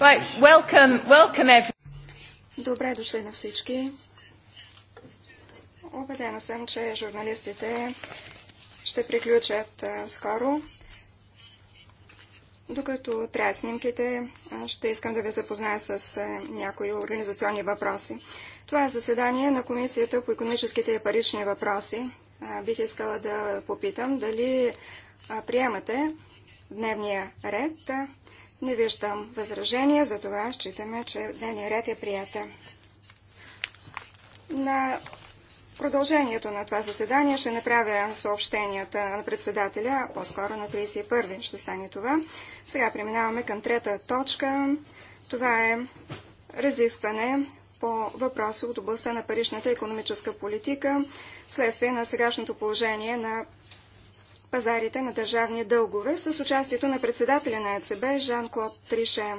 Right, welcome, welcome every... Добре дошли на всички. Обедена съм, че журналистите ще приключат а, скоро. Докато трябва снимките, ще искам да ви запозная с а, някои организационни въпроси. Това е заседание на Комисията по економическите и парични въпроси. А, бих искала да попитам дали приемате дневния ред. Не виждам възражения, затова считаме, че дневния ред е прията. На продължението на това заседание ще направя съобщенията на председателя, по-скоро на 31 ще стане това. Сега преминаваме към трета точка. Това е разискване по въпроси от областта на паричната економическа политика, вследствие на сегашното положение на пазарите на държавни дългове с участието на председателя на ЕЦБ Жан-Клод Трише.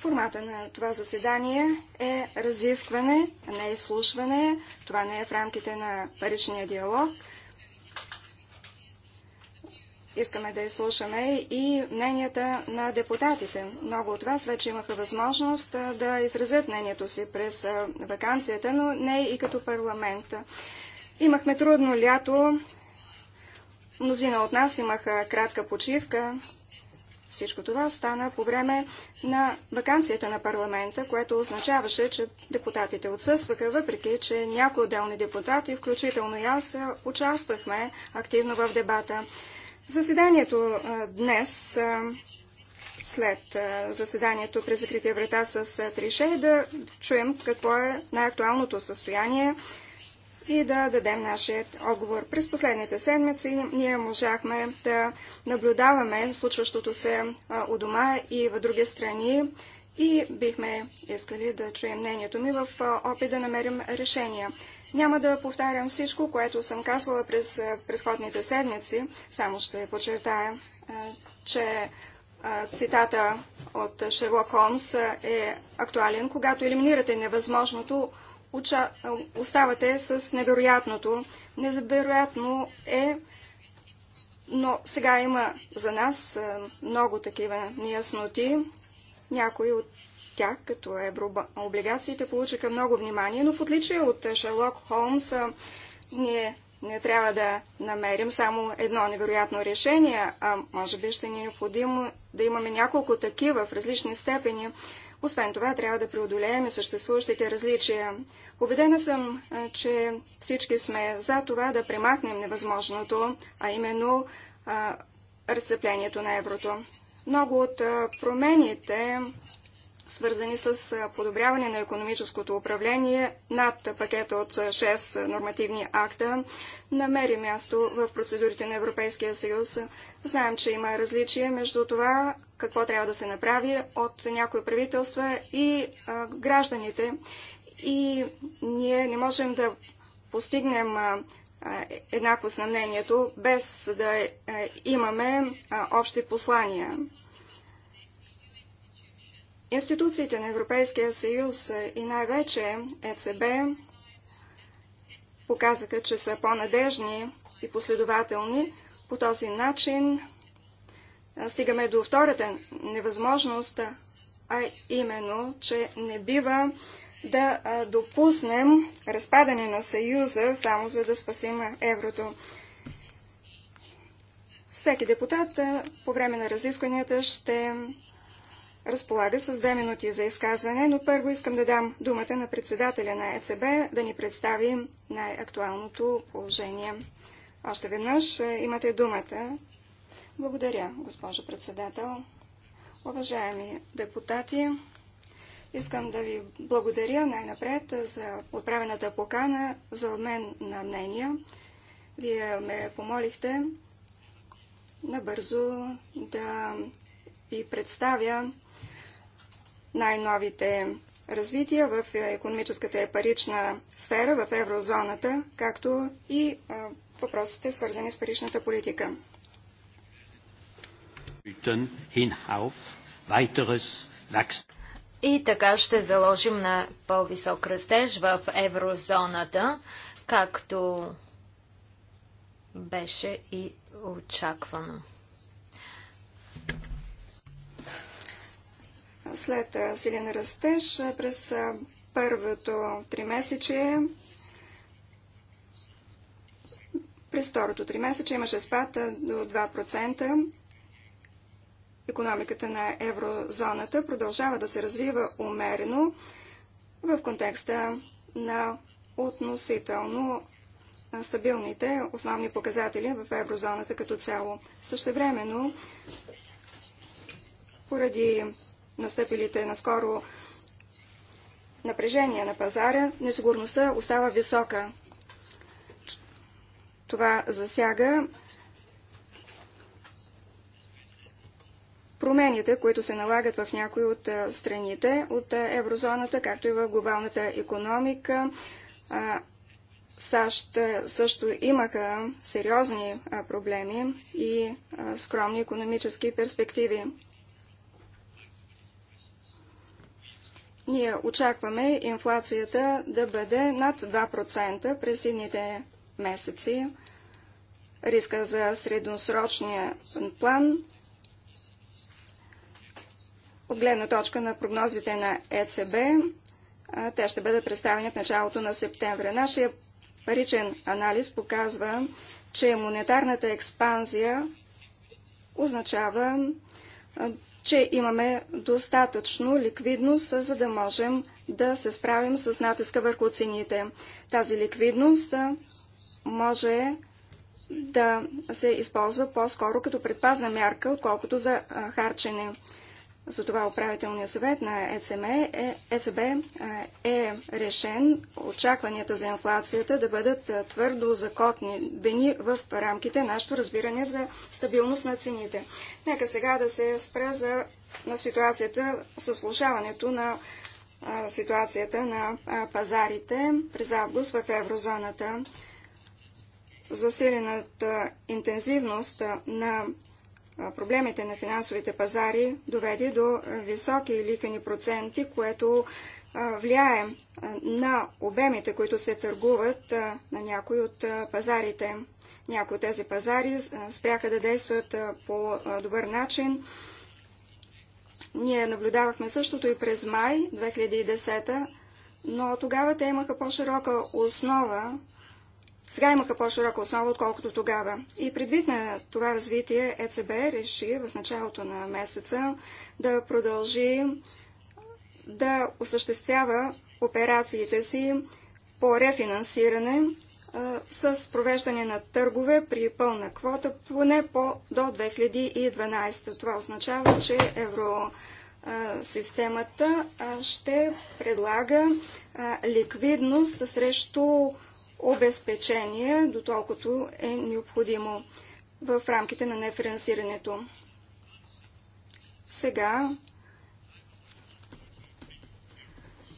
Формата на това заседание е разискване, а не е изслушване. Това не е в рамките на паричния диалог. Искаме да изслушаме и мненията на депутатите. Много от вас вече имаха възможност да изразят мнението си през вакансията, но не и като парламент. Имахме трудно лято, Мнозина от нас имаха кратка почивка. Всичко това стана по време на вакансията на парламента, което означаваше, че депутатите отсъстваха, въпреки че някои отделни депутати, включително и аз, участвахме активно в дебата. Заседанието днес, след заседанието през закрития врата с Трише, е да чуем какво е най-актуалното състояние и да дадем нашия отговор. През последните седмици ние можахме да наблюдаваме случващото се у дома и в други страни и бихме искали да чуем мнението ми в опит да намерим решения. Няма да повтарям всичко, което съм казвала през предходните седмици, само ще подчертая, че цитата от Шерлок Холмс е актуален. Когато елиминирате невъзможното, уча... оставате с невероятното. Невероятно е, но сега има за нас много такива неясноти. Някои от тях, като еврооблигациите, получиха много внимание, но в отличие от Шерлок Холмс, ние не трябва да намерим само едно невероятно решение, а може би ще ни е необходимо да имаме няколко такива в различни степени, освен това, трябва да преодолеем съществуващите различия. Обедена съм, че всички сме за това да премахнем невъзможното, а именно а, разцеплението на еврото. Много от промените, свързани с подобряване на економическото управление над пакета от 6 нормативни акта, намери място в процедурите на Европейския съюз. Знаем, че има различие между това какво трябва да се направи от някои правителства и а, гражданите. И ние не можем да постигнем а, на мнението, без да е, имаме общи послания. Институциите на Европейския съюз и най-вече ЕЦБ показаха, че са по-надежни и последователни. По този начин стигаме до втората невъзможност, а именно, че не бива да допуснем разпадане на Съюза, само за да спасим еврото. Всеки депутат по време на разискванията ще разполага с две минути за изказване, но първо искам да дам думата на председателя на ЕЦБ да ни представи най-актуалното положение. Още веднъж имате думата, благодаря, госпожо председател. Уважаеми депутати, искам да ви благодаря най-напред за отправената покана за обмен на мнения. Вие ме помолихте набързо да ви представя най-новите развития в економическата и парична сфера в еврозоната, както и въпросите свързани с паричната политика. И така ще заложим на по-висок растеж в еврозоната, както беше и очаквано. След силен растеж през първото три месече, през второто три месече имаше спад до 2%, економиката на еврозоната продължава да се развива умерено в контекста на относително стабилните основни показатели в еврозоната като цяло. Същевременно, поради настъпилите наскоро напрежение на пазара, несигурността остава висока. Това засяга промените, които се налагат в някои от страните от еврозоната, както и в глобалната економика. САЩ също имаха сериозни проблеми и скромни економически перспективи. Ние очакваме инфлацията да бъде над 2% през едните месеци. Риска за средносрочния план от гледна точка на прогнозите на ЕЦБ, те ще бъдат представени в началото на септември. Нашия паричен анализ показва, че монетарната експанзия означава, че имаме достатъчно ликвидност, за да можем да се справим с натиска върху цените. Тази ликвидност може да се използва по-скоро като предпазна мярка, отколкото за харчене. Затова управителният съвет на ЕЦМ е, ЕЦБ е, е решен очакванията за инфлацията да бъдат е, твърдо закотни вени в рамките нашето разбиране за стабилност на цените. Нека сега да се спра за, на ситуацията с влушаването на а, е, ситуацията на а, пазарите през август в еврозоната. Засилената интензивност на проблемите на финансовите пазари доведе до високи ликвени проценти, което влияе на обемите, които се търгуват на някои от пазарите. Някои от тези пазари спряха да действат по добър начин. Ние наблюдавахме същото и през май 2010, но тогава те имаха по-широка основа сега имаха по-широка основа, отколкото тогава. И предвид на това развитие, ЕЦБ реши в началото на месеца да продължи да осъществява операциите си по рефинансиране а, с провеждане на търгове при пълна квота поне по до 2012. Това означава, че евросистемата ще предлага а, ликвидност срещу обезпечение, доколкото е необходимо в рамките на нефинансирането. Сега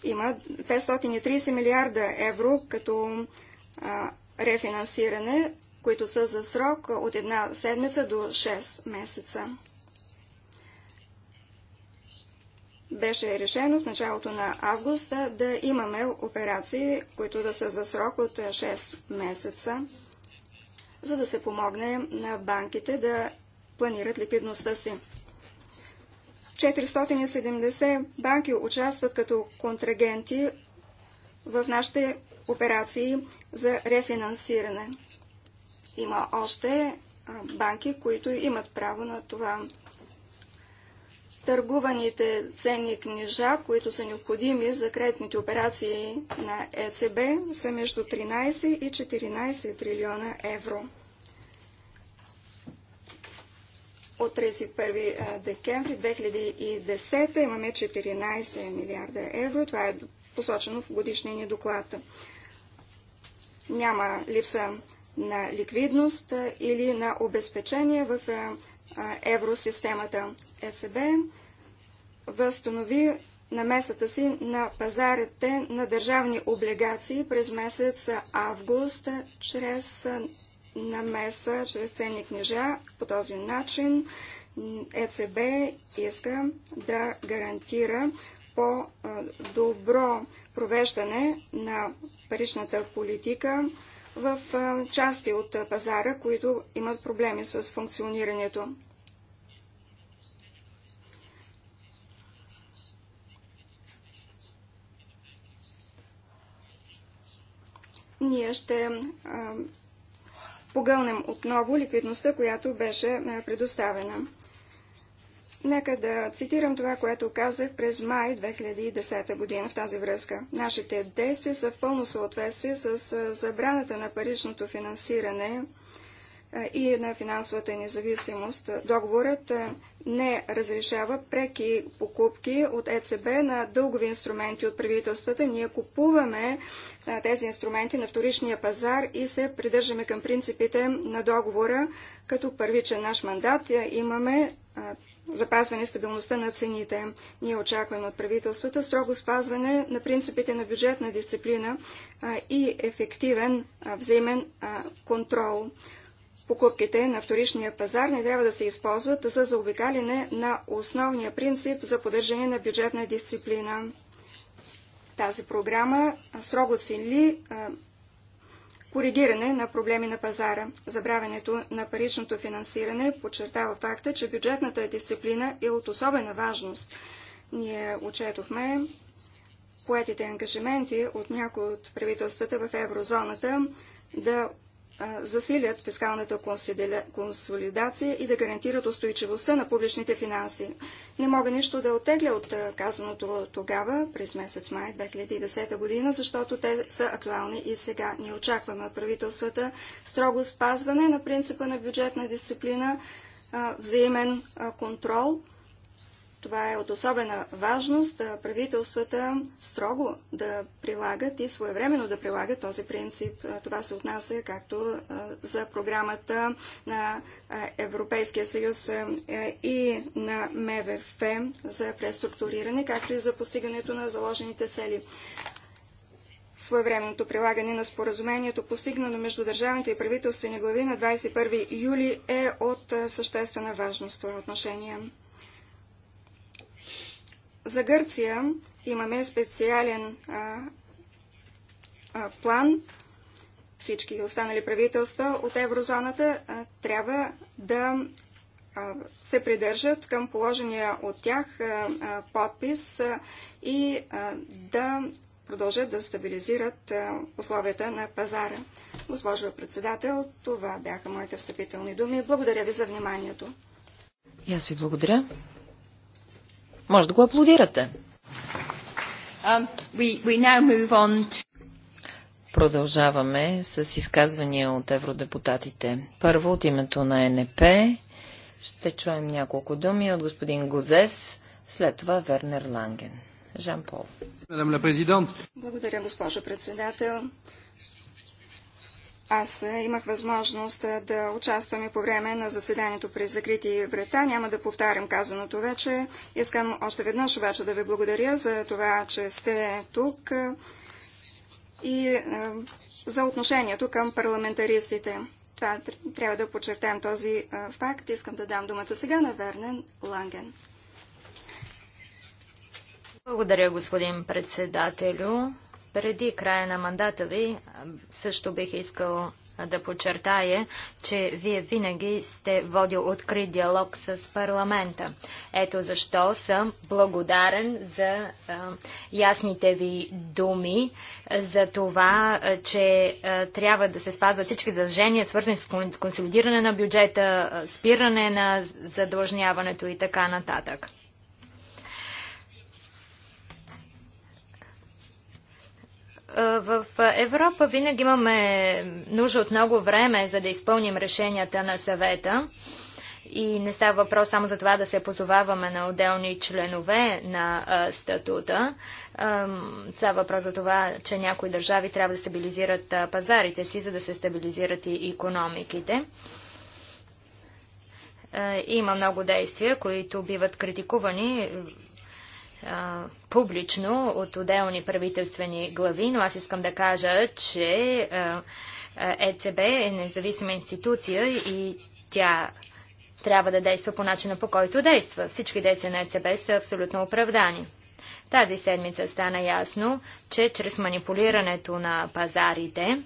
има 530 милиарда евро като а, рефинансиране, които са за срок от една седмица до 6 месеца. беше решено в началото на августа да имаме операции, които да са за срок от 6 е, месеца, за да се помогне на банките да планират ликвидността си. 470 банки участват като контрагенти в нашите операции за рефинансиране. Има още банки, които имат право на това търгуваните ценни книжа, които са необходими за кредитните операции на ЕЦБ, са между 13 и 14 трилиона евро. От 31 декември 2010 имаме 14 милиарда евро. Това е посочено в годишния ни доклад. Няма липса на ликвидност или на обезпечение в евросистемата. ЕЦБ възстанови намесата си на пазарите на държавни облигации през месец август чрез намеса, чрез ценни книжа. По този начин ЕЦБ иска да гарантира по-добро провеждане на паричната политика в части от пазара, които имат проблеми с функционирането. ние ще погълнем отново ликвидността, която беше предоставена. Нека да цитирам това, което казах през май 2010 година в тази връзка. Нашите действия са в пълно съответствие с забраната на паричното финансиране и на финансовата независимост. Договорът не разрешава преки покупки от ЕЦБ на дългови инструменти от правителствата. Ние купуваме тези инструменти на вторичния пазар и се придържаме към принципите на договора. Като първичен наш мандат имаме запазване стабилността на цените. Ние очакваме от правителствата строго спазване на принципите на бюджетна дисциплина и ефективен взаимен контрол покупките на вторичния пазар не трябва да се използват за заобикаляне на основния принцип за поддържане на бюджетна дисциплина. Тази програма строго цели коригиране на проблеми на пазара. Забравянето на паричното финансиране подчертава факта, че бюджетната дисциплина е от особена важност. Ние отчетохме поетите ангажименти от някои от правителствата в еврозоната да засилят фискалната консолидация и да гарантират устойчивостта на публичните финанси. Не мога нищо да отегля от казаното тогава, през месец май 2010 година, защото те са актуални и сега. Ние очакваме от правителствата строго спазване на принципа на бюджетна дисциплина, взаимен контрол – това е от особена важност правителствата строго да прилагат и своевременно да прилагат този принцип. Това се отнася както за програмата на Европейския съюз е, и на МВФ за преструктуриране, както и за постигането на заложените цели. Своевременното прилагане на споразумението, постигнано между държавните и правителствени глави на 21 юли, е от съществена важност в това отношение. За Гърция имаме специален а, а, план. Всички останали правителства от еврозоната а, трябва да а, се придържат към положения от тях а, а, подпис а, и а, да продължат да стабилизират а, условията на пазара. Госпожо председател, това бяха моите встъпителни думи. Благодаря ви за вниманието. И аз ви благодаря. Може да го аплодирате. Um, Продължаваме с изказвания от евродепутатите. Първо от името на НП ще чуем няколко думи от господин Гозес, след това Вернер Ланген. Жан Пол. Благодаря, госпожо председател. Аз е, имах възможност е, да участвам и по време на заседанието при закрити врата. Няма да повтарям казаното вече. Искам още веднъж обаче да ви благодаря за това, че сте тук е, и за отношението към парламентаристите. Това трябва да подчертаем този факт. Искам да дам думата сега на Вернен Ланген. Благодаря, господин председателю. Преди края на мандата ви също бих искал да подчертая, че вие винаги сте водил открит диалог с парламента. Ето защо съм благодарен за а, ясните ви думи, за това, а, че а, трябва да се спазват всички задължения, свързани с консолидиране на бюджета, спиране на задължняването и така нататък. В Европа винаги имаме нужда от много време, за да изпълним решенията на съвета. И не става въпрос само за това да се позоваваме на отделни членове на а, статута. става въпрос за това, че някои държави трябва да стабилизират а, пазарите си, за да се стабилизират и економиките. Има много действия, които биват критикувани а, публично от отделни правителствени глави, но аз искам да кажа, че а, ЕЦБ е независима институция и тя трябва да действа по начина по който действа. Всички действия на ЕЦБ са абсолютно оправдани. Тази седмица стана ясно, че чрез манипулирането на пазарите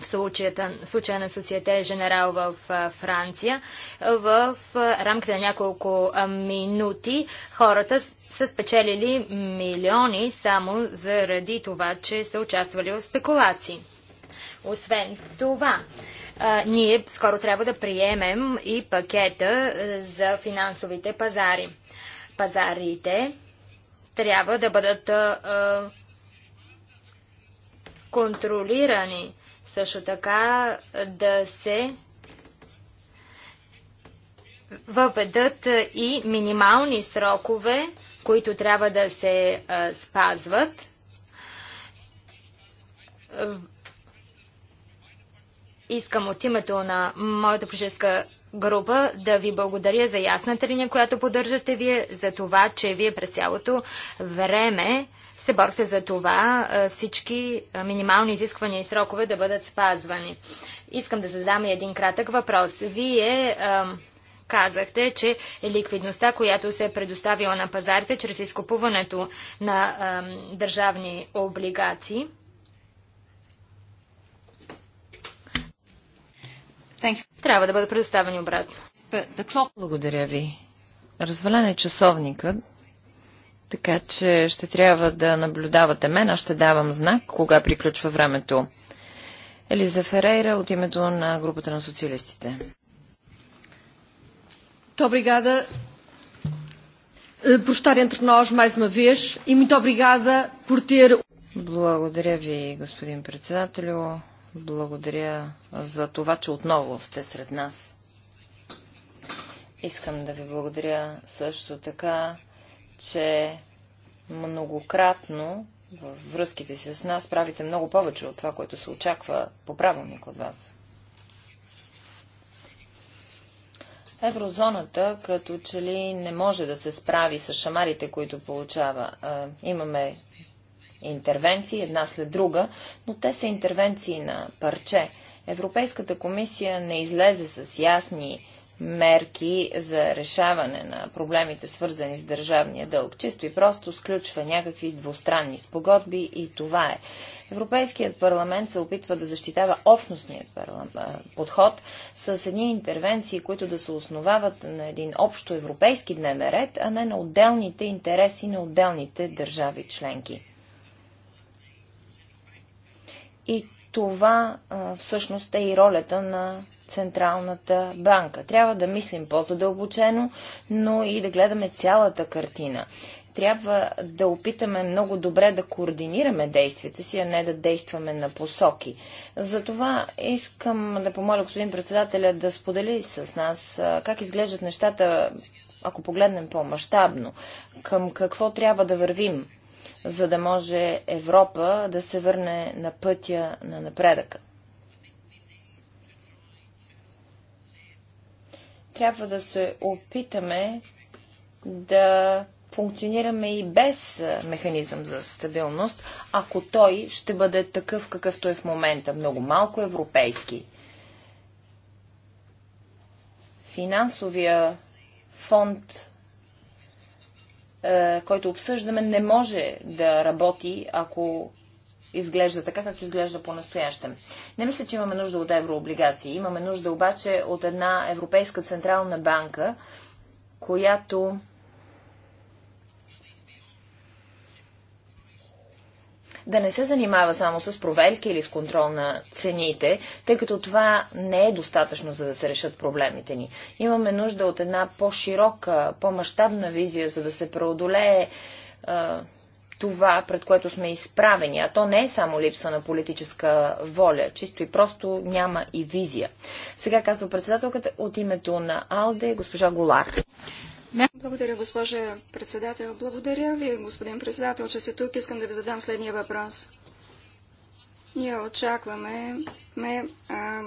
в случаята, случая на Социете Женерал в Франция. В рамките на няколко минути хората са спечелили милиони само заради това, че са участвали в спекулации. Освен това, ние скоро трябва да приемем и пакета за финансовите пазари. Пазарите трябва да бъдат контролирани също така да се въведат и минимални срокове, които трябва да се спазват. Искам от името на моята прическа група да ви благодаря за ясната линия, която поддържате вие, за това, че вие през цялото време се борите за това всички минимални изисквания и срокове да бъдат спазвани. Искам да задам един кратък въпрос. Вие казахте, че ликвидността, която се е предоставила на пазарите чрез изкупуването на държавни облигации. Трябва да бъдат предоставени обратно. Благодаря ви. Развален е часовникът. Така че ще трябва да наблюдавате мен, аз ще давам знак, кога приключва времето. Елиза Ферейра от името на групата на социалистите. Obrigada eh, por estar entre nós mais uma vez e muito obrigada por ter. Благодаря ви, господин председателю. Благодаря за това, че отново сте сред нас. Искам да ви благодаря също така че многократно във връзките си с нас правите много повече от това, което се очаква по правилник от вас. Еврозоната като че ли не може да се справи с шамарите, които получава. А, имаме интервенции една след друга, но те са интервенции на парче. Европейската комисия не излезе с ясни мерки за решаване на проблемите, свързани с държавния дълг. Чисто и просто сключва някакви двустранни спогодби и това е. Европейският парламент се опитва да защитава общностният подход с едни интервенции, които да се основават на един общо европейски дневен ред, а не на отделните интереси на отделните държави членки. И това всъщност е и ролята на Централната банка. Трябва да мислим по-задълбочено, но и да гледаме цялата картина. Трябва да опитаме много добре да координираме действията си, а не да действаме на посоки. Затова искам да помоля господин председателя да сподели с нас как изглеждат нещата, ако погледнем по-масштабно, към какво трябва да вървим, за да може Европа да се върне на пътя на напредъкът. трябва да се опитаме да функционираме и без механизъм за стабилност, ако той ще бъде такъв какъвто е в момента, много малко европейски. Финансовия фонд, който обсъждаме, не може да работи, ако изглежда така, както изглежда по-настоящем. Не мисля, че имаме нужда от еврооблигации. Имаме нужда обаче от една Европейска централна банка, която да не се занимава само с проверки или с контрол на цените, тъй като това не е достатъчно, за да се решат проблемите ни. Имаме нужда от една по-широка, по-масштабна визия, за да се преодолее това, пред което сме изправени. А то не е само липса на политическа воля, чисто и просто няма и визия. Сега казва председателката от името на АЛДЕ, госпожа Голар. Благодаря, госпожа председател. Благодаря ви, господин председател, че сте тук. Искам да ви задам следния въпрос. Ние очакваме ме, а,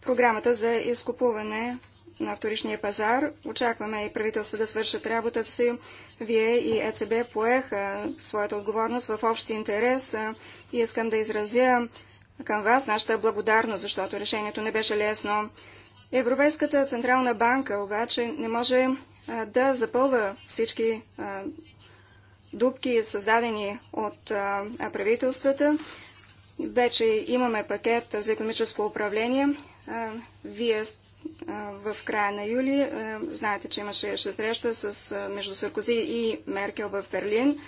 програмата за изкупуване на вторичния пазар. Очакваме и правителства да свършат работата си. Вие и ЕЦБ поеха своята отговорност в общи интерес и искам да изразя към вас нашата благодарност, защото решението не беше лесно. Европейската Централна банка обаче не може да запълва всички дубки, създадени от правителствата. Вече имаме пакет за економическо управление. Вие сте в края на юли. Знаете, че имаше среща с, между Саркози и Меркел в Берлин.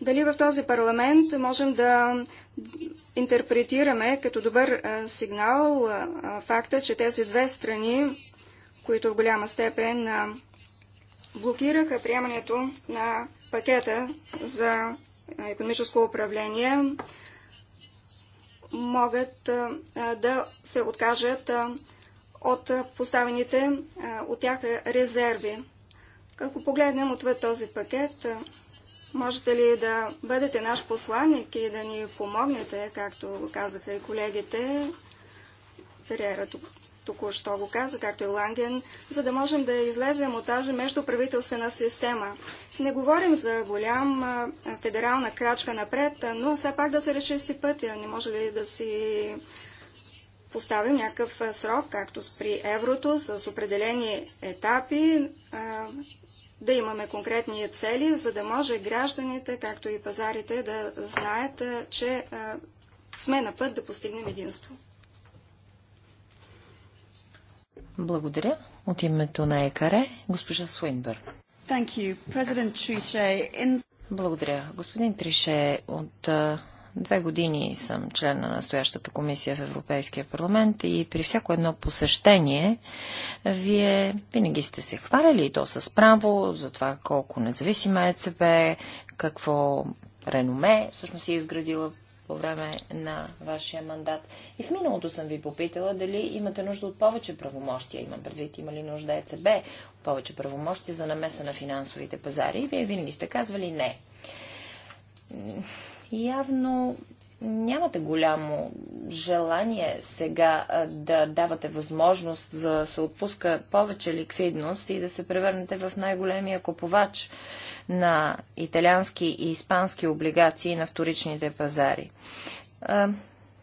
Дали в този парламент можем да интерпретираме като добър сигнал факта, че тези две страни, които в голяма степен блокираха приемането на пакета за економическо управление, могат да се откажат от поставените от тях резерви. Ако погледнем отвъд този пакет, можете ли да бъдете наш посланник и да ни помогнете, както казаха и колегите, Ферера току-що го каза, както и Ланген, за да можем да излезем от тази междуправителствена система. Не говорим за голям федерална крачка напред, но все пак да се разчисти пътя. Не може ли да си поставим някакъв срок, както при еврото, с определени етапи, да имаме конкретни цели, за да може гражданите, както и пазарите, да знаят, че сме на път да постигнем единство. Благодаря. От името на ЕКАРЕ, госпожа Суинбър. Благодаря. Господин Трише, от Две години съм член на настоящата комисия в Европейския парламент и при всяко едно посещение вие винаги сте се хваляли и то с право за това колко независима е ЦБ, какво реноме всъщност е изградила по време на вашия мандат. И в миналото съм ви попитала дали имате нужда от повече правомощия. Имам предвид, има ли нужда ЕЦБ от повече правомощия за намеса на финансовите пазари. И вие винаги сте казвали не Явно нямате голямо желание сега да давате възможност за да се отпуска повече ликвидност и да се превърнете в най-големия купувач на италиански и испански облигации на вторичните пазари.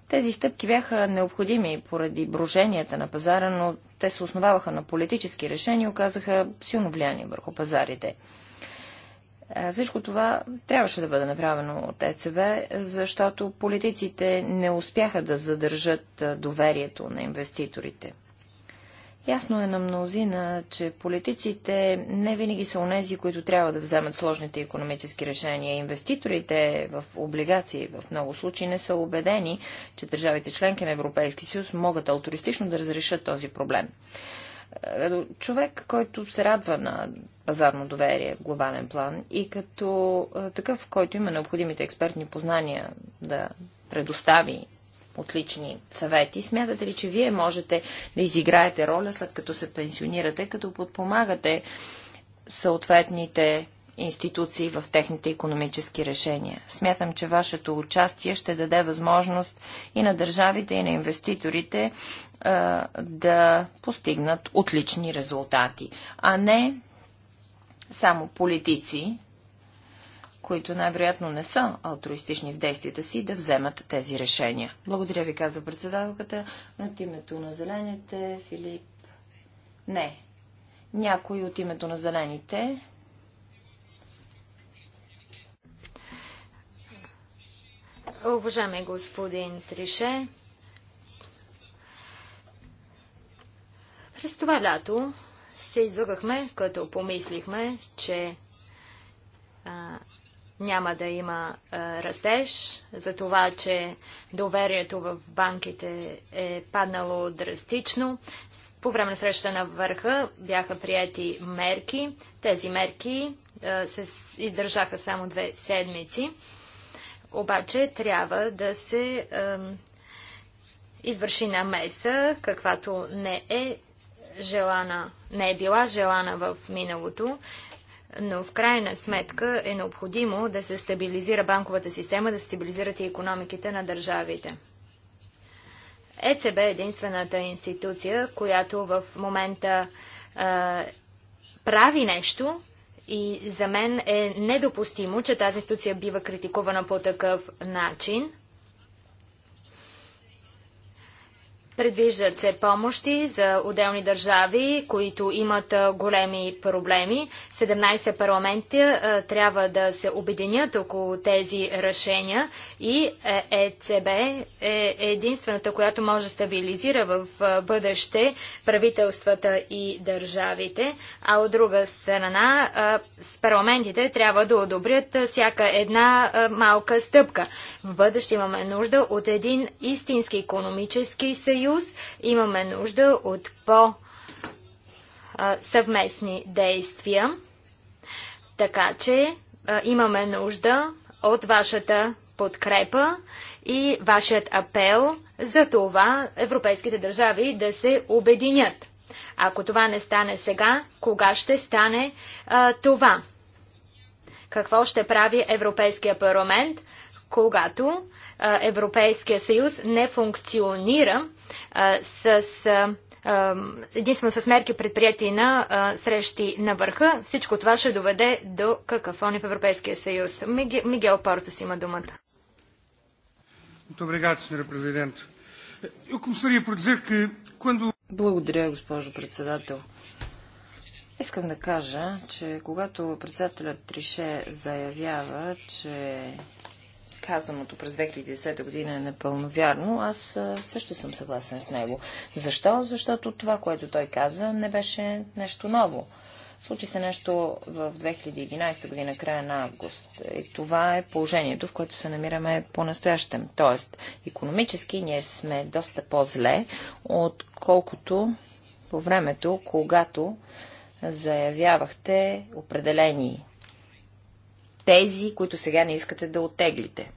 Тези стъпки бяха необходими поради броженията на пазара, но те се основаваха на политически решения и оказаха силно влияние върху пазарите. Е, всичко това трябваше да бъде направено от ЕЦБ, защото политиците не успяха да задържат е, доверието на инвеститорите. Ясно е на мнозина, че политиците не винаги са онези, които трябва да вземат сложните економически решения. Инвеститорите в облигации в много случаи не са убедени, че държавите членки на Европейски съюз могат алтуристично да разрешат този проблем. Е, човек, който се радва на пазарно доверие в глобален план и като е, такъв, който има необходимите експертни познания да предостави отлични съвети. Смятате ли, че вие можете да изиграете роля след като се пенсионирате, като подпомагате съответните институции в техните економически решения. Смятам, че вашето участие ще даде възможност и на държавите, и на инвеститорите а, да постигнат отлични резултати, а не само политици, които най-вероятно не са алтруистични в действията си, да вземат тези решения. Благодаря ви, каза председателката. От името на зелените, Филип... Не. Някой от името на зелените. Уважаеми господин Трише, през това лято се излагахме, като помислихме, че а, няма да има а, растеж, за това, че доверието в банките е паднало драстично. По време на среща на върха бяха прияти мерки. Тези мерки а, се издържаха само две седмици. Обаче трябва да се е, извърши намеса, каквато не е желана, не е била желана в миналото, но в крайна сметка е необходимо да се стабилизира банковата система, да се стабилизират и економиките на държавите. ЕЦБ е единствената институция, която в момента е, прави нещо, и за мен е недопустимо, че тази институция бива критикувана по такъв начин – Предвиждат се помощи за отделни държави, които имат големи проблеми. 17 парламенти трябва да се обединят около тези решения и ЕЦБ е, е единствената, която може да стабилизира в бъдеще правителствата и държавите, а от друга страна с парламентите трябва да одобрят всяка една малка стъпка. В бъдеще имаме нужда от един истински економически съюз съюз. Имаме нужда от по-съвместни действия. Така че имаме нужда от вашата подкрепа и вашият апел за това европейските държави да се обединят. Ако това не стане сега, кога ще стане а, това? Какво ще прави Европейския парламент, когато а, Европейския съюз не функционира с единствено с мерки предприяти на срещи на върха, всичко това ще доведе до какъв какафони е в Европейския съюз. Мигел Портос има думата. Благодаря, госпожо председател. Искам да кажа, че когато председателят Трише заявява, че казаното през 2010 година е напълно вярно, аз също съм съгласен с него. Защо? Защото това, което той каза, не беше нещо ново. Случи се нещо в 2011 година, края на август. И това е положението, в което се намираме по-настоящем. Тоест, економически ние сме доста по-зле, отколкото по времето, когато заявявахте определени тези, които сега не искате да отеглите.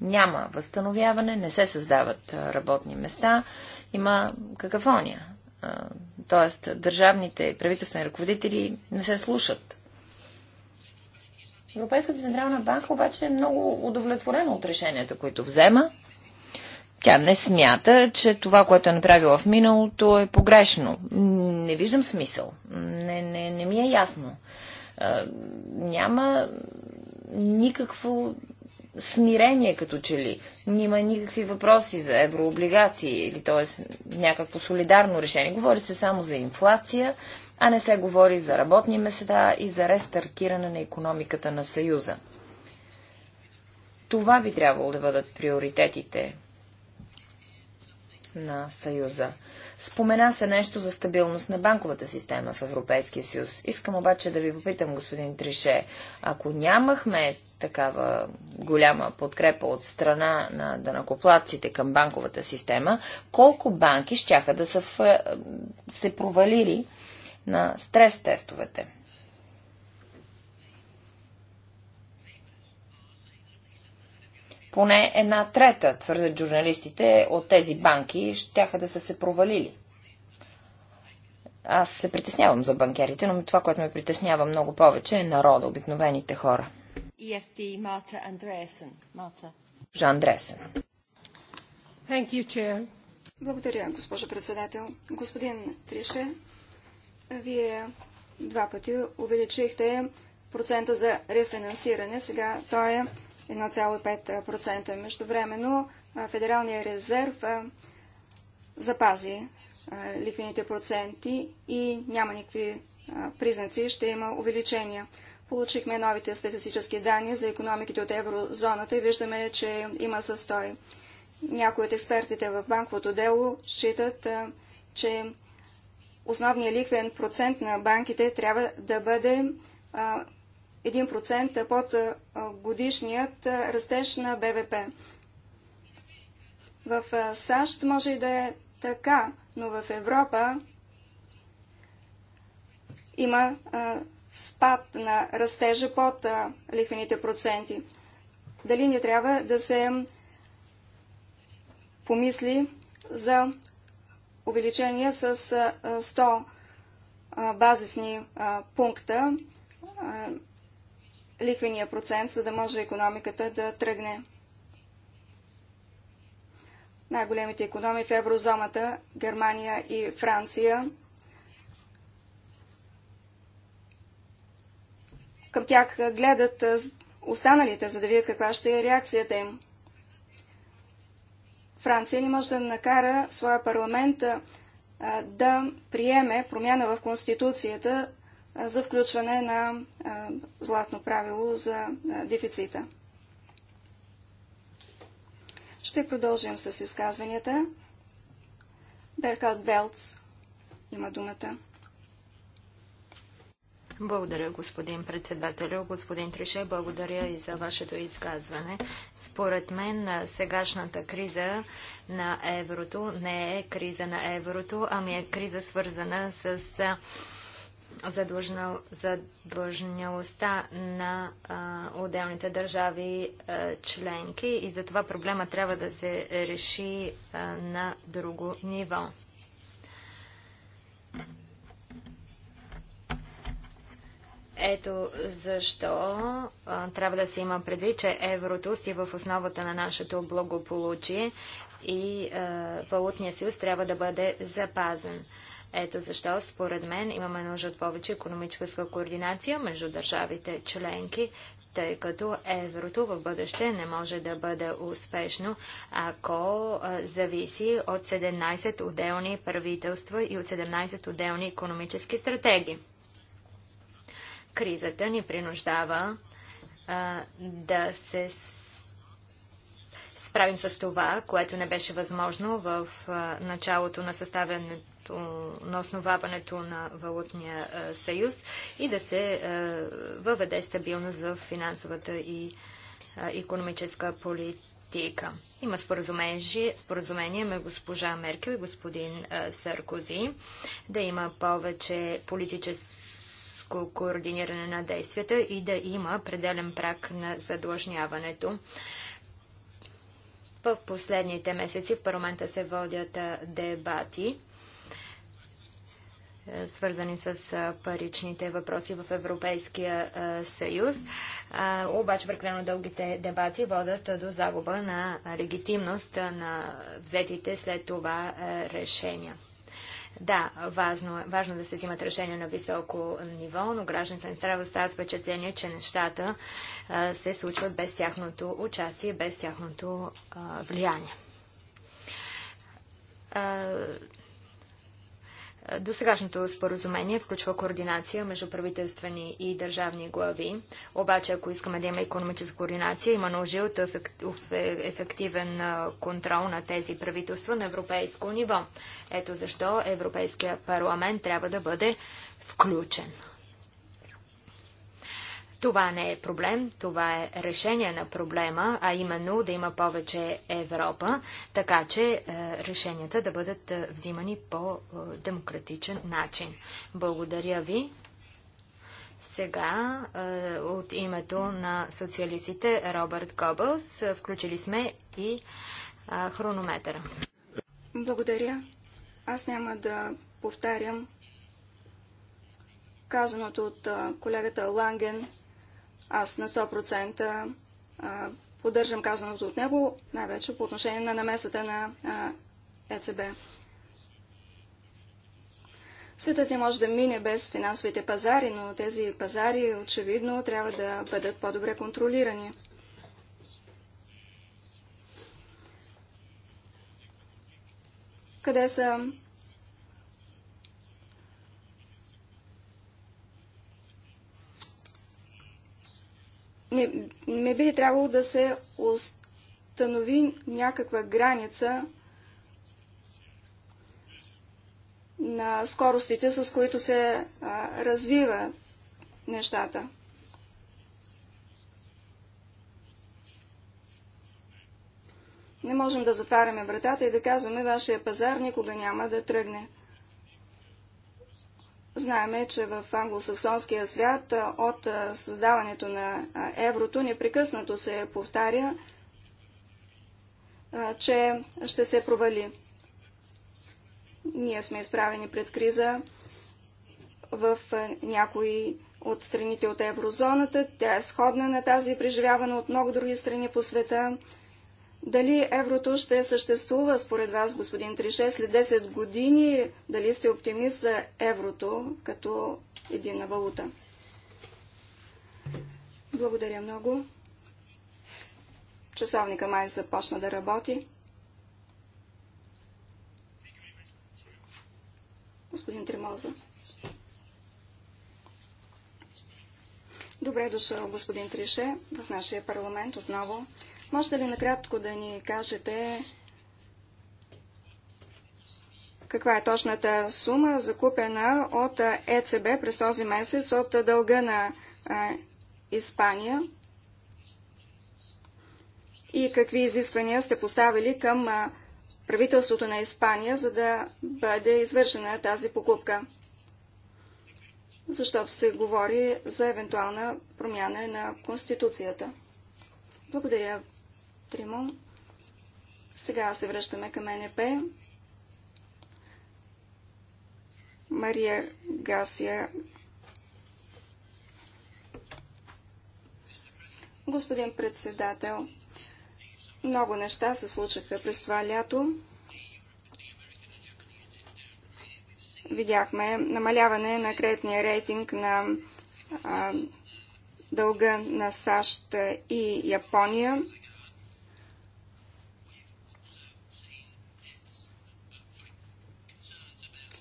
Няма възстановяване, не се създават работни места, има какафония. Тоест, държавните и правителствени ръководители не се слушат. Европейската централна банка обаче е много удовлетворена от решенията, които взема. Тя не смята, че това, което е направила в миналото, е погрешно. Не виждам смисъл. Не, не, не ми е ясно. Няма никакво смирение като че ли. Няма никакви въпроси за еврооблигации или т.е. някакво солидарно решение. Говори се само за инфлация, а не се говори за работни места и за рестартиране на економиката на Съюза. Това би трябвало да бъдат приоритетите на Съюза. Спомена се нещо за стабилност на банковата система в Европейския съюз. Искам обаче да ви попитам, господин Трише, ако нямахме такава голяма подкрепа от страна на данакоплатците към банковата система, колко банки щяха да са в, се провалили на стрес тестовете? Поне една трета, твърдят журналистите, от тези банки ще да са се провалили. Аз се притеснявам за банкерите, но това, което ме притеснява много повече е народа, обикновените хора. EFD Марта Андреасен. Марта. Жан Андреасен. Thank you, Chair. Благодаря, госпожо председател. Господин Трише, вие два пъти увеличихте процента за рефинансиране. Сега той е 1,5%. Междувременно Федералния резерв запази ликвените проценти и няма никакви признаци, ще има увеличения. Получихме новите статистически данни за економиките от еврозоната и виждаме, че има застой. Някои от експертите в банковото дело считат, че основният лихвен процент на банките трябва да бъде 1% под годишният растеж на БВП. В САЩ може и да е така, но в Европа има спад на растежа под лихвените проценти. Дали не трябва да се помисли за увеличение с 100 базисни пункта лихвения процент, за да може економиката да тръгне. Най-големите економи в еврозоната, Германия и Франция, към тях гледат останалите, за да видят каква ще е реакцията им. Франция не може да накара своя парламент да приеме промяна в Конституцията, за включване на златно правило за дефицита. Ще продължим с изказванията. Беркалт Белц има думата. Благодаря, господин председател, Господин Трише, благодаря и за вашето изказване. Според мен сегашната криза на еврото не е криза на еврото, ами е криза свързана с задлъжнал, задлъжнялостта на а, отделните държави а, членки и затова проблема трябва да се реши а, на друго ниво. Ето защо а, трябва да се има предвид, че еврото си в основата на нашето благополучие и а, валутния съюз трябва да бъде запазен. А, ето защо, според мен, имаме нужда от повече економическа координация между държавите членки, тъй като еврото в бъдеще не може да бъде успешно, ако зависи от 17 отделни правителства и от 17 отделни економически стратегии. Кризата ни принуждава да се справим с това, което не беше възможно в началото на съставянето, на основаването на Валутния съюз и да се въведе стабилност в финансовата и економическа политика. Има споразумение, между госпожа Меркел и господин Саркози да има повече политическо координиране на действията и да има пределен прак на задлъжняването. В последните месеци в парламента се водят дебати е, свързани с паричните въпроси в Европейския съюз. Обаче прекалено дългите дебати водят до загуба на легитимност на взетите след това решения. Да, важно, важно да се взимат решения на високо ниво, но гражданите не трябва да оставят впечатление, че нещата а, се случват без тяхното участие, без тяхното а, влияние. Досегашното споразумение включва координация между правителствени и държавни глави. Обаче, ако искаме да има економическа координация, има нужда от е- ефективен контрол на тези правителства на европейско ниво. Ето защо Европейския парламент трябва да бъде включен. Това не е проблем, това е решение на проблема, а именно да има повече Европа, така че е, решенията да бъдат е, взимани по е, демократичен начин. Благодаря ви. Сега от името на социалистите Робърт Кобълс включили сме и хронометъра. Благодаря. Аз няма да повтарям казаното от колегата Ланген аз на 100% поддържам казаното от него, най-вече по отношение на намесата на ЕЦБ. Светът не може да мине без финансовите пазари, но тези пазари очевидно трябва да бъдат по-добре контролирани. Къде са не, не би трябвало да се установи някаква граница на скоростите, с които се а, развива нещата. Не можем да затваряме вратата и да казваме, вашия пазар никога няма да тръгне. Знаеме, че в англосаксонския свят от създаването на еврото непрекъснато се повтаря, че ще се провали. Ние сме изправени пред криза в някои от страните от еврозоната. Тя е сходна на тази, преживявана от много други страни по света. Дали еврото ще съществува според вас, господин Трише, след 10 години? Дали сте оптимист за еврото като единна валута? Благодаря много. Часовника май започна да работи. Господин Тремоза. Добре дошъл, господин Трише, в нашия парламент отново. Можете ли накратко да ни кажете каква е точната сума, закупена от ЕЦБ през този месец от дълга на Испания? И какви изисквания сте поставили към правителството на Испания, за да бъде извършена тази покупка? Защото се говори за евентуална промяна на Конституцията. Благодаря, Примо. Сега се връщаме към НП. Мария Гасия. Господин председател, много неща се случиха през това лято. Видяхме намаляване на кредитния рейтинг на а, дълга на САЩ и Япония.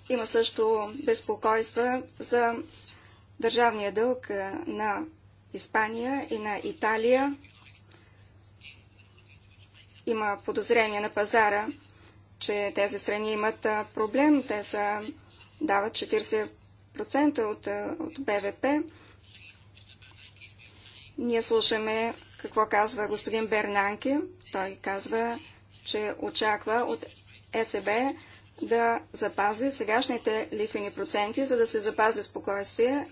Има също безпокойства за държавния дълг е, на Испания и на Италия. Има подозрение на пазара, че тези страни имат е, проблем. Те са, дават 40% от, е, от БВП. Ние слушаме какво казва господин Бернанки. Той казва, че очаква от ЕЦБ да запази сегашните лихвени проценти, за да се запази спокойствие.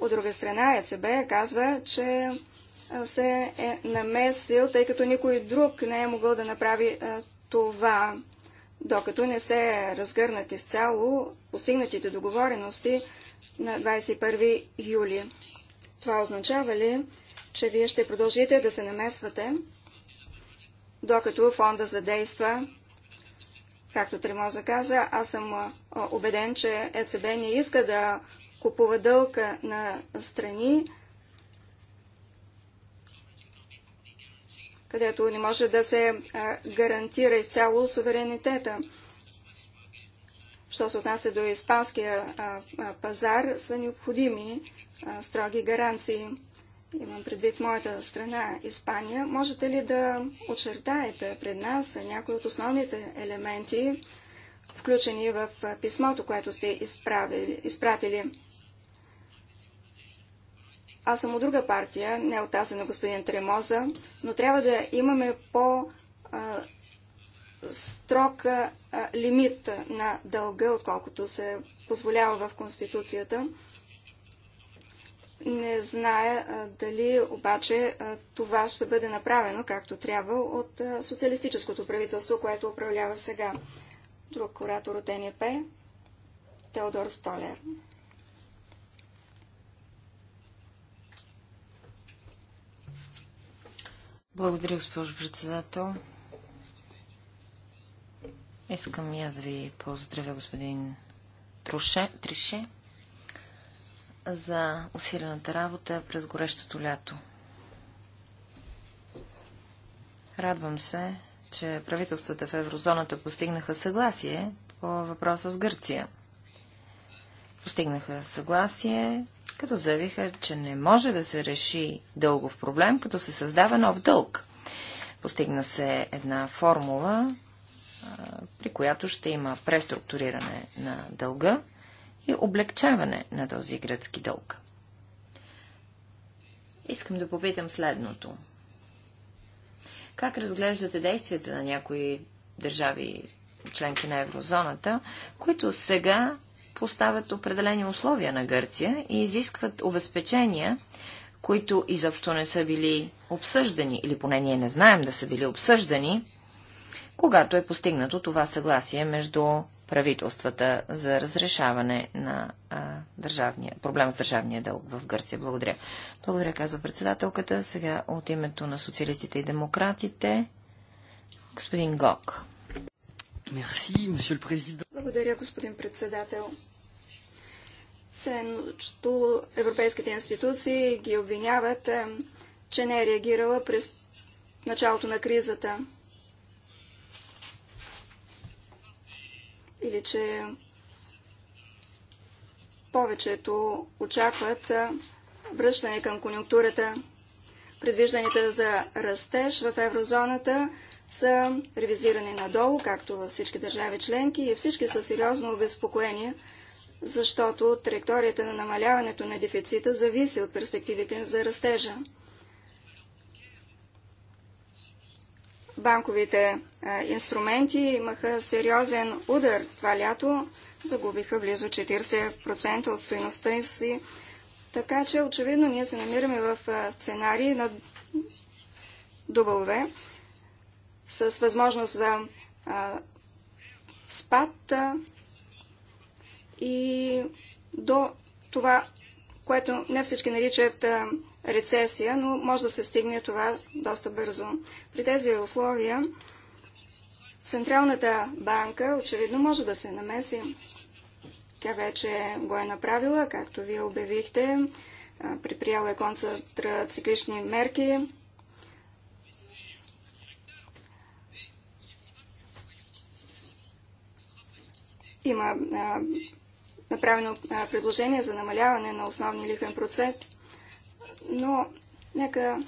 От друга страна, ЕЦБ казва, че се е намесил, тъй като никой друг не е могъл да направи това, докато не се е разгърнат изцяло постигнатите договорености на 21 юли. Това означава ли, че вие ще продължите да се намесвате, докато фонда задейства Както Тремоза каза, аз съм убеден, че ЕЦБ не иска да купува дълга на страни, където не може да се гарантира изцяло суверенитета. Що се отнася до испанския пазар, са необходими строги гаранции имам предвид моята страна Испания, можете ли да очертаете пред нас някои от основните елементи, включени в писмото, което сте изправили, изпратили? Аз съм от друга партия, не от тази на господин Тремоза, но трябва да имаме по строг лимит на дълга, отколкото се позволява в Конституцията. Не зная дали обаче това ще бъде направено както трябва от социалистическото правителство, което управлява сега. Друг куратор от НЕП Теодор Столер. Благодаря, госпожо председател. Искам и аз да ви поздравя, господин Труше, Трише за усилената работа през горещото лято. Радвам се, че правителствата в еврозоната постигнаха съгласие по въпроса с Гърция. Постигнаха съгласие, като заявиха, че не може да се реши дългов проблем, като се създава нов дълг. Постигна се една формула, при която ще има преструктуриране на дълга и облегчаване на този гръцки дълг. Искам да попитам следното. Как разглеждате действията на някои държави, членки на еврозоната, които сега поставят определени условия на Гърция и изискват обезпечения, които изобщо не са били обсъждани, или поне ние не знаем да са били обсъждани, когато е постигнато това съгласие между правителствата за разрешаване на а, проблем с държавния дълг в Гърция. Благодаря. Благодаря, казва председателката. Сега от името на социалистите и демократите, господин Гок. Мерси, Благодаря, господин председател. Ценното европейските институции ги обвиняват, е, че не е реагирала през началото на кризата. или че повечето очакват връщане към конюнктурата. Предвижданията за растеж в еврозоната са ревизирани надолу, както във всички държави членки и всички са сериозно обезпокоени, защото траекторията на намаляването на дефицита зависи от перспективите за растежа. банковите инструменти имаха сериозен удар това лято, загубиха близо 40% от стоиността си. Така че очевидно ние се намираме в сценарии на дубълве с възможност за а, спад а, и до това, което не всички наричат а, рецесия, но може да се стигне това доста бързо. При тези условия Централната банка очевидно може да се намеси. Тя вече го е направила, както вие обявихте, предприяла е концентрациклични мерки. Има направено предложение за намаляване на основния лихвен процент но нека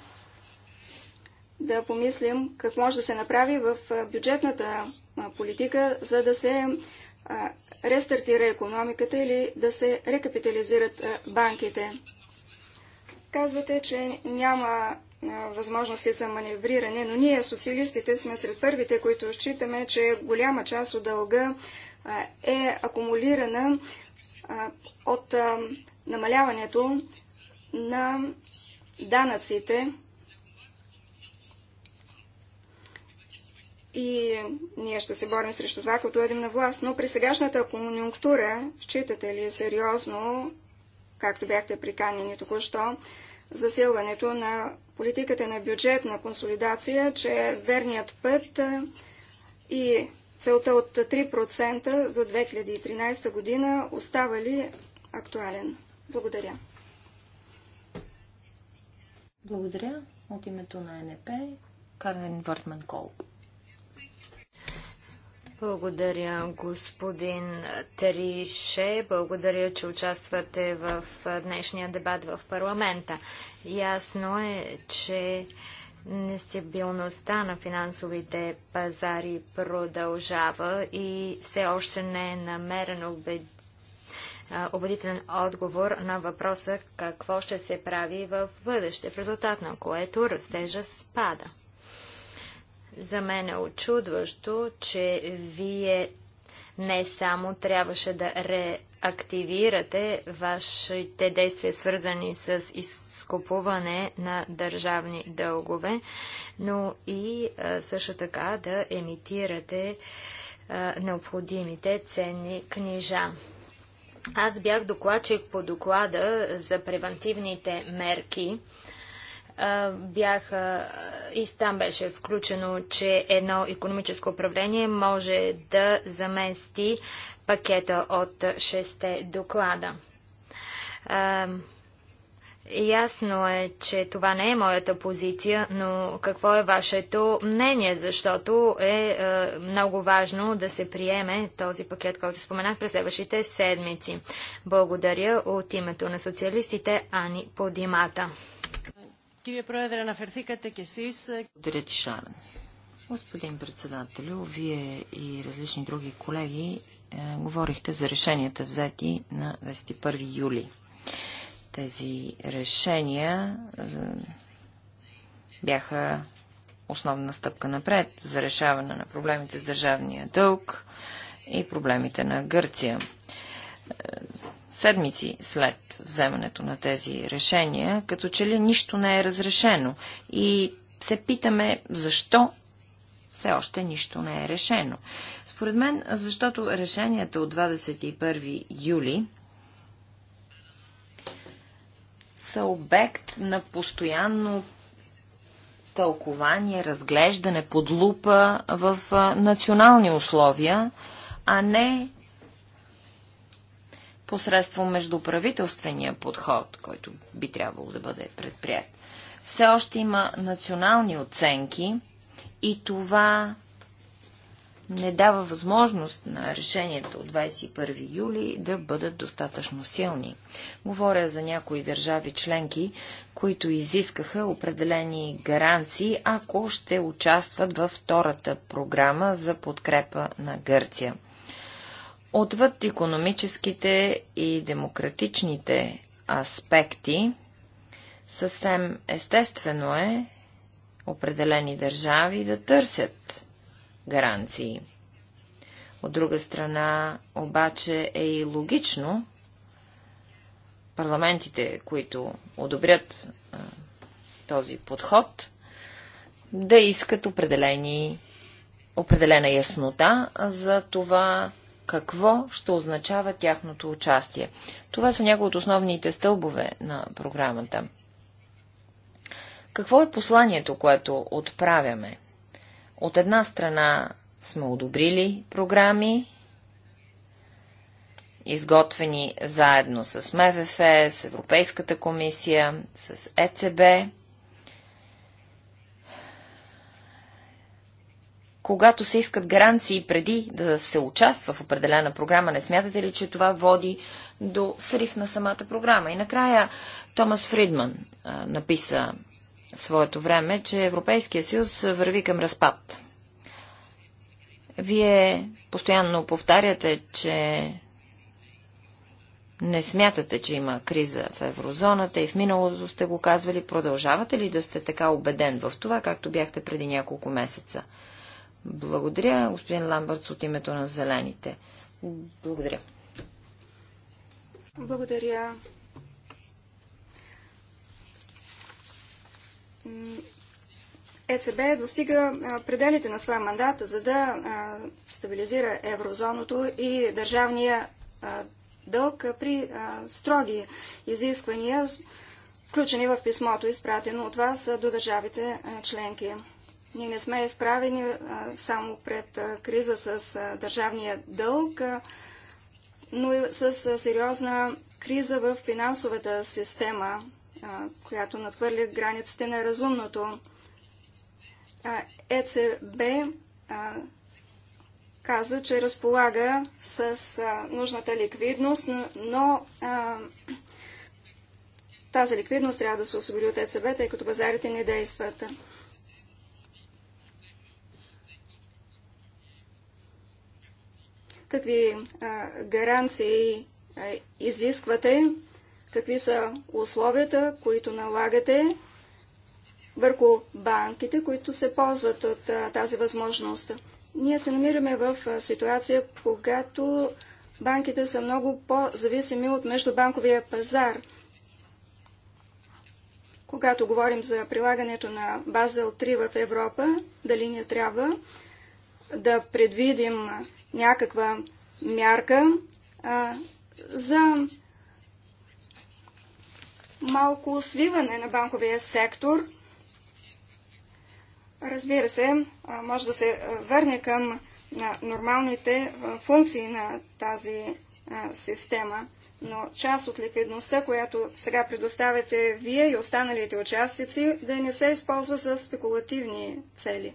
да помислим как може да се направи в бюджетната политика, за да се рестартира економиката или да се рекапитализират банките. Казвате, че няма възможности за маневриране, но ние, социалистите, сме сред първите, които считаме, че голяма част от дълга е акумулирана от намаляването на данъците. И ние ще се борим срещу това, като дойдем на власт. Но при сегашната конюнктура, считате ли сериозно, както бяхте приканени току-що, засилването на политиката на бюджетна консолидация, че е верният път и целта от 3% до 2013 година остава ли актуален? Благодаря. Благодаря. От името на НП Карлен Въртман Кол. Благодаря, господин Трише. Благодаря, че участвате в днешния дебат в парламента. Ясно е, че нестабилността на финансовите пазари продължава и все още не е намерено убедителен убедителен отговор на въпроса какво ще се прави в бъдеще, в резултат на което растежа спада. За мен е очудващо, че вие не само трябваше да реактивирате вашите действия, свързани с изкупуване на държавни дългове, но и също така да емитирате необходимите ценни книжа. Аз бях докладчик по доклада за превентивните мерки. Бях, и там беше включено, че едно економическо управление може да замести пакета от шесте доклада. Ясно е, че това не е моята позиция, но какво е вашето мнение, защото е, е много важно да се приеме този пакет, който споменах през следващите седмици. Благодаря от името на социалистите Ани Подимата. Благодаря ти, Шарен. Господин председател, вие и различни други колеги е, говорихте за решенията взети на 21 юли. Тези решения е, бяха основна стъпка напред за решаване на проблемите с държавния дълг и проблемите на Гърция. Е, седмици след вземането на тези решения, като че ли нищо не е разрешено и се питаме защо все още нищо не е решено. Според мен, защото решенията от 21 юли са обект на постоянно тълкование, разглеждане под лупа в национални условия, а не посредством междуправителствения подход, който би трябвало да бъде предприят. Все още има национални оценки и това не дава възможност на решението от 21 юли да бъдат достатъчно силни. Говоря за някои държави членки, които изискаха определени гаранции, ако ще участват във втората програма за подкрепа на Гърция. Отвъд економическите и демократичните аспекти, съвсем естествено е определени държави да търсят гаранции. От друга страна, обаче е и логично парламентите, които одобрят този подход, да искат определени, определена яснота за това какво ще означава тяхното участие. Това са някои от основните стълбове на програмата. Какво е посланието, което отправяме? От една страна сме одобрили програми, изготвени заедно с МВФ, с Европейската комисия, с ЕЦБ. Когато се искат гаранции преди да се участва в определена програма, не смятате ли, че това води до срив на самата програма? И накрая Томас Фридман а, написа в своето време, че Европейския съюз върви към разпад. Вие постоянно повтаряте, че не смятате, че има криза в еврозоната и в миналото сте го казвали. Продължавате ли да сте така убеден в това, както бяхте преди няколко месеца? Благодаря, господин Ламбъртс, от името на Зелените. Благодаря. Благодаря, ЕЦБ достига пределите на своя мандат, за да стабилизира еврозоното и държавния дълг при строги изисквания, включени в писмото, изпратено от вас до държавите членки. Ние не сме изправени само пред криза с държавния дълг, но и с сериозна криза в финансовата система която надхвърля границите на разумното. ЕЦБ каза, че разполага с нужната ликвидност, но тази ликвидност трябва да се осигури от ЕЦБ, тъй като базарите не действат. Какви гаранции изисквате какви са условията, които налагате върху банките, които се ползват от а, тази възможност. Ние се намираме в а, ситуация, когато банките са много по-зависими от междубанковия пазар. Когато говорим за прилагането на Базел 3 в Европа, дали ни трябва да предвидим някаква мярка а, за малко свиване на банковия сектор. Разбира се, може да се върне към нормалните функции на тази система, но част от ликвидността, която сега предоставяте вие и останалите участници, да не се използва за спекулативни цели.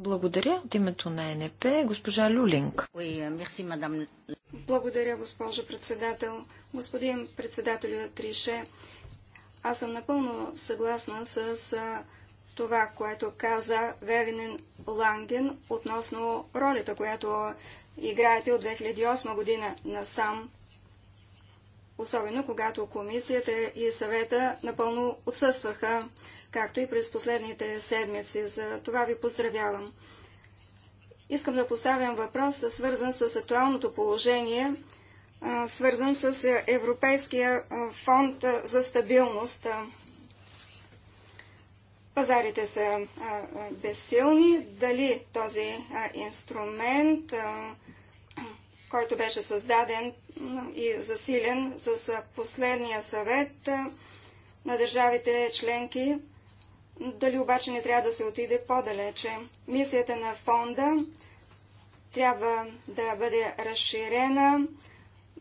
Благодаря от името на НП, госпожа Люлинг. Euh, Благодаря, госпожо председател. Господин председател Трише, аз съм напълно съгласна с това, което каза Велинен Ланген относно ролята, която играете от 2008 година насам, особено когато комисията и съвета напълно отсъстваха както и през последните седмици. За това ви поздравявам. Искам да поставям въпрос, свързан с актуалното положение, свързан с Европейския фонд за стабилност. Пазарите са безсилни. Дали този инструмент, който беше създаден и засилен с последния съвет на държавите членки, дали обаче не трябва да се отиде по-далече? Мисията на фонда трябва да бъде разширена.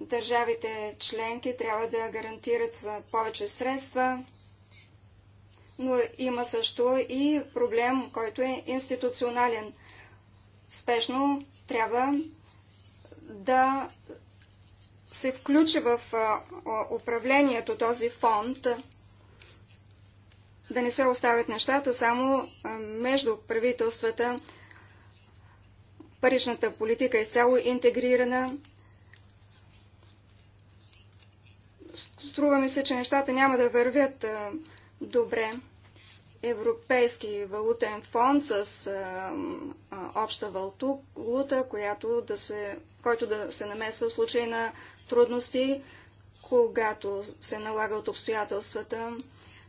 Държавите членки трябва да гарантират повече средства. Но има също и проблем, който е институционален. Спешно трябва да се включи в управлението този фонд, да не се оставят нещата само между правителствата. Паричната политика е цяло интегрирана. Струва ми се, че нещата няма да вървят добре. Европейски валутен фонд с а, а, обща валута, която да се, който да се намесва в случай на трудности, когато се налага от обстоятелствата.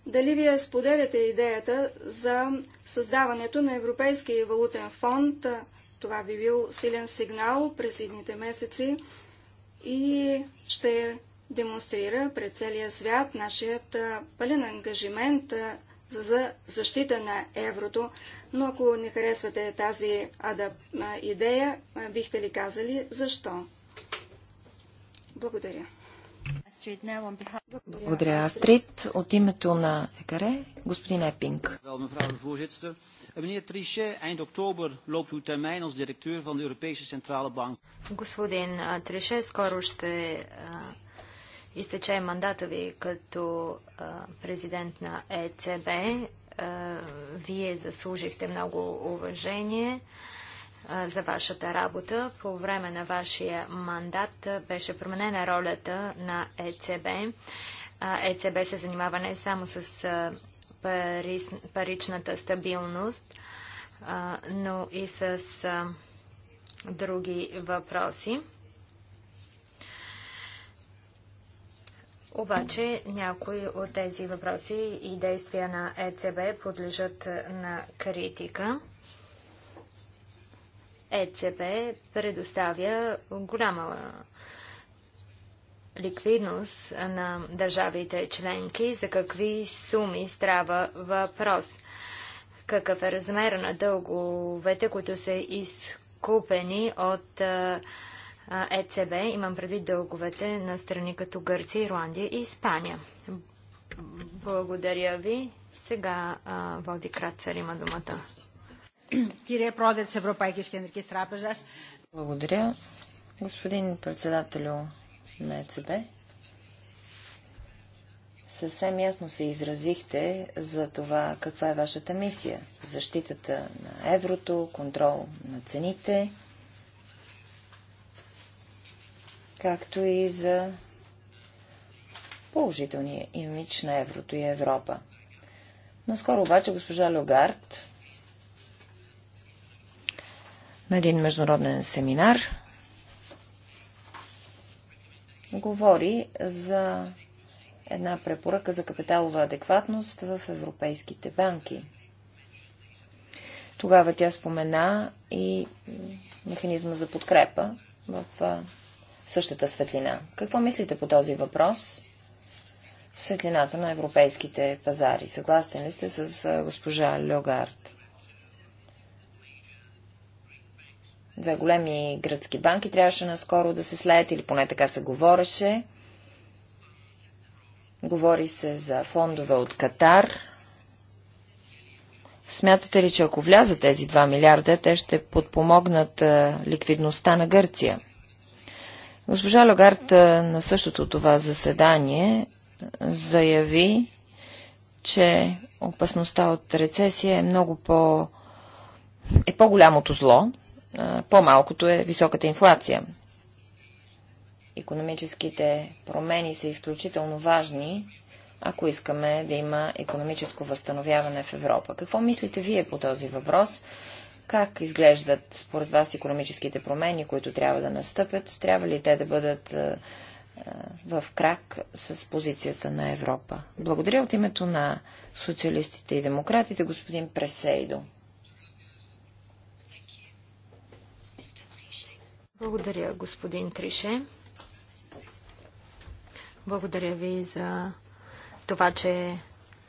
Дали вие споделяте идеята за създаването на Европейски валутен фонд? Това би бил силен сигнал през едните месеци и ще демонстрира пред целия свят нашият пълен ангажимент за защита на еврото. Но ако не харесвате тази адап... идея, бихте ли казали защо? Благодаря. Благодаря, Астрид. От името на ЕКАРЕ, господин Епинг. Е, господин Трише, скоро ще изтече мандата ви като президент на ЕЦБ. Вие заслужихте много уважение за вашата работа. По време на вашия мандат беше променена ролята на ЕЦБ. ЕЦБ се занимава не само с паричната стабилност, но и с други въпроси. Обаче някои от тези въпроси и действия на ЕЦБ подлежат на критика. ЕЦБ предоставя голяма ликвидност на държавите членки. За какви суми страва въпрос? Какъв е размер на дълговете, които са изкупени от ЕЦБ? Имам предвид дълговете на страни като Гърция, Ирландия и Испания. Благодаря ви. Сега Води Крацар има думата. Κύριε Πρόεδρε της Ευρωπαϊκής Κεντρικής Τράπεζας. Благодаря. Господин председателю на ЕЦБ, съвсем ясно се изразихте за това каква е вашата мисия. Защитата на еврото, контрол на цените, както и за положителния имидж на еврото и Европа. Наскоро обаче госпожа Люгард на един международен семинар. Говори за една препоръка за капиталова адекватност в европейските банки. Тогава тя спомена и механизма за подкрепа в същата светлина. Какво мислите по този въпрос в светлината на европейските пазари? Съгласен ли сте с госпожа Льогард? Две големи гръцки банки трябваше наскоро да се слеят, или поне така се говореше. Говори се за фондове от Катар. Смятате ли, че ако влязат тези 2 милиарда, те ще подпомогнат ликвидността на Гърция? Госпожа Логард на същото това заседание заяви, че опасността от рецесия е много по... е по-голямото зло по-малкото е високата инфлация. Економическите промени са изключително важни, ако искаме да има економическо възстановяване в Европа. Какво мислите вие по този въпрос? Как изглеждат според вас економическите промени, които трябва да настъпят? Трябва ли те да бъдат в крак с позицията на Европа. Благодаря от името на социалистите и демократите, господин Пресейдо. Благодаря, господин Трише. Благодаря ви за това, че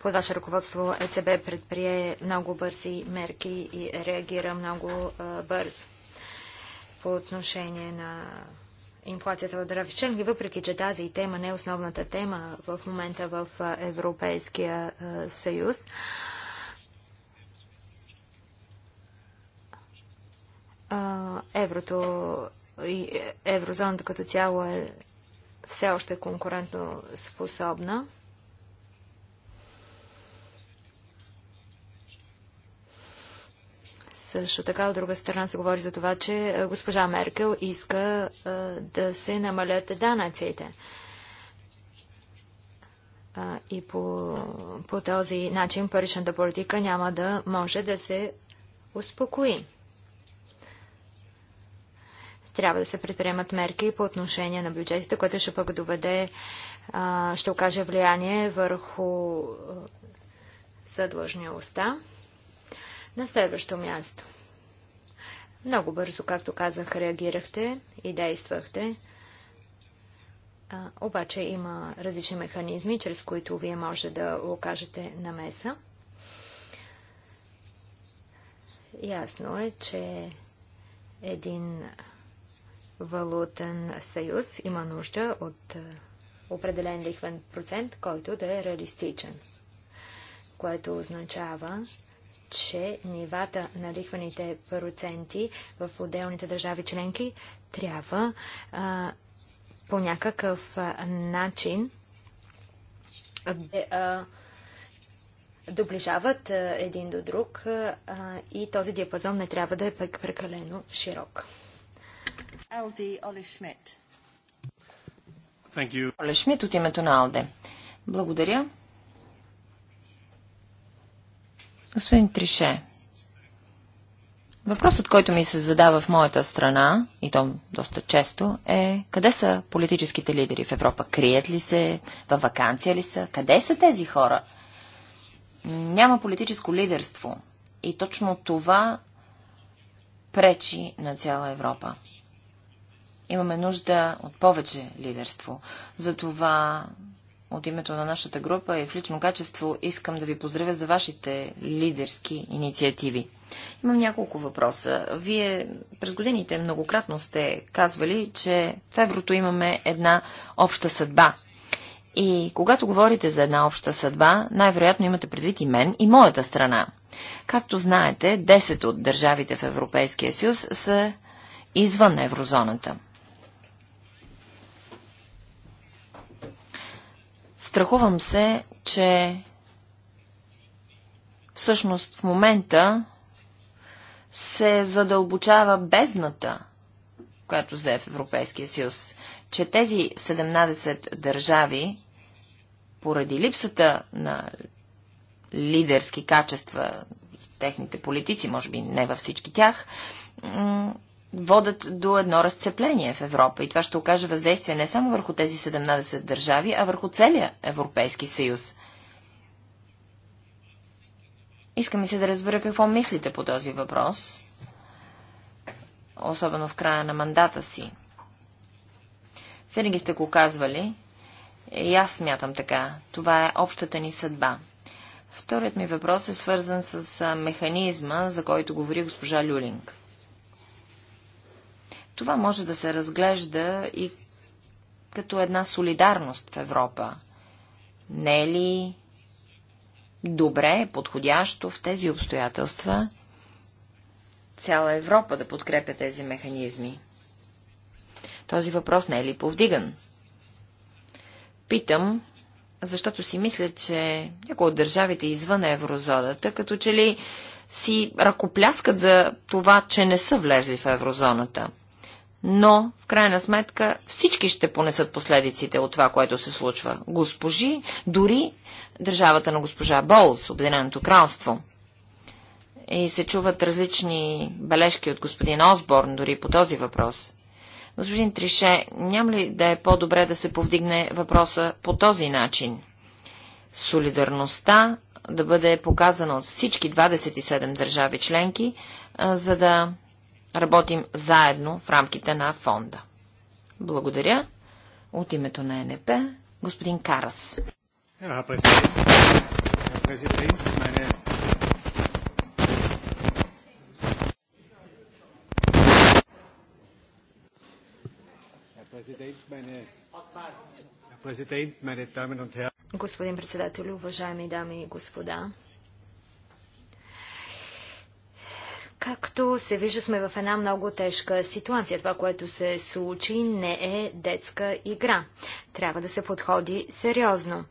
под ваше ръководство ЕЦБ предприе много бързи мерки и реагира много бързо по отношение на инфлацията в държави членки, въпреки че тази тема не е основната тема в момента в Европейския съюз. еврото и еврозоната като цяло е все още конкурентно способна. Също така, от друга страна се говори за това, че е, госпожа Меркел иска е, да се намалят данъците. и по, по този начин паричната политика няма да може да се успокои трябва да се предприемат мерки по отношение на бюджетите, което ще пък доведе, ще окаже влияние върху съдлъжнилостта. На следващо място. Много бързо, както казах, реагирахте и действахте. обаче има различни механизми, чрез които вие може да окажете намеса. Ясно е, че един валутен съюз има нужда от е, определен лихвен процент, който да е реалистичен, което означава, че нивата на лихвените проценти в отделните държави членки трябва а, по някакъв а, начин да доближават а, един до друг а, и този диапазон не трябва да е прекалено широк. Оле Шмидт от името на Алде. Благодаря. Господин Трише, въпросът, който ми се задава в моята страна, и то доста често, е къде са политическите лидери в Европа? Крият ли се? Във вакансия ли са? Къде са тези хора? Няма политическо лидерство. И точно това пречи на цяла Европа. Имаме нужда от повече лидерство. Затова от името на нашата група и в лично качество искам да ви поздравя за вашите лидерски инициативи. Имам няколко въпроса. Вие през годините многократно сте казвали, че в еврото имаме една обща съдба. И когато говорите за една обща съдба, най-вероятно имате предвид и мен и моята страна. Както знаете, 10 от държавите в Европейския съюз са извън еврозоната. Страхувам се, че всъщност в момента се задълбочава бездната, която взе в Европейския съюз, че тези 17 държави, поради липсата на лидерски качества, техните политици, може би не във всички тях, водят до едно разцепление в Европа. И това ще окаже въздействие не само върху тези 17 държави, а върху целия Европейски съюз. Искам и се да разбера какво мислите по този въпрос, особено в края на мандата си. Винаги сте го казвали, и аз смятам така. Това е общата ни съдба. Вторият ми въпрос е свързан с механизма, за който говори госпожа Люлинг. Това може да се разглежда и като една солидарност в Европа. Не е ли добре, подходящо в тези обстоятелства цяла Европа да подкрепя тези механизми? Този въпрос не е ли повдиган? Питам, защото си мисля, че някои от държавите извън еврозоната, като че ли си ръкопляскат за това, че не са влезли в еврозоната но в крайна сметка всички ще понесат последиците от това, което се случва. Госпожи, дори държавата на госпожа Болс, Обединеното кралство. И се чуват различни бележки от господин Осборн дори по този въпрос. Господин Трише, няма ли да е по-добре да се повдигне въпроса по този начин? Солидарността да бъде показана от всички 27 държави членки, за да работим заедно в рамките на фонда. Благодаря. От името на НП, господин Карас. Господин председател, уважаеми дами и господа, Както се вижда, сме в една много тежка ситуация. Това, което се случи, не е детска игра. Трябва да се подходи сериозно.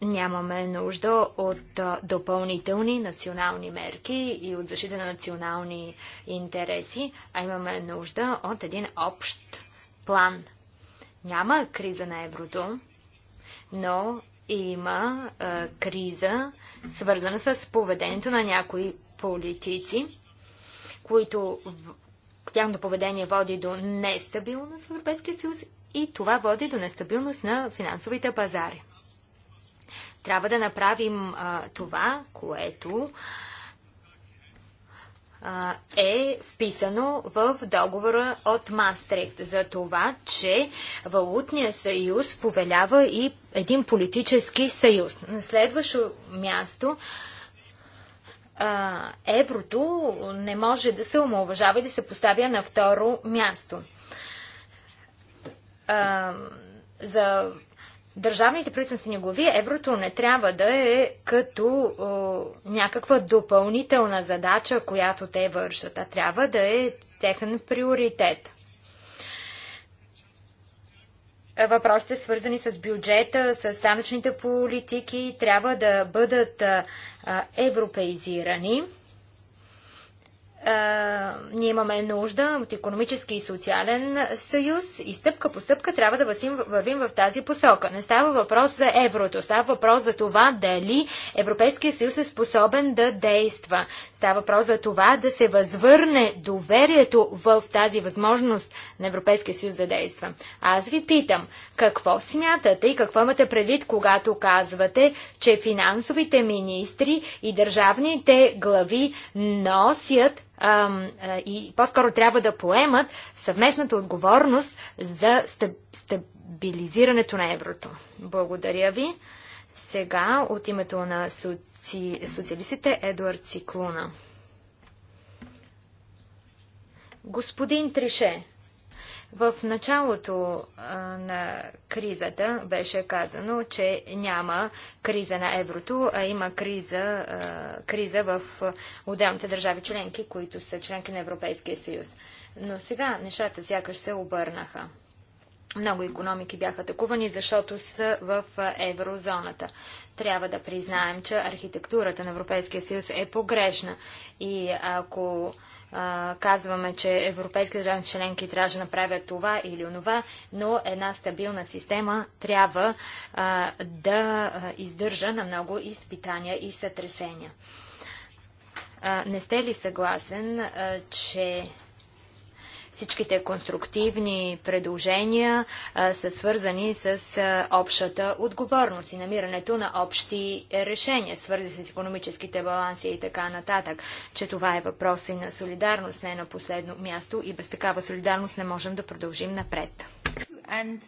Нямаме нужда от допълнителни национални мерки и от защита на национални интереси, а имаме нужда от един общ план. Няма криза на еврото, но има криза, свързана с поведението на някои политици, които тяхното поведение води до нестабилност в Европейския съюз и това води до нестабилност на финансовите пазари. Трябва да направим а, това, което а, е вписано в договора от Мастрихт за това, че Валутния съюз повелява и един политически съюз. На следващо място а, еврото не може да се омалуважава и да се поставя на второ място. А, за държавните правителствени глави еврото не трябва да е като а, някаква допълнителна задача, която те вършат, а трябва да е техен приоритет. Е, въпросите свързани с бюджета, с данъчните политики трябва да бъдат европеизирани. Ние имаме нужда от економически и социален съюз и стъпка по стъпка трябва да вървим, в тази посока. Не става въпрос за еврото, става въпрос за това дали Европейския съюз е способен да действа. Става въпрос за това да се възвърне доверието в тази възможност на Европейския съюз да действа. Аз ви питам, какво смятате и какво имате предвид, когато казвате, че финансовите министри и държавните глави носят ам, а, и по-скоро трябва да поемат съвместната отговорност за стабилизирането на еврото. Благодаря ви. Сега от името на социалистите си, социалистите Едуард Циклуна. Господин Трише, в началото а, на кризата беше казано, че няма криза на еврото, а има криза, а, криза в отделните държави членки, които са членки на Европейския съюз. Но сега нещата сякаш се обърнаха. Много економики бяха атакувани, защото са в еврозоната. Трябва да признаем, че архитектурата на Европейския съюз е погрешна. И ако а, казваме, че европейските държави членки трябва да направят това или онова, но една стабилна система трябва а, да издържа на много изпитания и сътресения. А, не сте ли съгласен, че Всичките конструктивни предложения са свързани с общата отговорност и намирането на общи решения, свързани с економическите баланси и така нататък, че това е въпрос и на солидарност, не на последно място и без такава солидарност не можем да продължим напред. E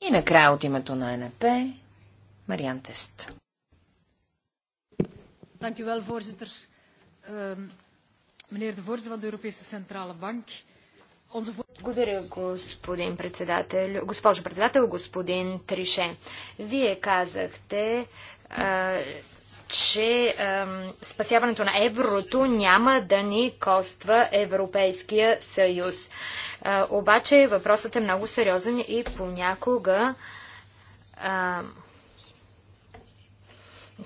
и накрая от името на НП Мариан Тест. Dank voorzitter. Ehm, Meneer de voorzitter van de Europese Centrale Bank, благодаря, господин председател. Госпожо председател, господин Трише. Вие казахте, а, че а, спасяването на еврото няма да ни коства Европейския съюз. А, обаче въпросът е много сериозен и понякога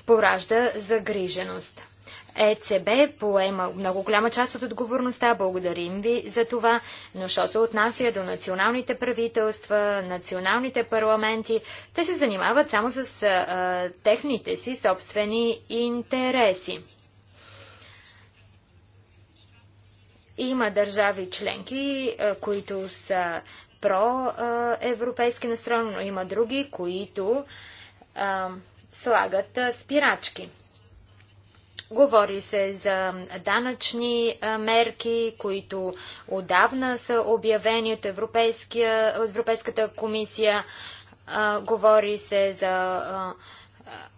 поражда загриженост. ЕЦБ поема много голяма част от отговорността. Благодарим ви за това. Но що се отнася до националните правителства, националните парламенти, те се занимават само с а, техните си собствени интереси. Има държави членки, а, които са проевропейски настроени, но има други, които а, слагат а, спирачки. Говори се за данъчни мерки, които отдавна са обявени от Европейската комисия. Говори се за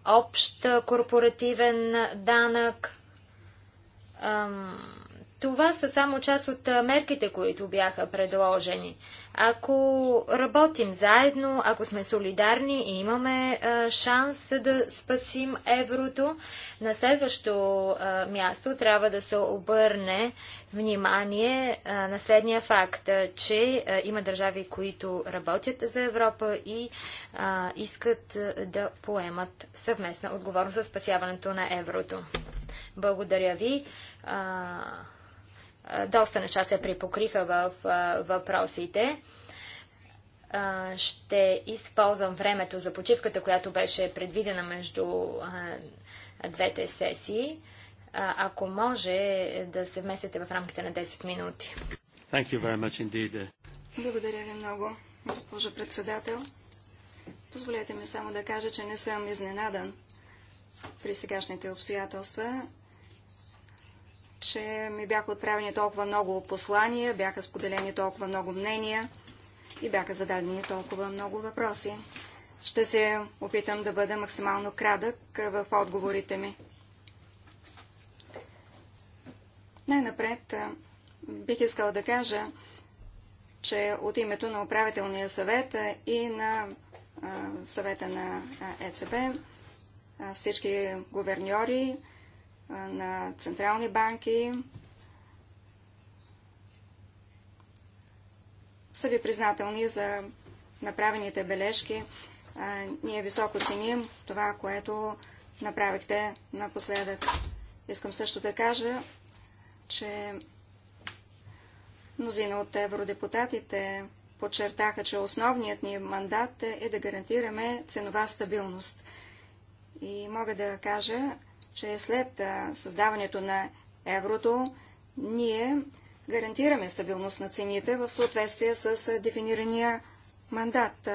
общ корпоративен данък. Това са само част от мерките, които бяха предложени. Ако работим заедно, ако сме солидарни и имаме а, шанс да спасим еврото, на следващо а, място трябва да се обърне внимание а, на следния факт, че има държави, които работят за Европа и искат да поемат съвместна отговорност за спасяването на еврото. Благодаря ви доста неща се припокриха в въпросите. Ще използвам времето за почивката, която беше предвидена между двете сесии. Ако може да се вместите в рамките на 10 минути. Благодаря ви много, госпожо председател. Позволете ми само да кажа, че не съм изненадан при сегашните обстоятелства че ми бяха отправени толкова много послания, бяха споделени толкова много мнения и бяха зададени толкова много въпроси. Ще се опитам да бъда максимално крадък в отговорите ми. Най-напред бих искал да кажа, че от името на управителния съвет и на съвета на ЕЦБ всички гуверньори, на централни банки са ви признателни за направените бележки. Ние високо ценим това, което направихте напоследък. Искам също да кажа, че мнозина от евродепутатите подчертаха, че основният ни мандат е да гарантираме ценова стабилност. И мога да кажа, че след създаването на еврото ние гарантираме стабилност на цените в съответствие с дефинирания мандат.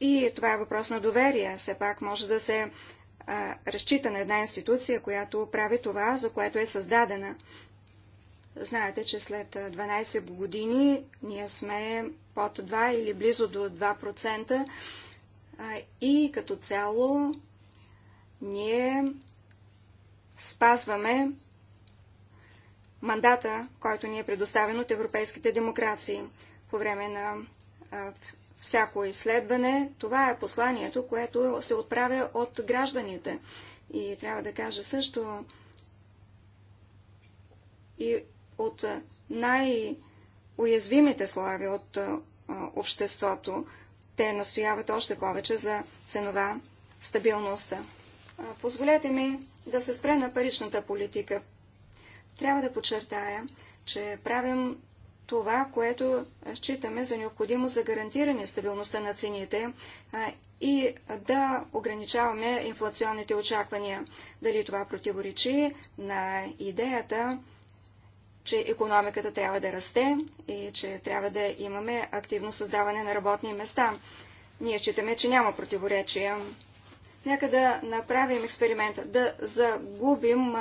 И това е въпрос на доверие. Все пак може да се разчита на една институция, която прави това, за което е създадена. Знаете, че след 12 години ние сме под 2 или близо до 2% и като цяло ние спазваме мандата, който ни е предоставен от европейските демокрации по време на всяко изследване. Това е посланието, което се отправя от гражданите. И трябва да кажа също и от най-уязвимите слави от обществото, те настояват още повече за ценова стабилност. Позволете ми да се спре на паричната политика. Трябва да подчертая, че правим това, което считаме за необходимо за гарантиране стабилността на цените и да ограничаваме инфлационните очаквания. Дали това противоречи на идеята че економиката трябва да расте и че трябва да имаме активно създаване на работни места. Ние считаме, че няма противоречия. Нека да направим експеримента, да загубим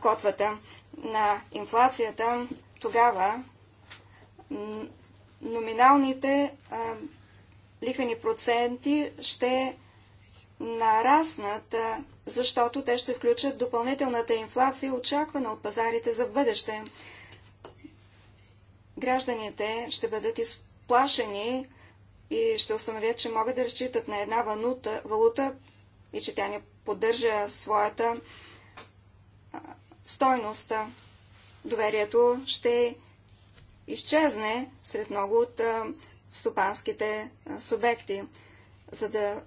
котвата на инфлацията, тогава номиналните лихвени проценти ще нараснат, защото те ще включат допълнителната инфлация, очаквана от пазарите за бъдеще. Гражданите ще бъдат изплашени и ще установят, че могат да разчитат на една валута, валута и че тя не поддържа своята стойност. Доверието ще изчезне сред много от стопанските субекти. За да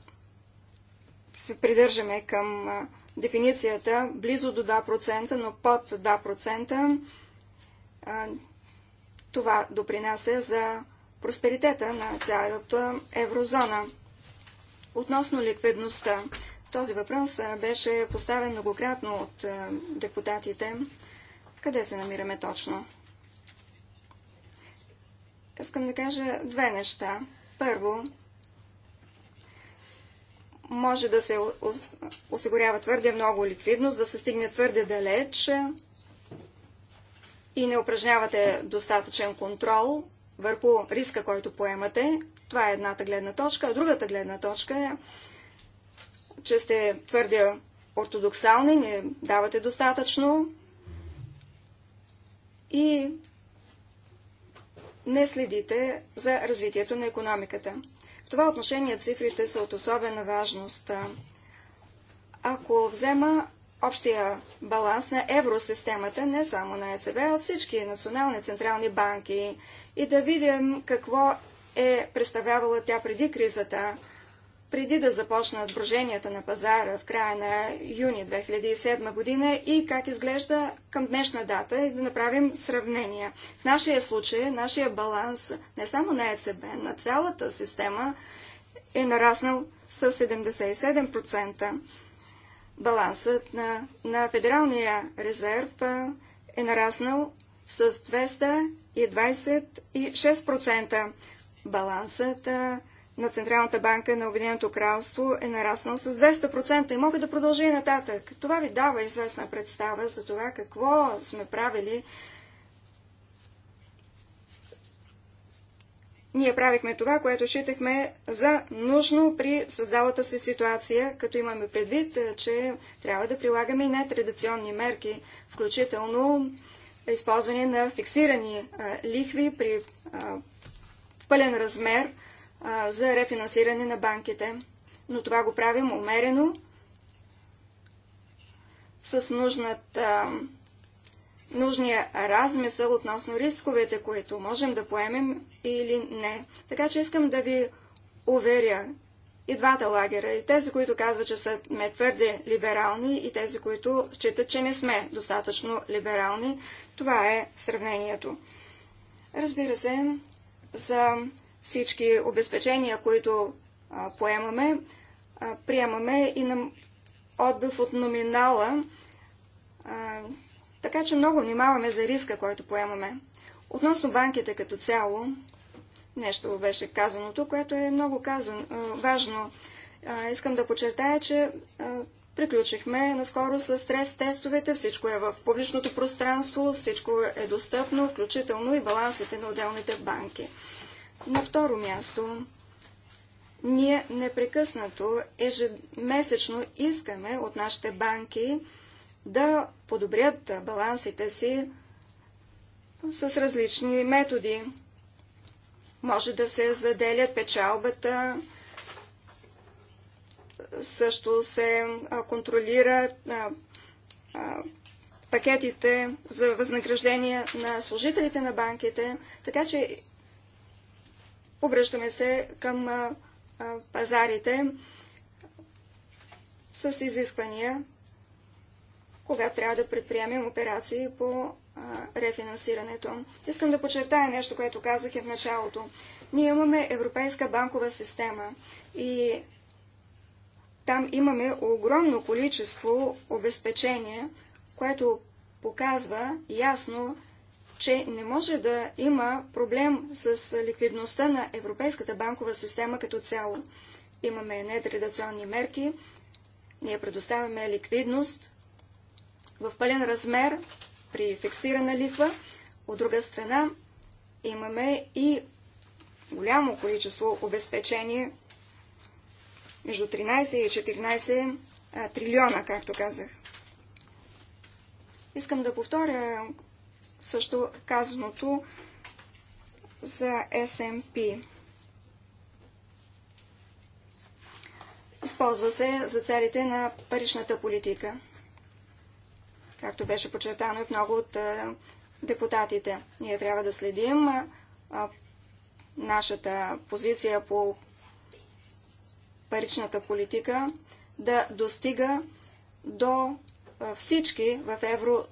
се придържаме към дефиницията близо до 2%, но под 2%. Това допринася за просперитета на цялата еврозона. Относно ликвидността, този въпрос беше поставен многократно от депутатите. Къде се намираме точно? Искам да кажа две неща. Първо, може да се осигурява твърде много ликвидност, да се стигне твърде далеч и не упражнявате достатъчен контрол върху риска, който поемате. Това е едната гледна точка. А другата гледна точка е, че сте твърде ортодоксални, не давате достатъчно и не следите за развитието на економиката това отношение цифрите са от особена важност. Ако взема общия баланс на евросистемата, не само на ЕЦБ, а от всички национални централни банки и да видим какво е представявала тя преди кризата, преди да започнат броженията на пазара в края на юни 2007 година и как изглежда към днешна дата и да направим сравнения. В нашия случай, нашия баланс не само на ЕЦБ, на цялата система е нараснал с 77%. Балансът на, на Федералния резерв е нараснал с 226%. Балансът на Централната банка на Обединеното кралство е нараснал с 200% и мога да продължа и нататък. Това ви дава известна представа за това какво сме правили. Ние правихме това, което считахме за нужно при създалата се си ситуация, като имаме предвид, е, че трябва да прилагаме и нетрадиционни мерки, включително използване на фиксирани а, е, лихви при а, е, пълен размер – за рефинансиране на банките. Но това го правим умерено, с нужната, нужния размисъл относно рисковете, които можем да поемем или не. Така че искам да ви уверя и двата лагера, и тези, които казват, че са ме твърде либерални, и тези, които считат, че не сме достатъчно либерални. Това е сравнението. Разбира се, за всички обезпечения, които поемаме, приемаме и на отбив от номинала, така че много внимаваме за риска, който поемаме. Относно банките като цяло, нещо беше казаното, което е много казан, важно. Искам да подчертая, че приключихме наскоро с стрес-тестовете, всичко е в публичното пространство, всичко е достъпно, включително и балансите на отделните банки. На второ място, ние непрекъснато, ежемесечно искаме от нашите банки да подобрят балансите си с различни методи. Може да се заделят печалбата, също се контролира пакетите за възнаграждения на служителите на банките, така че Обръщаме се към пазарите с изисквания, когато трябва да предприемем операции по рефинансирането. Искам да подчертая нещо, което казах и в началото. Ние имаме Европейска банкова система и там имаме огромно количество обезпечения, което показва ясно, че не може да има проблем с ликвидността на Европейската банкова система като цяло. Имаме нетрадиционни мерки, ние предоставяме ликвидност в пълен размер при фиксирана лихва. От друга страна, имаме и голямо количество обезпечение, между 13 и 14 трилиона, както казах. Искам да повторя също казаното за SMP. Използва се за целите на паричната политика, както беше подчертано и много от депутатите. Ние трябва да следим нашата позиция по паричната политика да достига до всички в евро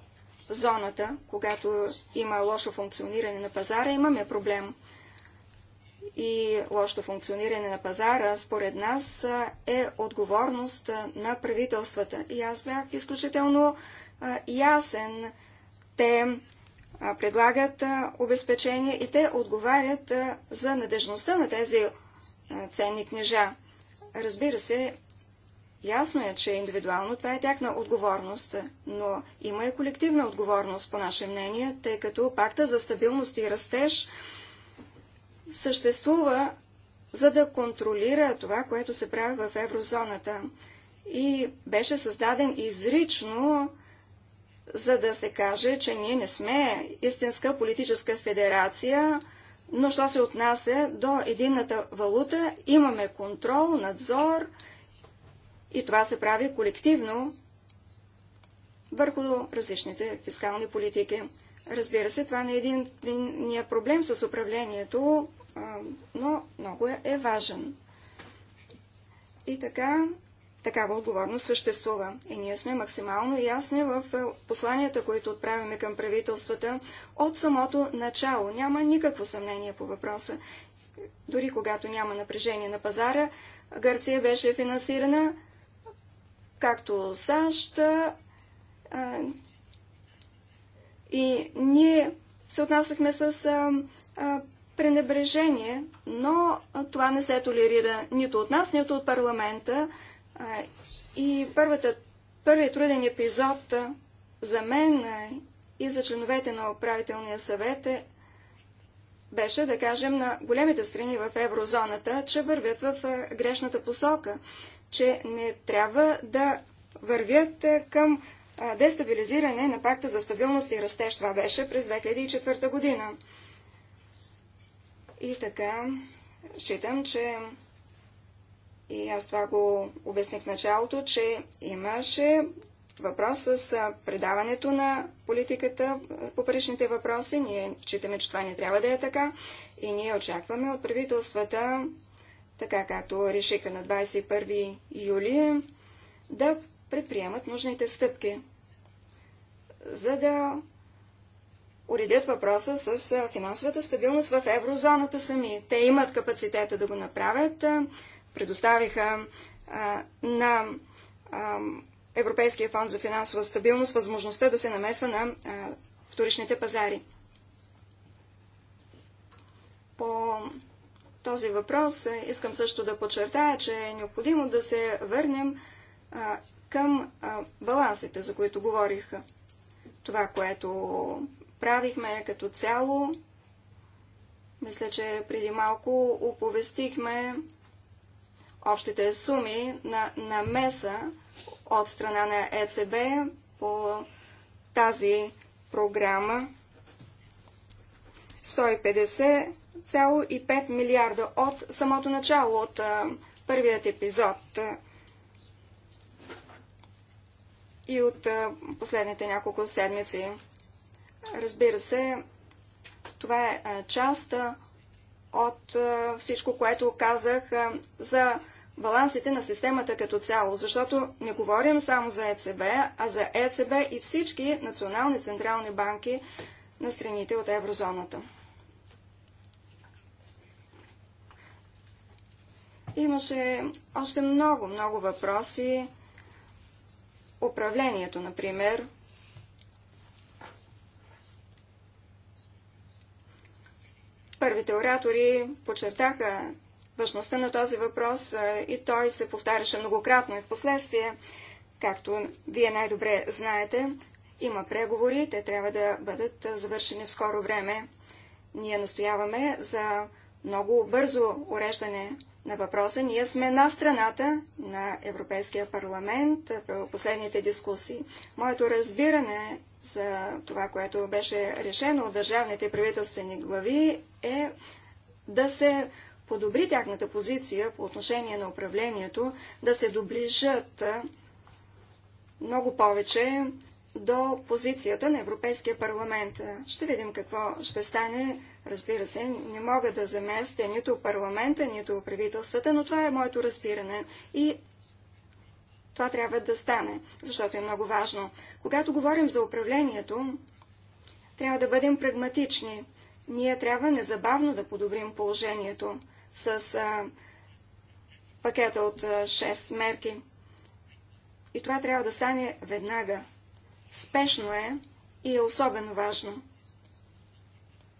зоната, когато има лошо функциониране на пазара, имаме проблем. И лошото функциониране на пазара, според нас, е отговорност на правителствата. И аз бях изключително ясен. Те предлагат обезпечение и те отговарят за надежността на тези ценни книжа. Разбира се, Ясно е, че индивидуално това е тяхна отговорност, но има и колективна отговорност, по наше мнение, тъй като пакта за стабилност и растеж съществува за да контролира това, което се прави в еврозоната. И беше създаден изрично, за да се каже, че ние не сме истинска политическа федерация, но що се отнася до единната валута, имаме контрол, надзор, и това се прави колективно върху различните фискални политики. Разбира се, това не е единствения проблем с управлението, но много е, е важен. И така, такава отговорност съществува. И ние сме максимално ясни в посланията, които отправяме към правителствата от самото начало. Няма никакво съмнение по въпроса. Дори когато няма напрежение на пазара, Гърция беше финансирана както САЩ. А, и ние се отнасяхме с а, а, пренебрежение, но това не се толерира нито от нас, нито от парламента. А, и първата, първият труден епизод а, за мен а, и за членовете на управителния съвет е, беше да кажем на големите страни в еврозоната, че вървят в грешната посока че не трябва да вървят е, към дестабилизиране на пакта за стабилност и растеж. Това беше през 2004 година. И така, считам, че и аз това го обясних в началото, че имаше въпрос с предаването на политиката по паричните въпроси. Ние считаме, че това не трябва да е така и ние очакваме от правителствата така както решиха на 21 юли, да предприемат нужните стъпки, за да уредят въпроса с финансовата стабилност в еврозоната сами. Те имат капацитета да го направят. Предоставиха а, на а, Европейския фонд за финансова стабилност възможността да се намесва на а, вторичните пазари. По този въпрос. Искам също да подчертая, че е необходимо да се върнем а, към а, балансите, за които говориха. Това, което правихме като цяло, мисля, че преди малко оповестихме общите суми на намеса от страна на ЕЦБ по тази програма 150 1,5 милиарда от самото начало, от а, първият епизод а, и от а, последните няколко седмици. Разбира се, това е част от всичко, което казах за балансите на системата като цяло, защото не говорим само за ЕЦБ, а за ЕЦБ и всички национални централни банки на страните от еврозоната. Имаше още много, много въпроси. Управлението, например. Първите оратори подчертаха важността на този въпрос и той се повтаряше многократно и в последствие. Както вие най-добре знаете, има преговори, те трябва да бъдат завършени в скоро време. Ние настояваме за много бързо уреждане на въпроса. Ние сме на страната на Европейския парламент в последните дискусии. Моето разбиране за това, което беше решено от държавните правителствени глави е да се подобри тяхната позиция по отношение на управлението, да се доближат много повече до позицията на Европейския парламент. Ще видим какво ще стане. Разбира се, не мога да заместя нито парламента, нито правителствата, но това е моето разбиране и това трябва да стане, защото е много важно. Когато говорим за управлението, трябва да бъдем прагматични. Ние трябва незабавно да подобрим положението с а, пакета от а, 6 мерки. И това трябва да стане веднага, Спешно е и е особено важно.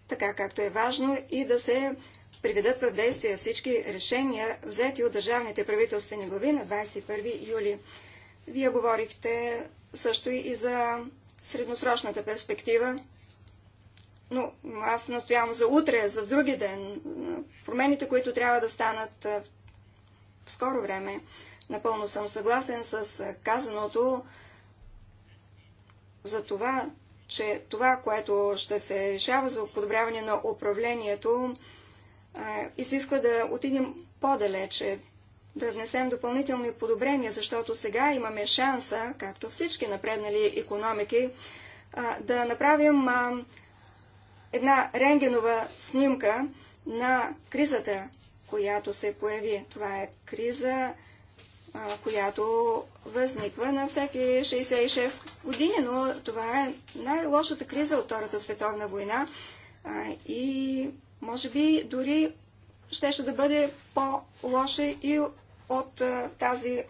Така както е важно и да се приведат в действие всички решения, взети от държавните правителствени глави на 21 юли. Вие говорихте също и за средносрочната перспектива, но аз настоявам за утре, за други ден, промените, които трябва да станат в скоро време. Напълно съм съгласен с казаното за това, че това, което ще се решава за подобряване на управлението, изисква да отидем по-далече, да внесем допълнителни подобрения, защото сега имаме шанса, както всички напреднали економики, да направим една рентгенова снимка на кризата, която се появи. Това е криза която възниква на всеки 66 години, но това е най-лошата криза от Втората световна война и може би дори щеше да бъде по-лоша и от тази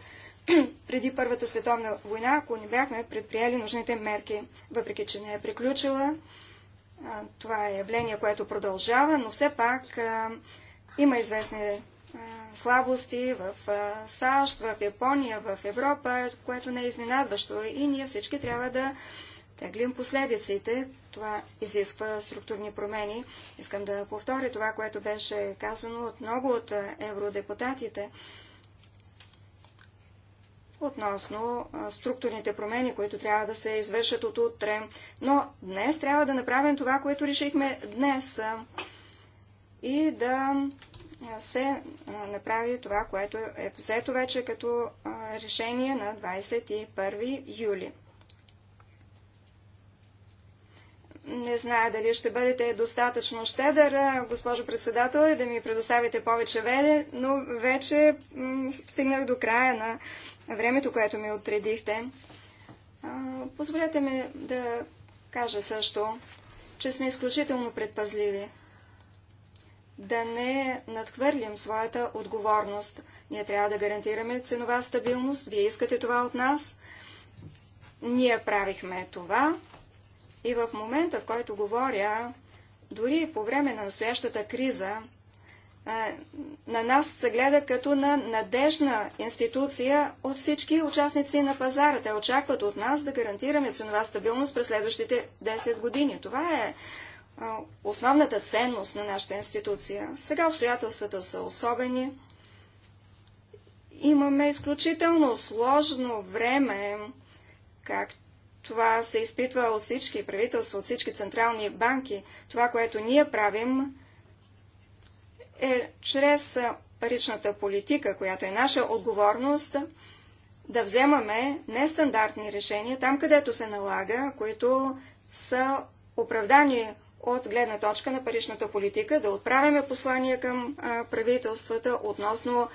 преди Първата световна война, ако не бяхме предприели нужните мерки. Въпреки, че не е приключила, това е явление, което продължава, но все пак има известни слабости в САЩ, в Япония, в Европа, което не е изненадващо. И ние всички трябва да теглим последиците. Това изисква структурни промени. Искам да повторя това, което беше казано от много от евродепутатите относно структурните промени, които трябва да се извършат от утре. Но днес трябва да направим това, което решихме днес и да се направи това, което е взето вече като решение на 21 юли. Не зная дали ще бъдете достатъчно щедър, госпожо председател, и да ми предоставите повече веде, но вече стигнах до края на времето, което ми отредихте. Позволете ми да кажа също, че сме изключително предпазливи да не надхвърлим своята отговорност. Ние трябва да гарантираме ценова стабилност. Вие искате това от нас. Ние правихме това. И в момента, в който говоря, дори по време на настоящата криза, на нас се гледа като на надежна институция от всички участници на пазара. Те очакват от нас да гарантираме ценова стабилност през следващите 10 години. Това е основната ценност на нашата институция. Сега обстоятелствата са особени. Имаме изключително сложно време, както това се изпитва от всички правителства, от всички централни банки. Това, което ние правим, е чрез паричната политика, която е наша отговорност, да вземаме нестандартни решения там, където се налага, които са оправдани от гледна точка на паричната политика, да отправяме послания към правителствата относно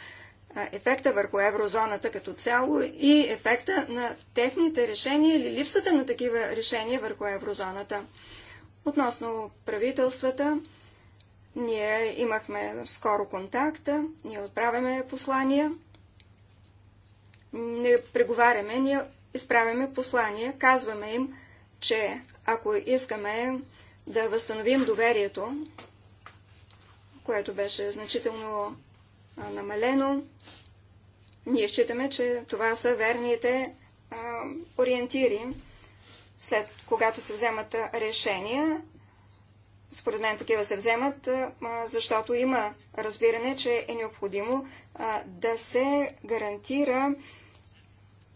ефекта върху еврозоната като цяло и ефекта на техните решения или липсата на такива решения върху еврозоната. Относно правителствата, ние имахме скоро контакта, ние отправяме послания, не преговаряме, ние изправяме послания, казваме им, че ако искаме да възстановим доверието, което беше значително намалено. Ние считаме, че това са верните а, ориентири, след когато се вземат решения. Според мен такива се вземат, а, защото има разбиране, че е необходимо а, да се гарантира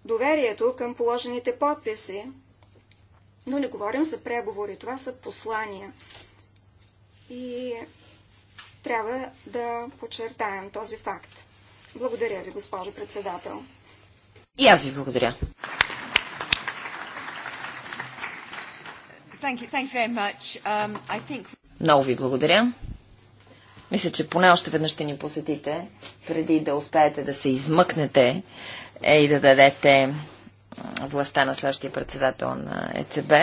доверието към положените подписи но не говорим за преговори. Това са послания. И трябва да подчертаем този факт. Благодаря ви, госпожо председател. И аз ви благодаря. Thank you, thank you um, think... Много ви благодаря. Мисля, че поне още веднъж ще ни посетите, преди да успеете да се измъкнете е, и да дадете властта на следващия председател на ЕЦБ.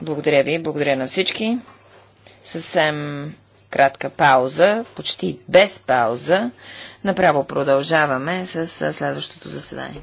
Благодаря ви, благодаря на всички. Съвсем кратка пауза, почти без пауза. Направо продължаваме с следващото заседание.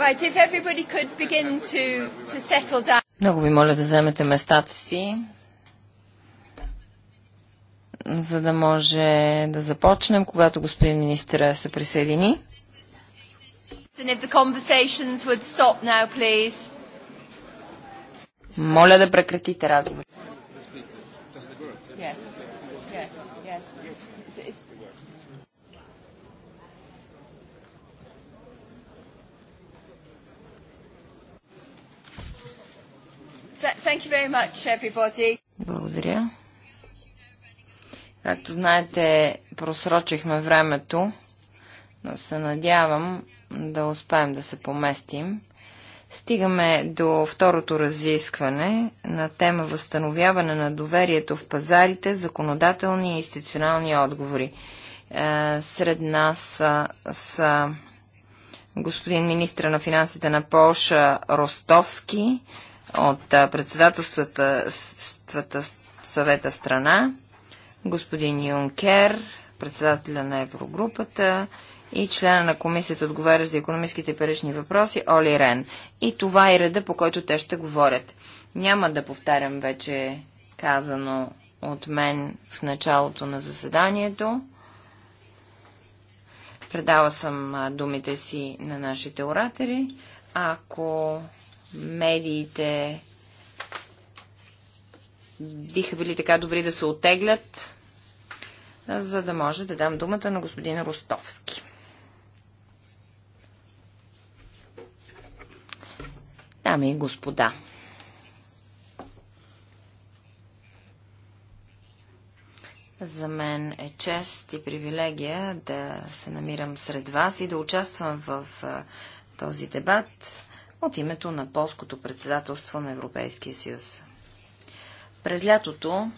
Right, if everybody could begin to, to settle down. Много ви моля да вземете местата си, за да може да започнем, когато господин министър се присъедини. Now, моля да прекратите разговор. Благодаря. Както знаете, просрочихме времето, но се надявам да успеем да се поместим. Стигаме до второто разискване на тема възстановяване на доверието в пазарите, законодателни и институционални отговори. Е, сред нас са господин министра на финансите на Полша Ростовски, от председателствата съвета страна, господин Юнкер, председателя на Еврогрупата и члена на комисията отговаря за економическите парични въпроси Оли Рен. И това е реда, по който те ще говорят. Няма да повтарям вече казано от мен в началото на заседанието. предава съм думите си на нашите оратори. Ако медиите биха били така добри да се отеглят, за да може да дам думата на господин Ростовски. Дами и господа, За мен е чест и привилегия да се намирам сред вас и да участвам в този дебат от името на полското председателство на Европейския съюз. През лятото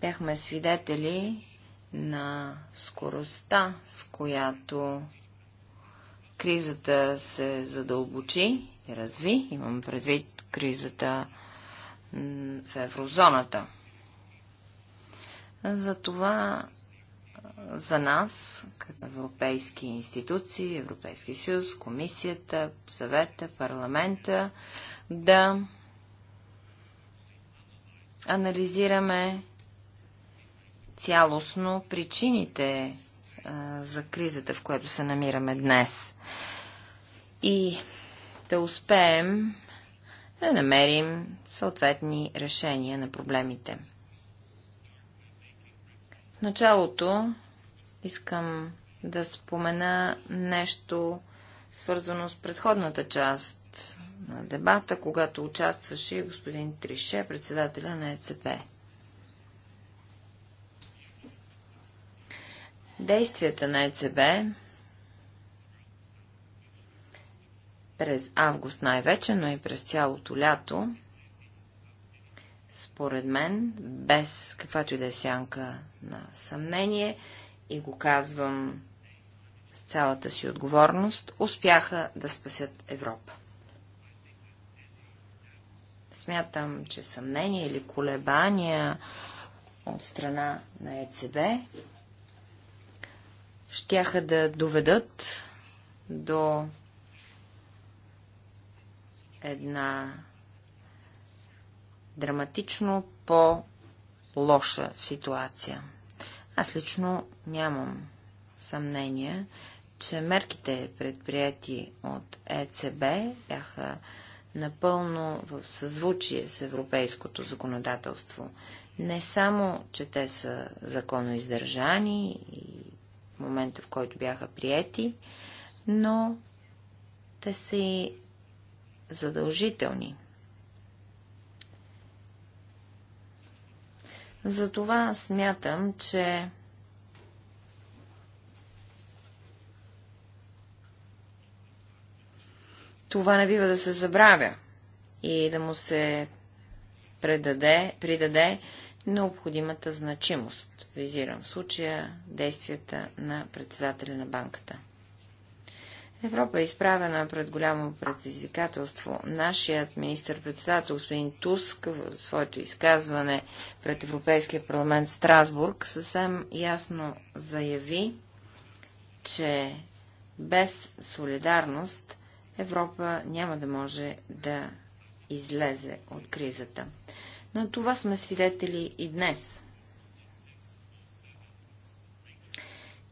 бяхме свидетели на скоростта, с която кризата се задълбочи и разви. Имам предвид кризата в еврозоната. Затова за нас, като европейски институции, Европейски съюз, комисията, съвета, парламента, да анализираме цялостно причините за кризата, в която се намираме днес. И да успеем да намерим съответни решения на проблемите началото искам да спомена нещо свързано с предходната част на дебата, когато участваше господин Трише, председателя на ЕЦП. Действията на ЕЦБ през август най-вече, но и през цялото лято, според мен, без каквато и да е сянка на съмнение и го казвам с цялата си отговорност, успяха да спасят Европа. Смятам, че съмнение или колебания от страна на ЕЦБ щяха да доведат до една драматично по лоша ситуация. Аз лично нямам съмнение, че мерките предприяти от ЕЦБ бяха напълно в съзвучие с европейското законодателство. Не само, че те са законно издържани и в момента, в който бяха приети, но те са и задължителни. Затова смятам, че това не бива да се забравя и да му се предаде, придаде необходимата значимост. Визирам в случая действията на председателя на банката. Европа е изправена пред голямо предизвикателство. Нашият министр-председател, господин Туск, в своето изказване пред Европейския парламент в Страсбург, съвсем ясно заяви, че без солидарност Европа няма да може да излезе от кризата. На това сме свидетели и днес.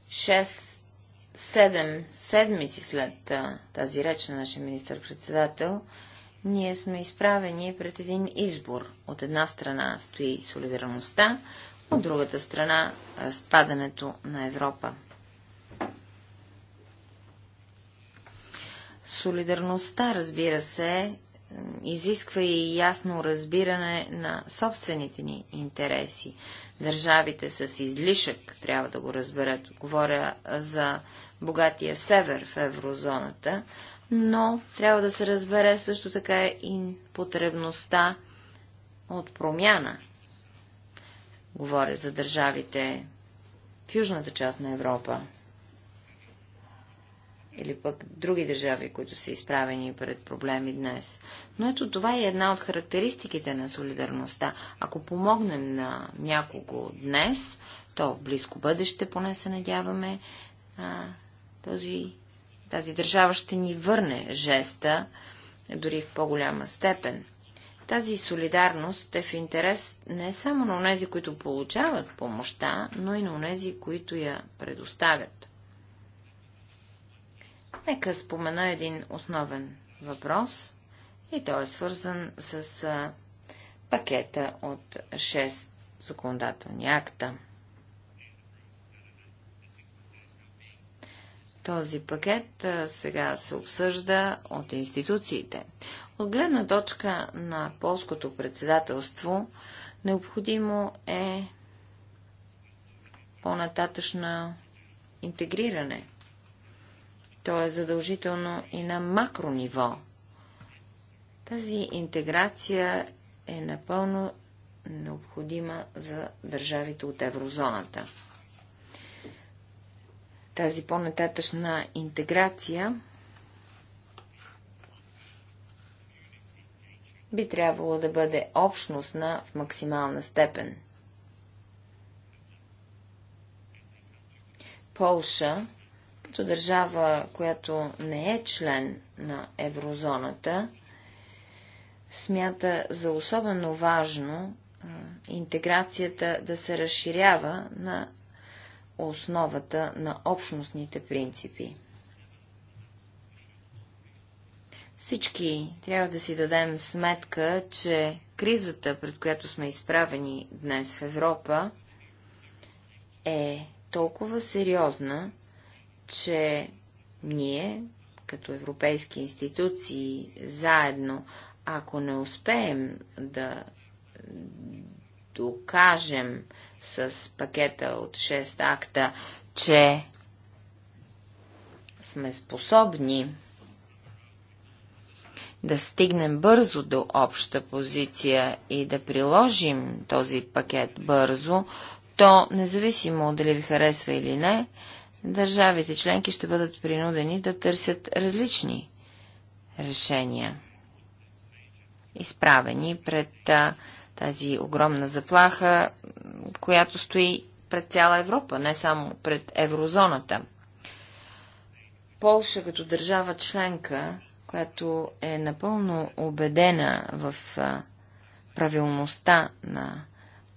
Шест седем седмици след тази реч на нашия министър-председател, ние сме изправени пред един избор. От една страна стои солидарността, от другата страна разпадането на Европа. Солидарността, разбира се, изисква и ясно разбиране на собствените ни интереси държавите с излишък трябва да го разберат. Говоря за богатия север в еврозоната, но трябва да се разбере също така и потребността от промяна. Говоря за държавите в южната част на Европа или пък други държави, които са изправени пред проблеми днес. Но ето това е една от характеристиките на солидарността. Ако помогнем на някого днес, то в близко бъдеще, поне се надяваме, а, този, тази държава ще ни върне жеста, дори в по-голяма степен. Тази солидарност е в интерес не само на онези, които получават помощта, но и на онези, които я предоставят. Нека спомена един основен въпрос и той е свързан с а, пакета от 6 законодателни акта. Този пакет а, сега се обсъжда от институциите. От гледна точка на полското председателство, необходимо е по-нататъчно интегриране то е задължително и на макро ниво. Тази интеграция е напълно необходима за държавите от еврозоната. Тази по-нататъчна интеграция би трябвало да бъде общностна в максимална степен. Полша като държава, която не е член на еврозоната, смята за особено важно интеграцията да се разширява на основата на общностните принципи. Всички трябва да си дадем сметка, че кризата, пред която сме изправени днес в Европа, е толкова сериозна, че ние, като европейски институции, заедно, ако не успеем да докажем с пакета от 6 акта, че сме способни да стигнем бързо до обща позиция и да приложим този пакет бързо, то, независимо дали ви харесва или не, държавите членки ще бъдат принудени да търсят различни решения, изправени пред а, тази огромна заплаха, която стои пред цяла Европа, не само пред еврозоната. Полша като държава членка, която е напълно убедена в а, правилността на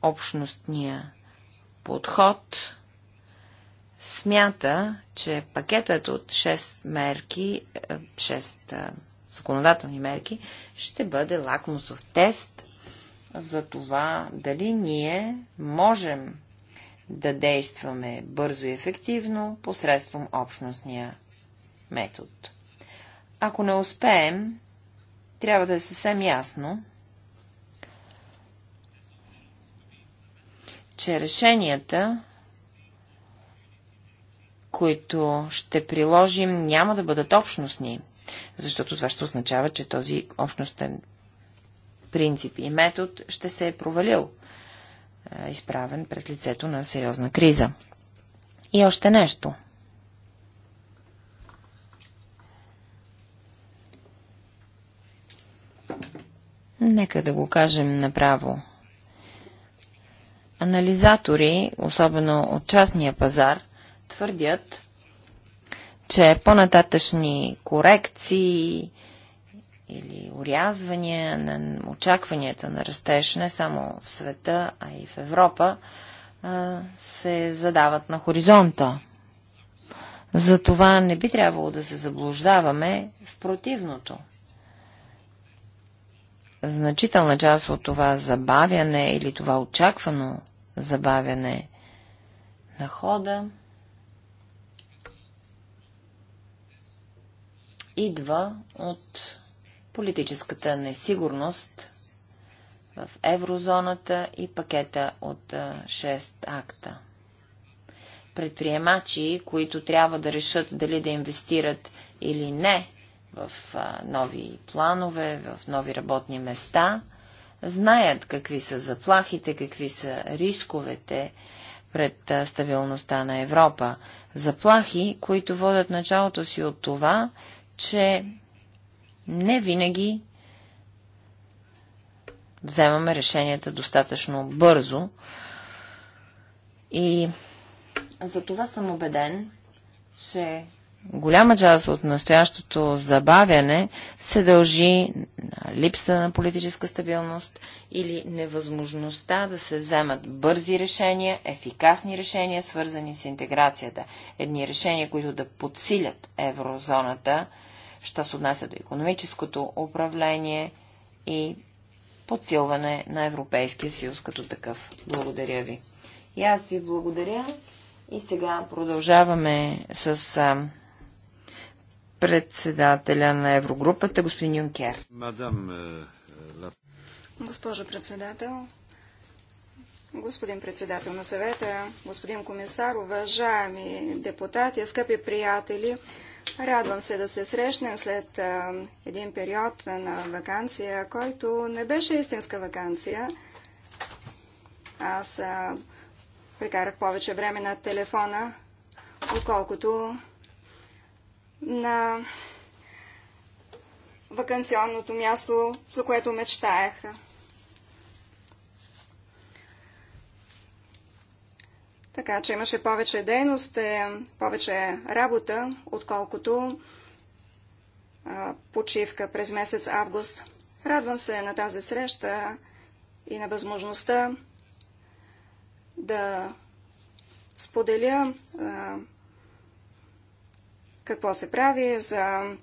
общностния подход, смята, че пакетът от 6 мерки, 6 е, е, законодателни мерки, ще бъде лакмусов тест за това дали ние можем да действаме бързо и ефективно посредством общностния метод. Ако не успеем, трябва да е съвсем ясно, че решенията които ще приложим, няма да бъдат общностни, защото това ще означава, че този общностен принцип и метод ще се е провалил, изправен пред лицето на сериозна криза. И още нещо. Нека да го кажем направо. Анализатори, особено от частния пазар, твърдят, че по-нататъчни корекции или урязвания на очакванията на растеж не само в света, а и в Европа, се задават на хоризонта. Затова не би трябвало да се заблуждаваме в противното. Значителна част от това забавяне или това очаквано забавяне на хода – идва от политическата несигурност в еврозоната и пакета от 6 акта. Предприемачи, които трябва да решат дали да инвестират или не в нови планове, в нови работни места, знаят какви са заплахите, какви са рисковете пред стабилността на Европа. Заплахи, които водят началото си от това, че не винаги вземаме решенията достатъчно бързо. И за това съм убеден, че голяма част от настоящото забавяне се дължи на липса на политическа стабилност или невъзможността да се вземат бързи решения, ефикасни решения, свързани с интеграцията. Едни решения, които да подсилят еврозоната – що се отнася до економическото управление и подсилване на Европейския съюз като такъв. Благодаря ви. И аз ви благодаря. И сега продължаваме с председателя на Еврогрупата, господин Юнкер. Мадам, е, е, Госпожо председател, господин председател на съвета, господин комисар, уважаеми депутати, скъпи приятели, Радвам се да се срещнем след а, един период на вакансия, който не беше истинска вакансия. Аз а, прекарах повече време на телефона, отколкото на вакансионното място, за което мечтаях. Така че имаше повече дейност, повече работа, отколкото почивка през месец август. Радвам се на тази среща и на възможността да споделя какво се прави за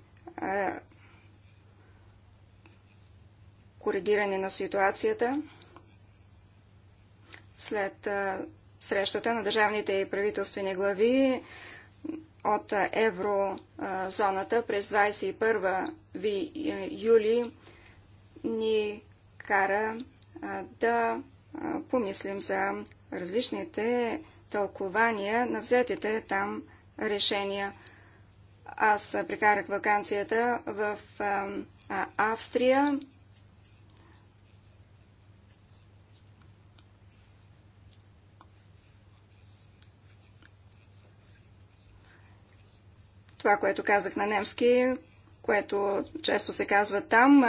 коригиране на ситуацията след срещата на държавните и правителствени глави от еврозоната през 21 е, юли ни кара да помислим за различните тълкования на взетите там решения. Аз прекарах вакансията в Австрия Това, което казах на немски, което често се казва там,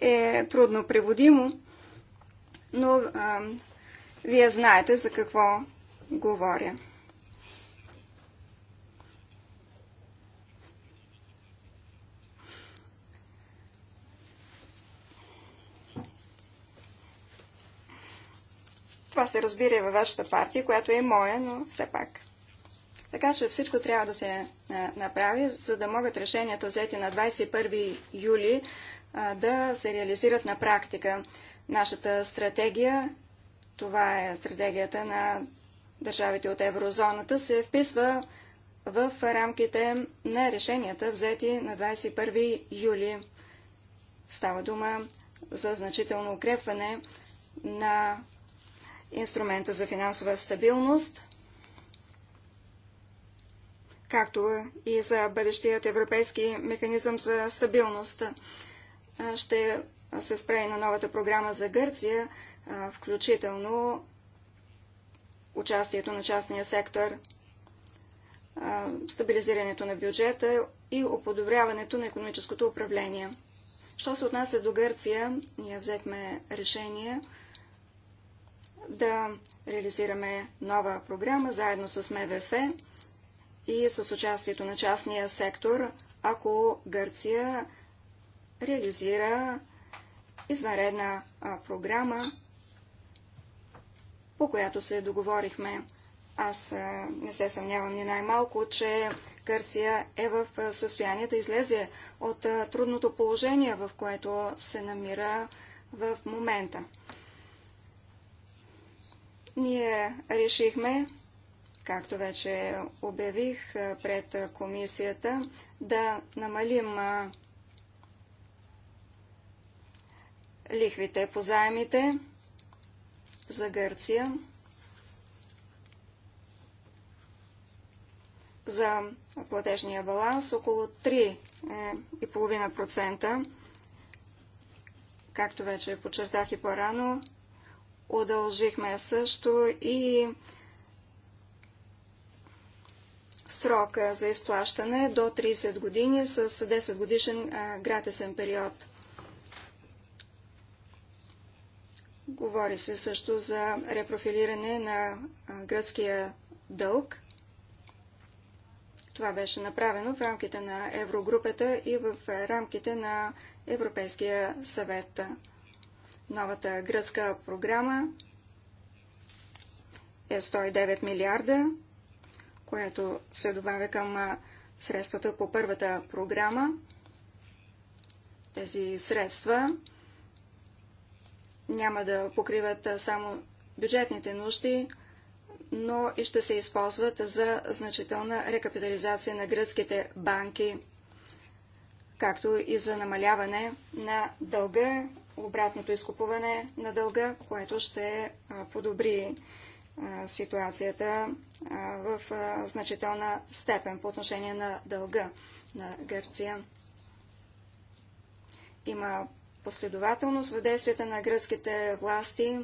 е трудно преводимо, но а, вие знаете за какво говоря. Това се разбира и във вашата партия, която е моя, но все пак. Така че всичко трябва да се е, направи, за да могат решенията взети на 21 юли е, да се реализират на практика. Нашата стратегия, това е стратегията на държавите от еврозоната, се вписва в рамките на решенията взети на 21 юли. Става дума за значително укрепване на инструмента за финансова стабилност – както и за бъдещият европейски механизъм за стабилност. Ще се спре на новата програма за Гърция, включително участието на частния сектор, стабилизирането на бюджета и оподобряването на економическото управление. Що се отнася до Гърция, ние взехме решение да реализираме нова програма заедно с МВФ и с участието на частния сектор, ако Гърция реализира извънредна програма, по която се договорихме. Аз не се съмнявам ни най-малко, че Гърция е в състояние да излезе от трудното положение, в което се намира в момента. Ние решихме както вече обявих пред комисията, да намалим лихвите по заемите за Гърция, за платежния баланс около 3,5%. Е, както вече подчертах и по-рано, удължихме също и срока за изплащане до 30 години с 10 годишен гратесен период. Говори се също за репрофилиране на гръцкия дълг. Това беше направено в рамките на Еврогрупата и в рамките на Европейския съвет. Новата гръцка програма е 109 милиарда което се добавя към средствата по първата програма. Тези средства няма да покриват само бюджетните нужди, но и ще се използват за значителна рекапитализация на гръцките банки, както и за намаляване на дълга, обратното изкупуване на дълга, което ще подобри ситуацията в значителна степен по отношение на дълга на Гърция. Има последователност в действията на гръцките власти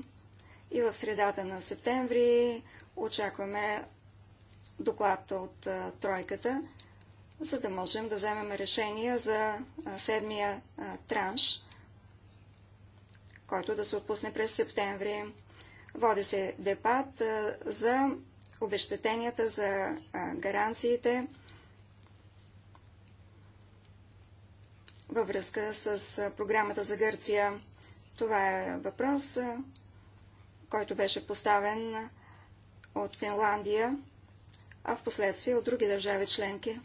и в средата на септември очакваме доклад от тройката, за да можем да вземем решение за седмия транш, който да се отпусне през септември. Води се дебат за обещетенията, за гаранциите във връзка с програмата за Гърция. Това е въпрос, който беше поставен от Финландия, а в последствие от други държави членки.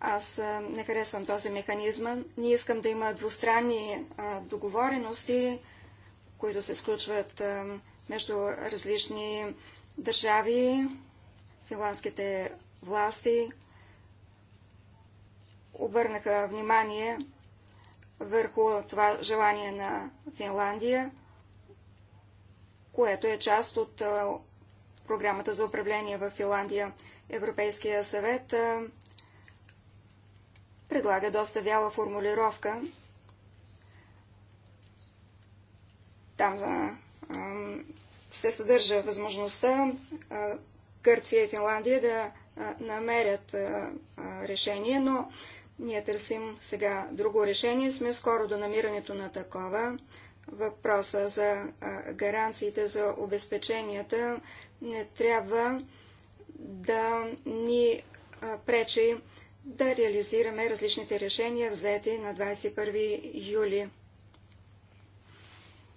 Аз не харесвам този механизъм. Не искам да има двустранни договорености които се сключват между различни държави, финландските власти обърнаха внимание върху това желание на Финландия, което е част от програмата за управление в Финландия. Европейския съвет предлага доста вяла формулировка Там за, а, се съдържа възможността а, Гърция и Финландия да намерят решение, но ние търсим сега друго решение. Сме скоро до намирането на такова. Въпроса за гаранциите, за обезпеченията не трябва да ни пречи да реализираме различните решения, взети на 21 юли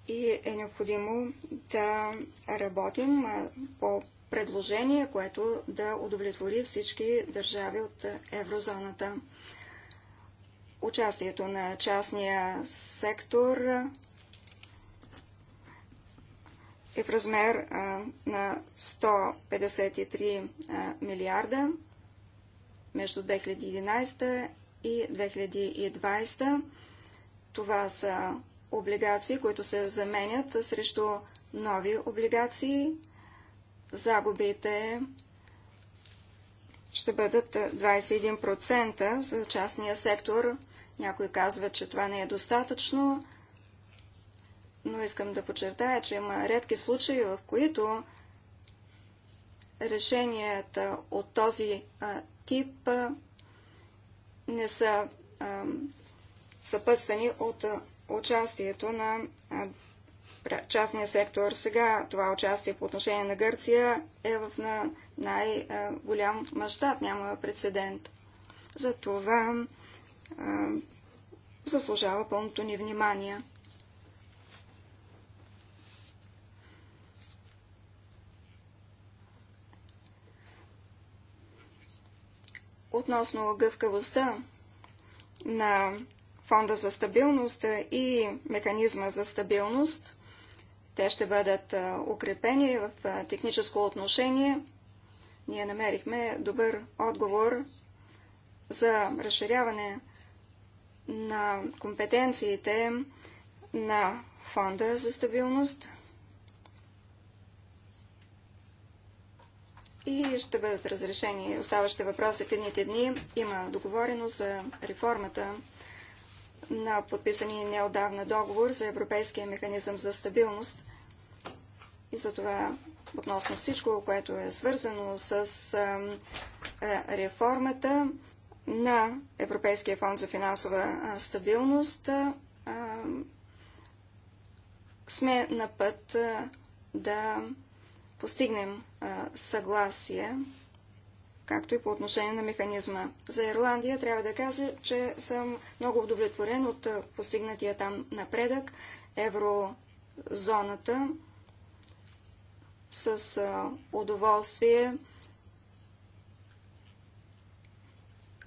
и е необходимо да работим по предложение, което да удовлетвори всички държави от еврозоната. Участието на частния сектор е в размер на 153 милиарда между 2011 и 2020. Това са облигации, които се заменят срещу нови облигации. Загубите ще бъдат 21% за частния сектор. Някои казват, че това не е достатъчно, но искам да подчертая, че има редки случаи, в които решенията от този тип не са съпъсвани от участието на частния сектор. Сега това участие по отношение на Гърция е в на най-голям мащаб, няма прецедент. Затова това заслужава пълното ни внимание. Относно гъвкавостта на фонда за стабилност и механизма за стабилност. Те ще бъдат укрепени в техническо отношение. Ние намерихме добър отговор за разширяване на компетенциите на фонда за стабилност. и ще бъдат разрешени оставащите въпроси в едните дни. Има договорено за реформата на подписани неодавна договор за Европейския механизъм за стабилност. И затова относно всичко, което е свързано с а, а, е, реформата на Европейския фонд за финансова а, стабилност, сме на път да постигнем съгласие както и по отношение на механизма. За Ирландия трябва да кажа, че съм много удовлетворен от постигнатия там напредък. Еврозоната с удоволствие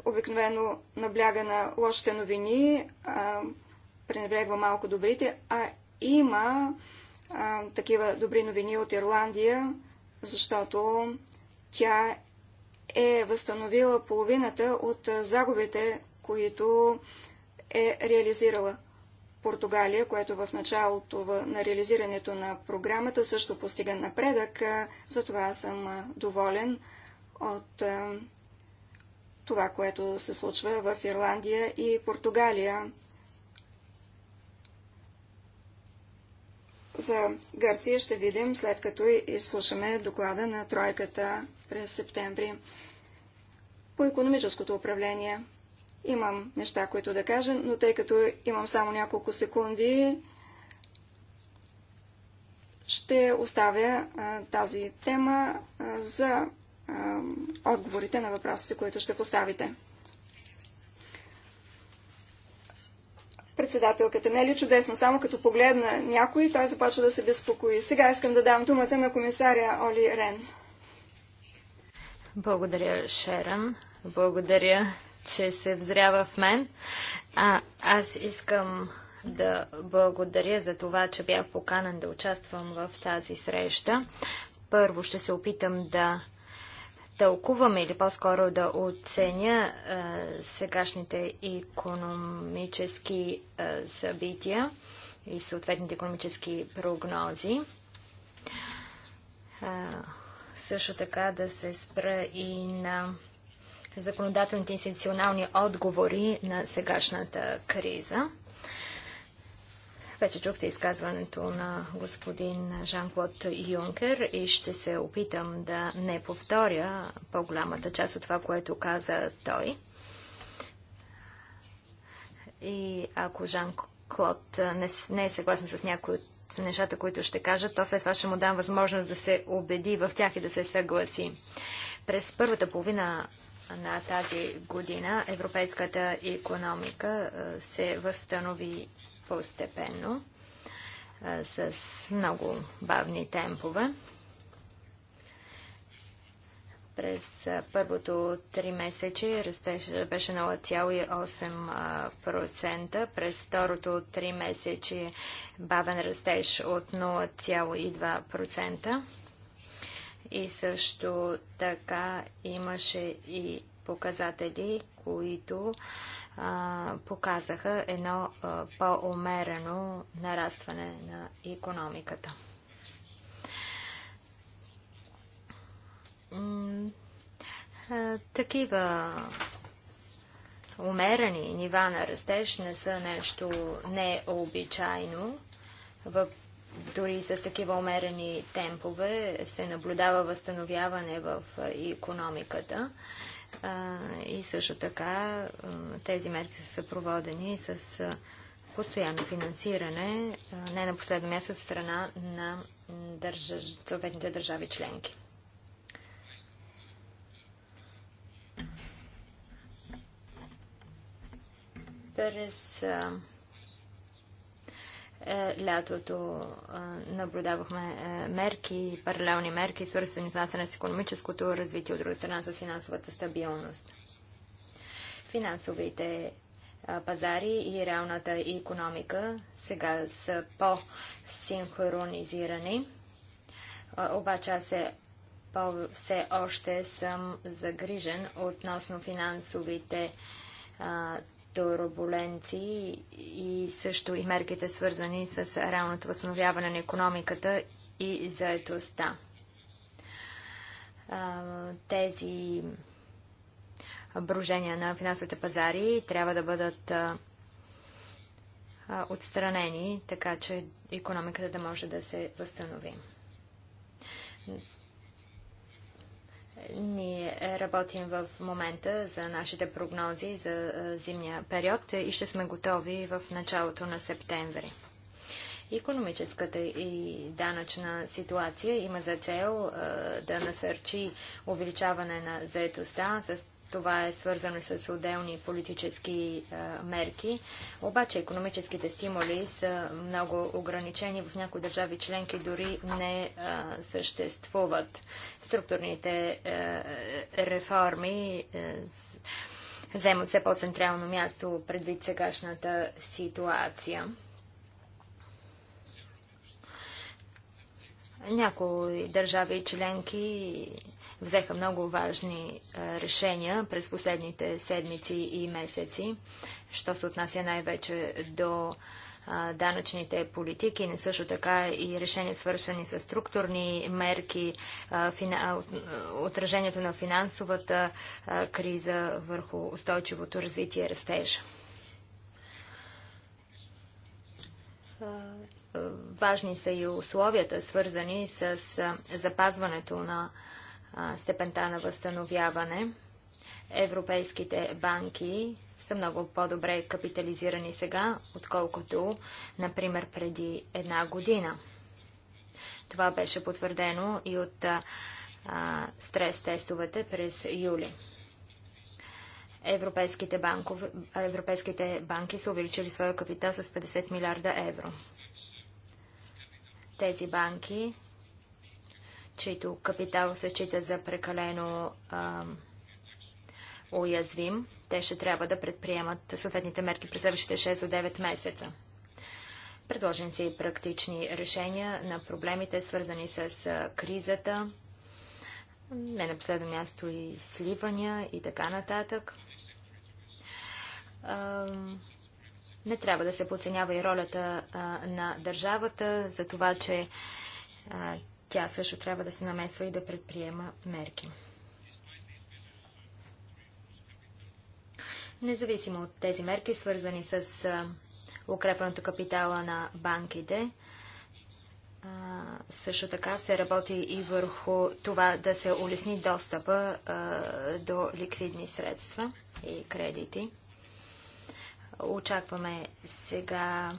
обикновено набляга на лошите новини, пренебрегва малко добрите, а има а, такива добри новини от Ирландия, защото тя е възстановила половината от загубите, които е реализирала. Португалия, което в началото на реализирането на програмата също постига напредък, затова съм доволен от това, което се случва в Ирландия и Португалия. за Гърция ще видим след като изслушаме доклада на тройката през септември. По економическото управление имам неща, които да кажа, но тъй като имам само няколко секунди, ще оставя а, тази тема а, за а, отговорите на въпросите, които ще поставите. Председателката не е ли чудесно? Само като погледна някой, той започва да се безпокои. Сега искам да дам думата на комисаря Оли Рен. Благодаря, Шерън. Благодаря, че се взрява в мен. А, аз искам да благодаря за това, че бях поканен да участвам в тази среща. Първо ще се опитам да тълкуваме или по-скоро да оценя а, сегашните економически а, събития и съответните економически прогнози. А, също така да се спра и на законодателните институционални отговори на сегашната криза. Вече чухте изказването на господин Жан-Клод Юнкер и ще се опитам да не повторя по-голямата част от това, което каза той. И ако Жан-Клод не, не е съгласен с някои от нещата, които ще кажа, то след това ще му дам възможност да се убеди в тях и да се съгласи. През първата половина на тази година европейската економика се възстанови постепенно, а, с много бавни темпове. През а, първото три месече растежа беше 0,8%, през второто три месече бавен растеж от 0,2%. И също така имаше и показатели, които а, показаха едно по-умерено нарастване на економиката. А, такива умерени нива на растеж не са нещо необичайно. дори с такива умерени темпове се наблюдава възстановяване в економиката. А, и също така тези мерки са съпроводени с постоянно финансиране, не на последно място от страна на съответните държави членки. През е, лятото наблюдавахме е, мерки, паралелни мерки, свързани от нас с економическото развитие, от друга страна с финансовата стабилност. Финансовите пазари и реалната економика сега са по-синхронизирани. Обаче аз се все още съм загрижен относно финансовите а, турбуленции и също и мерките свързани с реалното възстановяване на економиката и заетостта. Тези брожения на финансовите пазари трябва да бъдат отстранени, така че економиката да може да се възстанови. Ние работим в момента за нашите прогнози за зимния период и ще сме готови в началото на септември. Економическата и данъчна ситуация има за цел да насърчи увеличаване на заетостта с това е свързано с отделни политически а, е, мерки. Обаче економическите стимули са много ограничени. В някои държави членки дори не а, е, съществуват. Структурните а, е, реформи с... вземат се по-централно място предвид сегашната ситуация. Някои държави членки взеха много важни е, решения през последните седмици и месеци, що се отнася най-вече до данъчните политики, не също така и решения свършени с структурни мерки, отражението на финансовата криза върху устойчивото развитие и растежа. важни са и условията, свързани с запазването на степента на възстановяване. Европейските банки са много по-добре капитализирани сега, отколкото, например, преди една година. Това беше потвърдено и от стрес-тестовете през юли. Европейските, банков, европейските банки са увеличили своя капитал с 50 милиарда евро. Тези банки чийто капитал се счита за прекалено а, уязвим, те ще трябва да предприемат съответните мерки през следващите 6 до 9 месеца. Предложени са и практични решения на проблемите, свързани с кризата, не на последно място и сливания и така нататък. не трябва да се подценява и ролята а, на държавата за това, че тя също трябва да се намесва и да предприема мерки. Независимо от тези мерки, свързани с укрепването капитала на банките, също така се работи и върху това да се улесни достъпа до ликвидни средства и кредити. Очакваме сега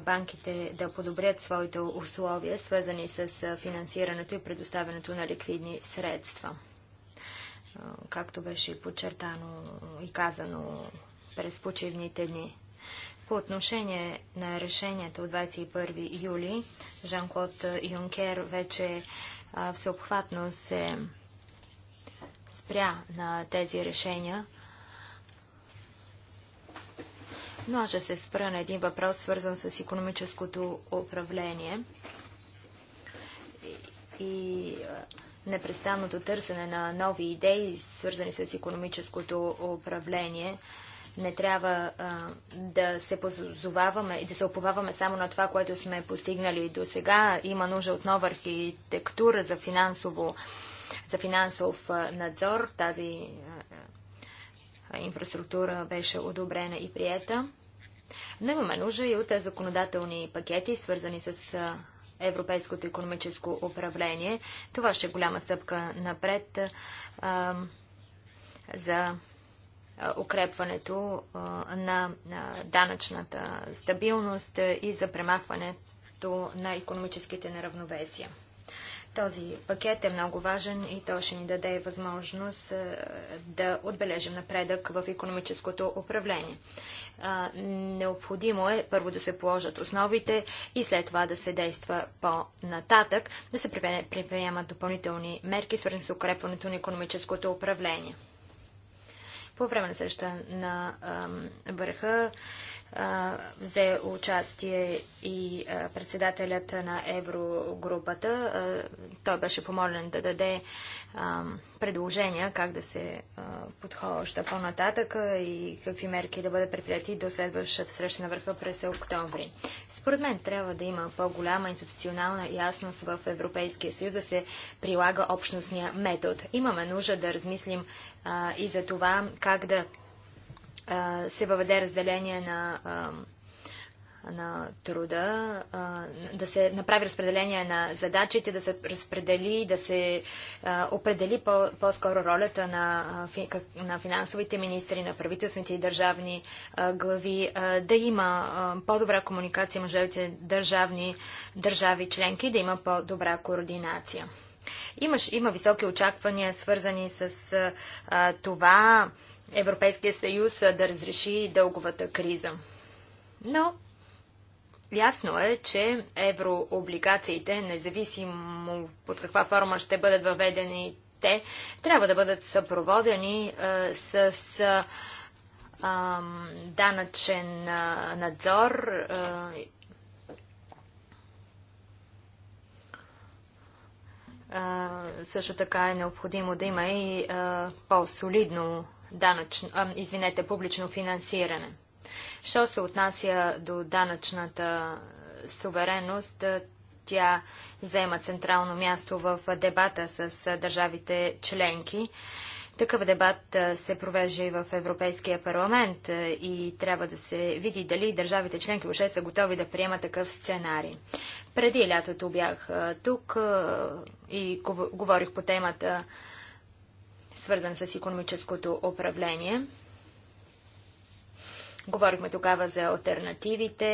банките да подобрят своите условия, свързани с финансирането и предоставянето на ликвидни средства. Както беше подчертано и казано през почивните дни. По отношение на решението от 21 юли, Жан-Клод Юнкер вече всеобхватно се спря на тези решения – но ще се спра на един въпрос, свързан с економическото управление и непрестанното търсене на нови идеи, свързани с економическото управление. Не трябва а, да се позоваваме и да се оповаваме само на това, което сме постигнали до сега. Има нужда от нова архитектура за финансово за финансов надзор. Тази инфраструктура беше одобрена и приета. Но имаме нужда и от законодателни пакети, свързани с европейското економическо управление. Това ще е голяма стъпка напред а, за укрепването на данъчната стабилност и за премахването на економическите неравновесия. Този пакет е много важен и то ще ни даде възможност е, да отбележим напредък в економическото управление. Необходимо е първо да се положат основите и след това да се действа по-нататък, да се предприемат допълнителни мерки, свързани с укрепването на економическото управление. По време на среща на върха взе участие и председателят на Еврогрупата. Той беше помолен да даде предложения как да се подхожда по-нататък и какви мерки да бъдат предприяти до следващата среща на върха през октомври. Според мен трябва да има по-голяма институционална ясност в Европейския съюз, да се прилага общностния метод. Имаме нужда да размислим а, и за това как да а, се въведе разделение на а, на труда, да се направи разпределение на задачите, да се разпредели, да се определи по-скоро ролята на, финансовите министри, на правителствените и държавни глави, да има по-добра комуникация между държавни държави членки, да има по-добра координация. Имаш, има високи очаквания, свързани с а, това Европейския съюз да разреши дълговата криза. Но Ясно е, че еврооблигациите, независимо под каква форма ще бъдат въведени те, трябва да бъдат съпроводени е, с е, данъчен е, надзор. Е, е, също така е необходимо да има и е, по-солидно данъчно, извинете, публично финансиране. Що се отнася до данъчната суверенност, тя взема централно място в дебата с държавите членки. Такъв дебат се провежда и в Европейския парламент и трябва да се види дали държавите членки въобще са готови да приемат такъв сценарий. Преди лятото бях тук и говорих по темата свързан с економическото управление. Говорихме тогава за альтернативите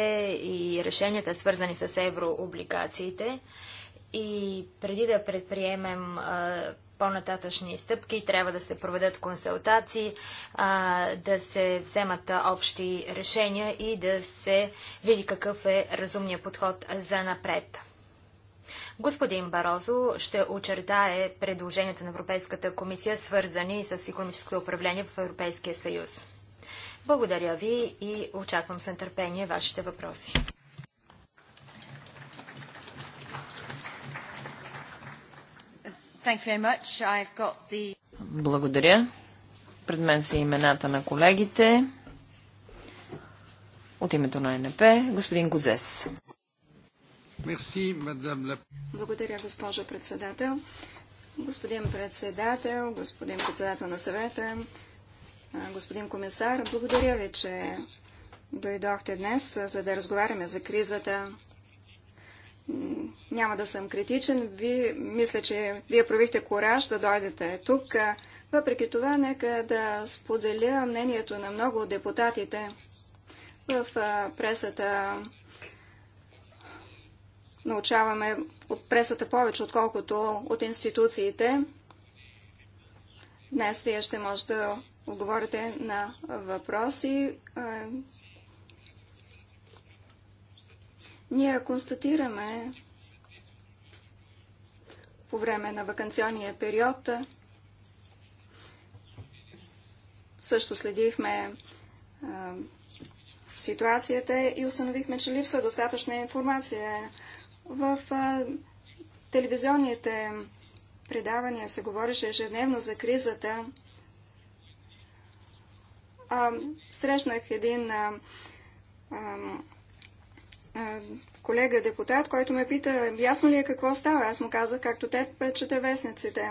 и решенията, свързани с еврооблигациите. И преди да предприемем по-нататъчни стъпки, трябва да се проведат консултации, да се вземат общи решения и да се види какъв е разумният подход за напред. Господин Барозо ще очертае предложенията на Европейската комисия, свързани с економическото управление в Европейския съюз. Благодаря ви и очаквам с нетърпение вашите въпроси. The... Благодаря. Пред мен са имената на колегите. От името на НП, господин Гозес. Благодаря, госпожа председател. Господин председател, господин председател на съвета, господин комисар. Благодаря ви, че дойдохте днес, за да разговаряме за кризата. Няма да съм критичен. Ви, мисля, че вие провихте кораж да дойдете тук. Въпреки това, нека да споделя мнението на много от депутатите в пресата. Научаваме от пресата повече, отколкото от институциите. Днес вие ще може да отговорите на въпроси. Ние констатираме по време на вакансионния период също следихме а, ситуацията и установихме, че липсва достатъчна информация. В а, телевизионните предавания се говореше ежедневно за кризата а, срещнах един а, а, колега депутат, който ме пита, ясно ли е какво става? Аз му казах, както те печете вестниците.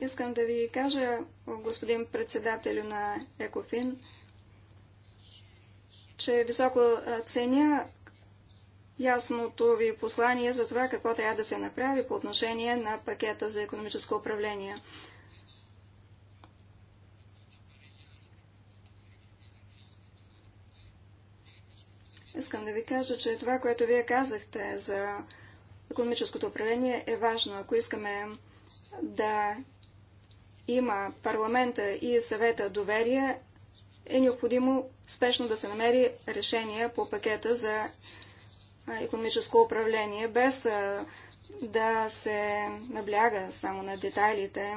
Искам да ви кажа, господин председател на Екофин, че високо ценя ясното ви послание за това какво трябва да се направи по отношение на пакета за економическо управление. Искам да ви кажа, че това, което вие казахте за економическото управление е важно. Ако искаме да има парламента и съвета доверие, е необходимо спешно да се намери решение по пакета за економическо управление, без да се набляга само на детайлите.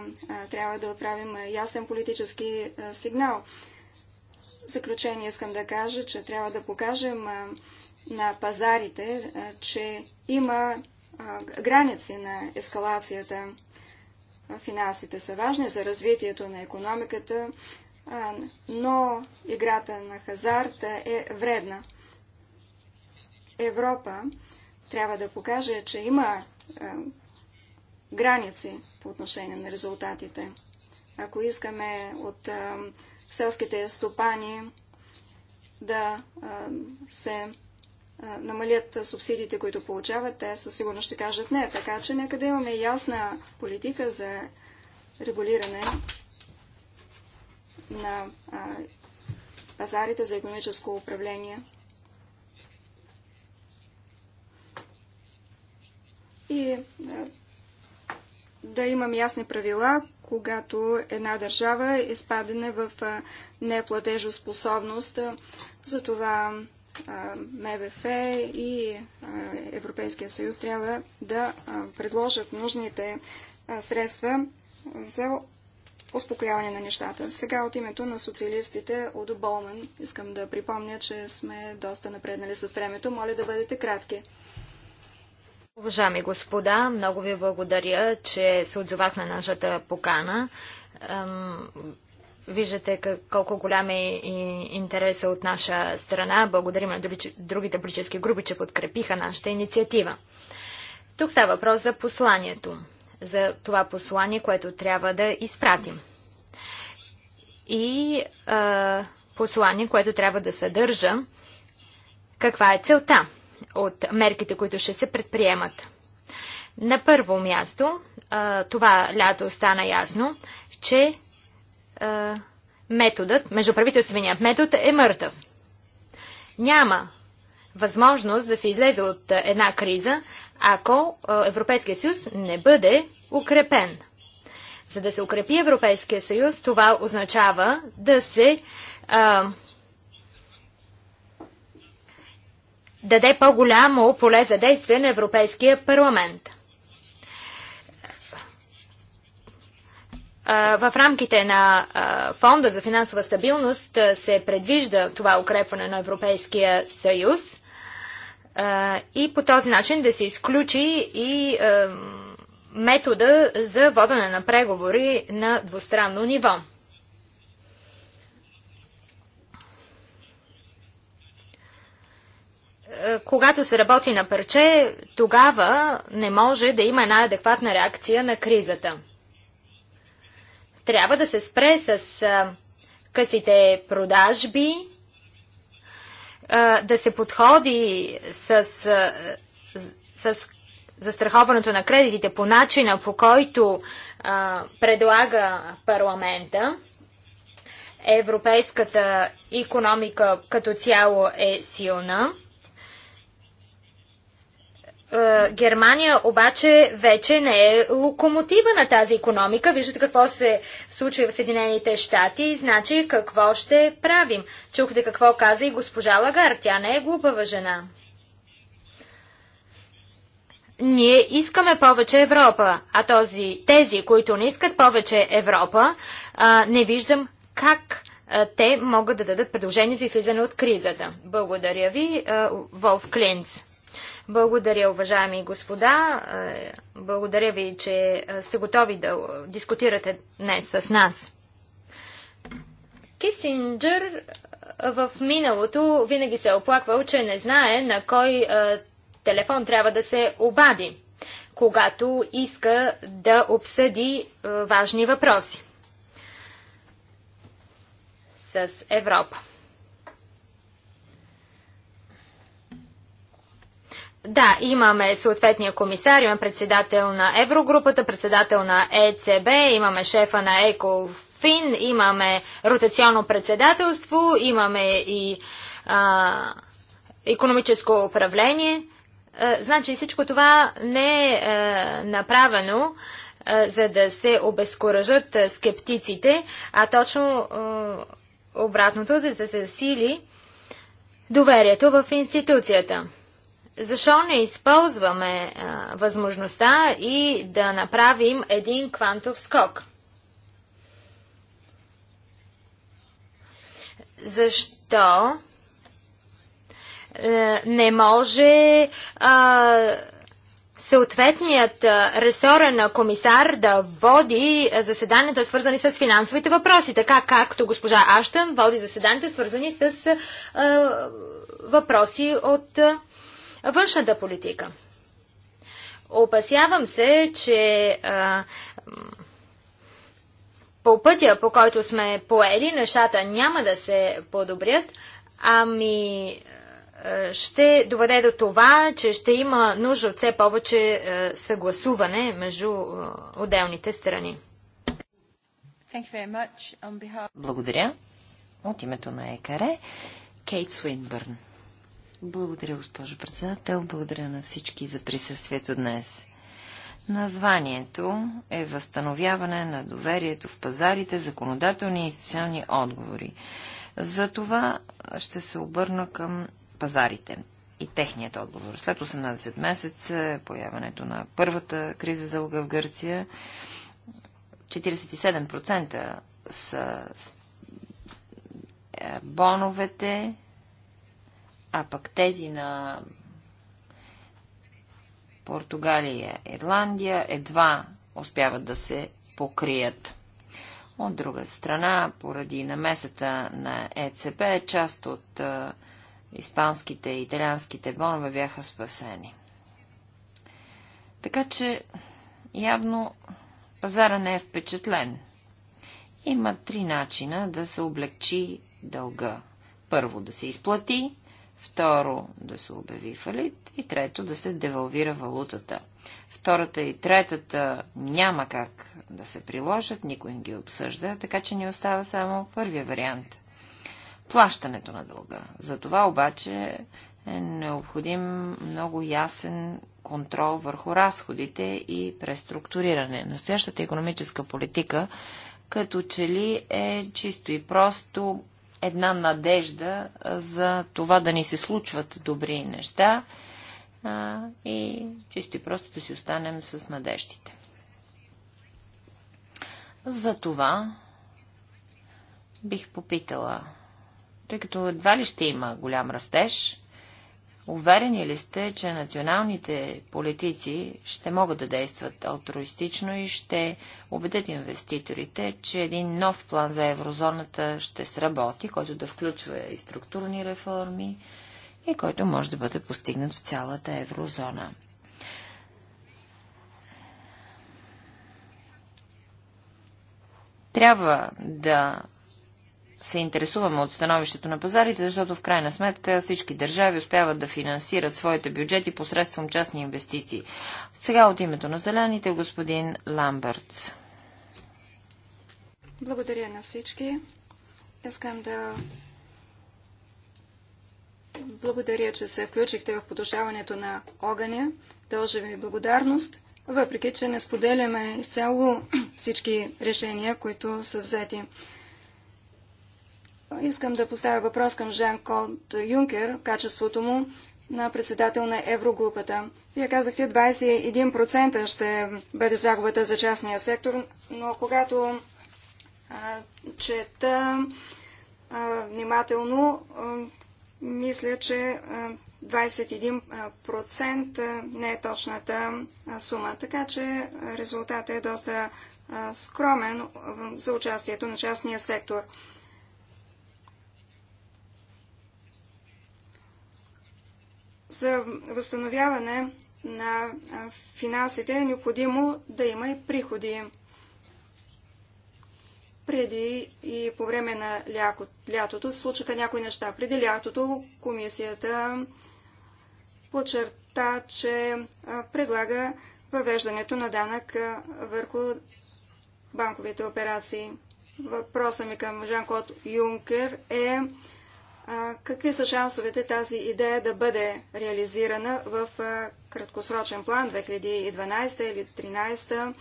Трябва да отправим ясен политически сигнал. В заключение искам да кажа, че трябва да покажем на пазарите, че има граници на ескалацията. Финансите са важни за развитието на економиката, но играта на хазарта е вредна. Европа трябва да покаже, че има граници по отношение на резултатите. Ако искаме от селските стопани да се намалят субсидиите, които получават, те със сигурност ще кажат не. Така че нека да имаме ясна политика за регулиране на пазарите за економическо управление. И да, да имаме ясни правила, когато една държава е спадена в неплатежоспособност. Затова МВФ и Европейския съюз трябва да предложат нужните средства за успокояване на нещата. Сега от името на социалистите от Болман искам да припомня, че сме доста напреднали с времето. Моля да бъдете кратки. Уважаеми господа, много ви благодаря, че се отзовах на нашата покана. Виждате колко голям е интереса е от наша страна. Благодарим на другите политически групи, че подкрепиха нашата инициатива. Тук става въпрос за посланието, за това послание, което трябва да изпратим. И а, послание, което трябва да съдържа каква е целта от мерките, които ще се предприемат. На първо място, това лято стана ясно, че методът, междуправителственият метод е мъртъв. Няма възможност да се излезе от една криза, ако Европейския съюз не бъде укрепен. За да се укрепи Европейския съюз, това означава да се а, даде по-голямо поле за действие на Европейския парламент. В рамките на Фонда за финансова стабилност се предвижда това укрепване на Европейския съюз и по този начин да се изключи и метода за водене на преговори на двустранно ниво. Е, когато се работи на парче, тогава не може да има една адекватна реакция на кризата. Трябва да се спре с е, късите продажби, е, да се подходи с, с застраховането на кредитите по начина, по който а, предлага парламента. Европейската економика като цяло е силна. Е, Германия обаче вече не е локомотива на тази економика. Виждате какво се случва в Съединените щати и значи какво ще правим. Чухте какво каза и госпожа Лагар. Тя не е глупава жена. Ние искаме повече Европа, а този, тези, които не искат повече Европа, а, не виждам как а, те могат да дадат предложение за излизане от кризата. Благодаря ви, а, Волф Клинц. Благодаря, уважаеми господа. Е, благодаря ви, че е, сте готови да дискутирате днес с нас. Кисинджер е, в миналото винаги се е оплаквал, че не знае на кой телефон трябва да се обади, когато иска да обсъди важни въпроси с Европа. Да, имаме съответния комисар, имаме председател на Еврогрупата, председател на ЕЦБ, имаме шефа на ЕКОФИН, имаме ротационно председателство, имаме и а, економическо управление. А, значи всичко това не е а, направено а, за да се обезкуражат скептиците, а точно а, обратното да се засили доверието в институцията. Защо не използваме а, възможността и да направим един квантов скок? Защо а, е, не може а, съответният ресорен комисар да води заседанията, свързани с финансовите въпроси, така както госпожа Аштън води заседанията, свързани с а, въпроси от. А, външната политика. Опасявам се, че а, по пътя, по който сме поели, нещата няма да се подобрят, ами ще доведе до това, че ще има нужда от все повече съгласуване между отделните страни. Благодаря. От името на ЕКАРЕ, Кейт Суинбърн. Благодаря, госпожо председател. Благодаря на всички за присъствието днес. Названието е Възстановяване на доверието в пазарите, законодателни и социални отговори. За това ще се обърна към пазарите и техният отговор. След 18 месеца, появането на първата криза за лъга в Гърция, 47% са е, боновете, а пък тези на Португалия, и Ирландия едва успяват да се покрият. От друга страна, поради намесата на ЕЦП, част от испанските и италианските бонове бяха спасени. Така че, явно, пазара не е впечатлен. Има три начина да се облегчи дълга. Първо да се изплати, Второ, да се обяви фалит. И трето, да се девалвира валутата. Втората и третата няма как да се приложат, никой не ги обсъжда, така че ни остава само първия вариант. Плащането на дълга. За това обаче е необходим много ясен контрол върху разходите и преструктуриране. Настоящата економическа политика като че ли е чисто и просто една надежда за това да ни се случват добри неща а, и чисто и просто да си останем с надеждите. За това бих попитала, тъй като едва ли ще има голям растеж, Уверени ли сте, че националните политици ще могат да действат алтруистично и ще убедят инвеститорите, че един нов план за еврозоната ще сработи, който да включва и структурни реформи и който може да бъде постигнат в цялата еврозона? Трябва да се интересуваме от становището на пазарите, защото в крайна сметка всички държави успяват да финансират своите бюджети посредством частни инвестиции. Сега от името на зелените господин Ламбъртс. Благодаря на всички. Искам да благодаря, че се включихте в потушаването на огъня. Дължа ви благодарност, въпреки че не споделяме изцяло всички решения, които са взети. Искам да поставя въпрос към Жан Клод Юнкер, качеството му на председател на Еврогрупата. Вие казахте 21% ще бъде загубата за частния сектор, но когато а, чета а, внимателно, а, мисля, че 21% не е точната сума. Така че резултатът е доста скромен за участието на частния сектор. за възстановяване на финансите е необходимо да има и приходи. Преди и по време на лятото се случиха някои неща. Преди лятото комисията подчерта, че предлага въвеждането на данък върху банковите операции. Въпросът ми към Жан-Клод Юнкер е Какви са шансовете тази идея да бъде реализирана в краткосрочен план 2012 или 2013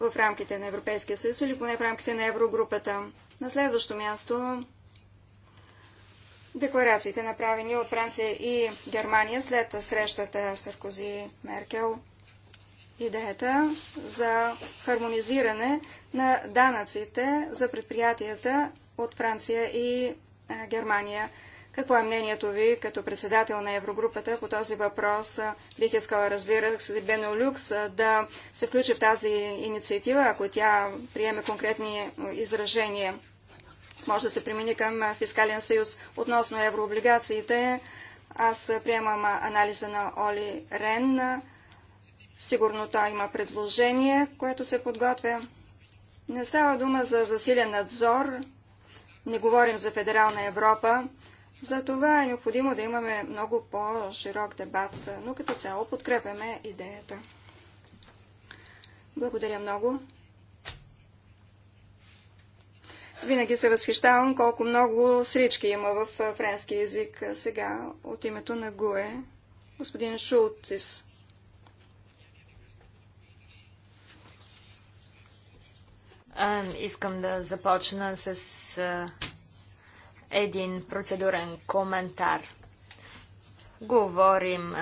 в рамките на Европейския съюз или поне в рамките на Еврогрупата? На следващо място декларациите, направени от Франция и Германия след срещата Саркози-Меркел. Идеята за хармонизиране на данъците за предприятията от Франция и Германия. Какво е мнението ви като председател на Еврогрупата по този въпрос? Бих искала, разбира се, Бенолюкс да се включи в тази инициатива, ако тя приеме конкретни изражения. Може да се премини към фискален съюз. Относно еврооблигациите, аз приемам анализа на Оли Рен. Сигурно той има предложение, което се подготвя. Не става дума за засилен надзор, не говорим за федерална Европа. За това е необходимо да имаме много по-широк дебат, но като цяло подкрепяме идеята. Благодаря много. Винаги се възхищавам колко много срички има в френски язик сега от името на Гуе. Господин Шултис. Искам да започна с един процедурен коментар. Говорим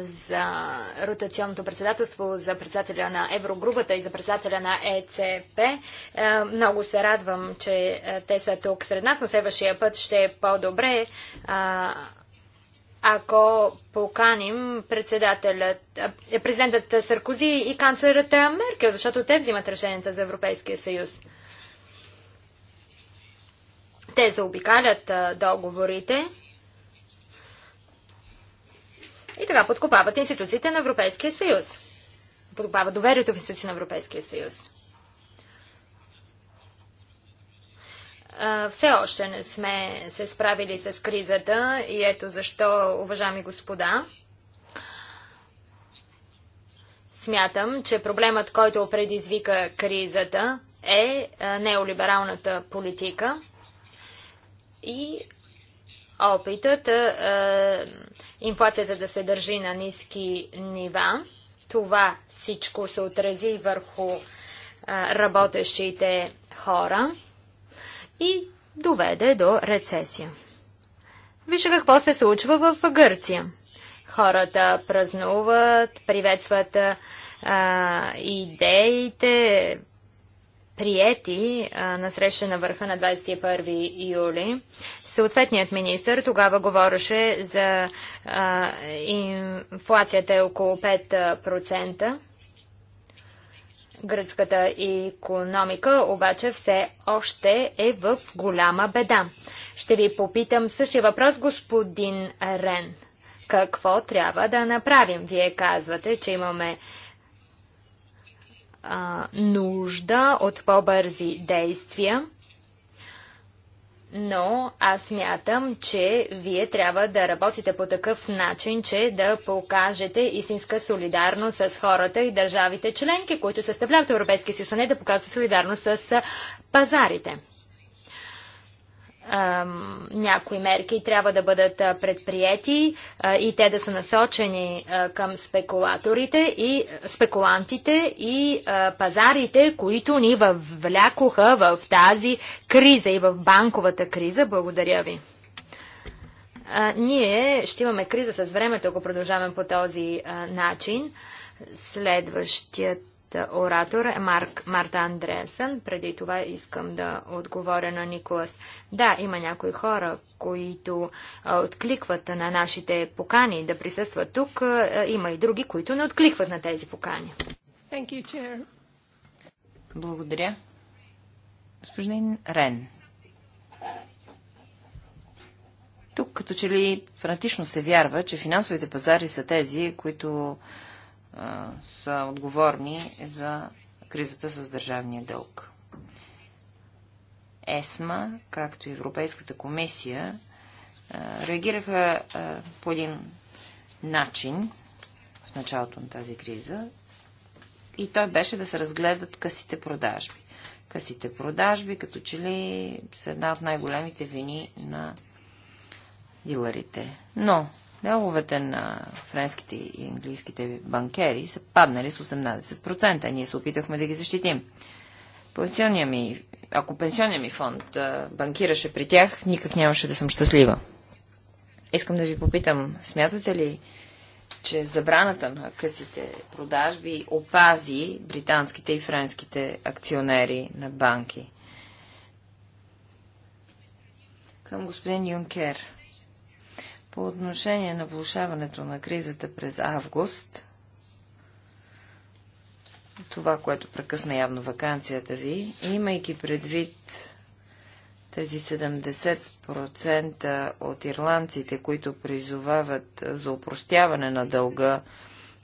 за ротационното председателство, за председателя на Еврогрупата и за председателя на ЕЦП. много се радвам, че те са тук сред нас, но следващия път ще е по-добре ако поканим председателят, президентът Саркози и канцлерът Меркел, защото те взимат решенията за Европейския съюз. Те заобикалят договорите и така подкопават институциите на Европейския съюз. Подкопават доверието в институции на Европейския съюз. Все още не сме се справили с кризата и ето защо, уважаеми господа, смятам, че проблемът, който предизвика кризата, е неолибералната политика и опитът е, инфлацията да се държи на ниски нива. Това всичко се отрази върху работещите хора и доведе до рецесия. Вижте какво се случва в Гърция. Хората празнуват, приветстват а, идеите, приети а, на среща на върха на 21 юли. Съответният министр тогава говореше за а, инфлацията е около 5%. Гръцката економика обаче все още е в голяма беда. Ще ви попитам същия въпрос, господин Рен. Какво трябва да направим? Вие казвате, че имаме а, нужда от по-бързи действия но аз мятам, че вие трябва да работите по такъв начин, че да покажете истинска солидарност с хората и държавите членки, които съставляват Европейския съюз, а не да показват солидарност с пазарите някои мерки трябва да бъдат предприяти и те да са насочени към спекулаторите и спекулантите и пазарите, които ни влякоха в тази криза и в банковата криза. Благодаря ви. Ние ще имаме криза с времето, ако продължаваме по този начин. Следващият оратор е Марк, Марта Андресън. Преди това искам да отговоря на Николас. Да, има някои хора, които откликват на нашите покани да присъстват тук. има и други, които не откликват на тези покани. Thank you, chair. Благодаря. Господин Рен. Тук като че ли фанатично се вярва, че финансовите пазари са тези, които са отговорни за кризата с държавния дълг. ЕСМА, както и Европейската комисия, реагираха по един начин в началото на тази криза и той беше да се разгледат късите продажби. Късите продажби, като че ли са една от най-големите вини на дилерите? Но Дълговете на френските и английските банкери са паднали с 18%, а ние се опитахме да ги защитим. Пенсионния ми, ако пенсионния ми фонд банкираше при тях, никак нямаше да съм щастлива. Искам да ви попитам, смятате ли, че забраната на късите продажби опази британските и френските акционери на банки? Към господин Юнкер. По отношение на влушаването на кризата през август, това, което прекъсна явно вакансията ви, имайки предвид тези 70% от ирландците, които призовават за упростяване на дълга,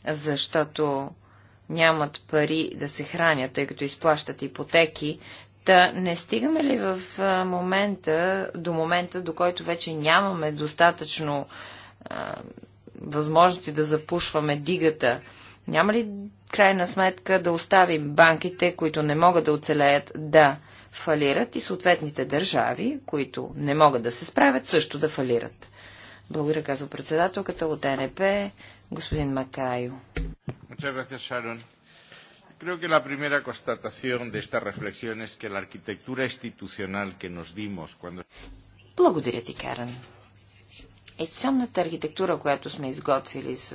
защото нямат пари да се хранят, тъй като изплащат ипотеки, Та не стигаме ли в момента, до момента, до който вече нямаме достатъчно а, възможности да запушваме дигата? Няма ли крайна сметка да оставим банките, които не могат да оцелеят, да фалират и съответните държави, които не могат да се справят, също да фалират? Благодаря, казва председателката от НП, господин Макайо. Creo que la primera constatación de esta reflexión es que la arquitectura institucional que nos dimos cuando... Благодаря ти, Карен. Институционната архитектура, която сме изготвили с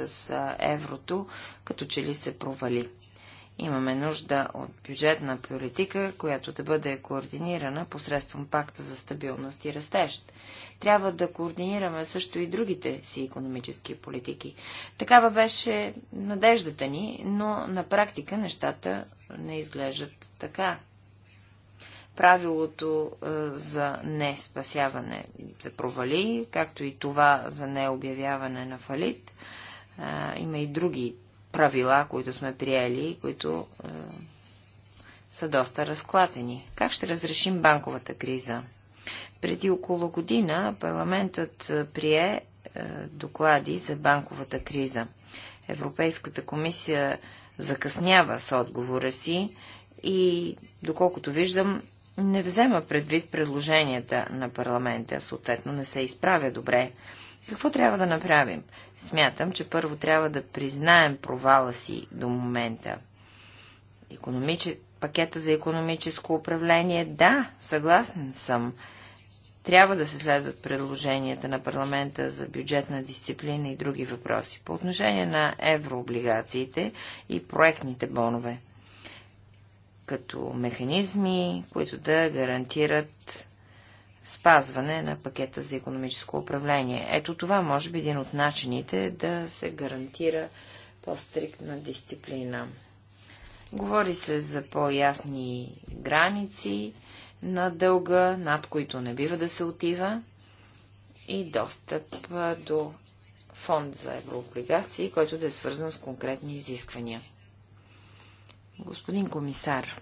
еврото, като че ли се провали. Имаме нужда от бюджетна политика, която да бъде координирана посредством пакта за стабилност и растеж. Трябва да координираме също и другите си економически политики. Такава беше надеждата ни, но на практика нещата не изглеждат така правилото е, за не спасяване се провали, както и това за не обявяване на фалит. Е, има и други правила, които сме приели, които е, са доста разклатени. Как ще разрешим банковата криза? Преди около година парламентът е, прие е, доклади за банковата криза. Европейската комисия закъснява с отговора си и, доколкото виждам, не взема предвид предложенията на парламента, съответно не се изправя добре. Какво трябва да направим? Смятам, че първо трябва да признаем провала си до момента. Економиче... Пакета за економическо управление, да, съгласен съм. Трябва да се следват предложенията на парламента за бюджетна дисциплина и други въпроси. По отношение на еврооблигациите и проектните бонове, като механизми, които да гарантират спазване на пакета за економическо управление. Ето това може би един от начините да се гарантира по-стриктна дисциплина. Говори се за по-ясни граници на дълга, над които не бива да се отива, и достъп до фонд за еврооблигации, който да е свързан с конкретни изисквания. Господин комисар,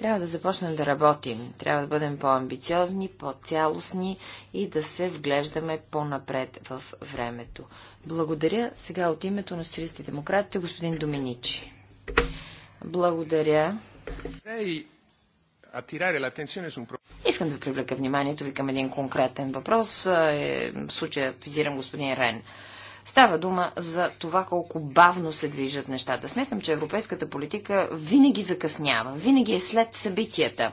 трябва да започнем да работим, трябва да бъдем по-амбициозни, по-цялостни и да се вглеждаме по-напред в времето. Благодаря сега от името на социалистите демократите, господин Доминичи. Благодаря. Искам да привлека вниманието ви към един конкретен въпрос. Е, в случая визирам господин Рен. Става дума за това колко бавно се движат нещата. Смятам, че европейската политика винаги закъснява, винаги е след събитията.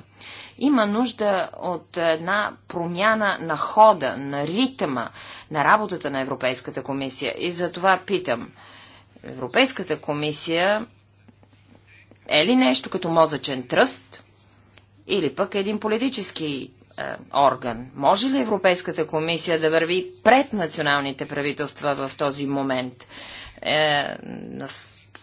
Има нужда от една промяна на хода, на ритъма на работата на Европейската комисия. И за това питам. Европейската комисия е ли нещо като мозъчен тръст или пък един политически е, орган. Може ли Европейската комисия да върви пред националните правителства в този момент е, на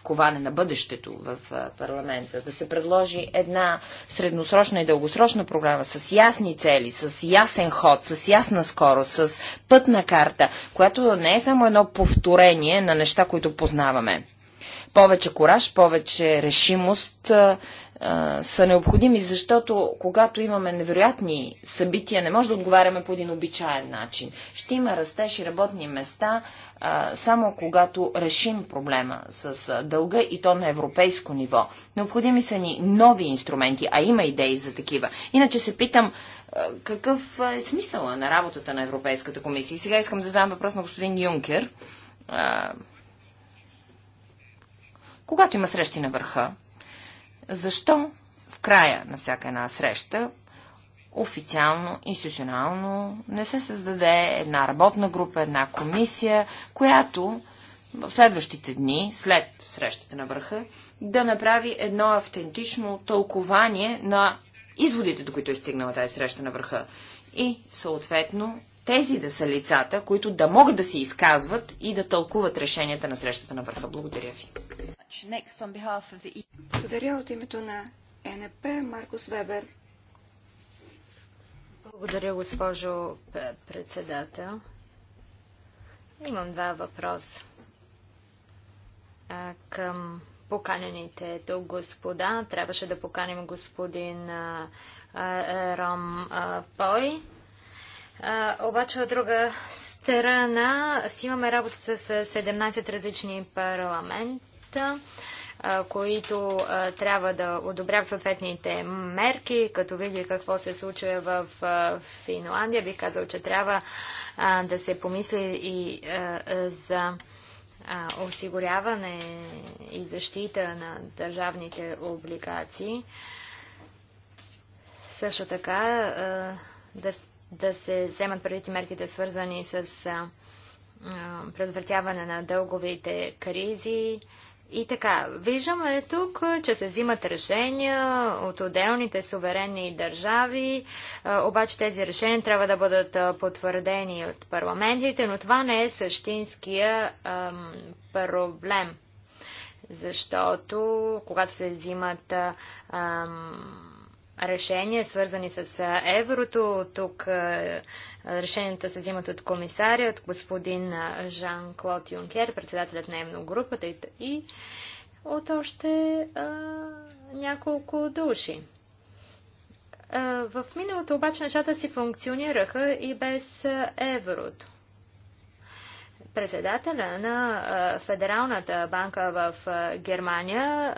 коване на бъдещето в е, парламента? Да се предложи една средносрочна и дългосрочна програма с ясни цели, с ясен ход, с ясна скорост, с пътна карта, която не е само едно повторение на неща, които познаваме повече кораж, повече решимост е, са необходими, защото когато имаме невероятни събития, не може да отговаряме по един обичаен начин. Ще има растеж и работни места а, само когато решим проблема с а, дълга и то на европейско ниво. Необходими са ни нови инструменти, а има идеи за такива. Иначе се питам, какъв е смисъла на работата на Европейската комисия? И сега искам да задам въпрос на господин Юнкер. Когато има срещи на върха, защо в края на всяка една среща официално, институционално не се създаде една работна група, една комисия, която в следващите дни, след срещата на върха, да направи едно автентично тълкование на изводите, до които е стигнала тази среща на върха. И, съответно, тези да са лицата, които да могат да се изказват и да тълкуват решенията на срещата на върха. Благодаря ви. E- Благодаря от името на НП Маркус Вебер. Благодаря, госпожо председател. Имам два въпроса към поканените тук господа. Трябваше да поканим господин Ром Пой обаче от друга страна си имаме работа с 17 различни парламента които а, трябва да одобряват съответните мерки, като види какво се случва в, Финландия. Бих казал, че трябва а, да се помисли и а, за осигуряване и защита на държавните облигации. Също така да да се вземат предвид мерките, свързани с а, предотвратяване на дълговите кризи. И така, виждаме тук, че се взимат решения от отделните суверенни държави, обаче тези решения трябва да бъдат потвърдени от парламентите, но това не е същинския проблем. Защото, когато се взимат ам, решения, свързани с еврото. Тук решенията се взимат от комисаря, от господин Жан-Клод Юнкер, председателят на Еврогрупата и от още а, няколко души. А, в миналото обаче нещата си функционираха и без еврото. Председателя на Федералната банка в Германия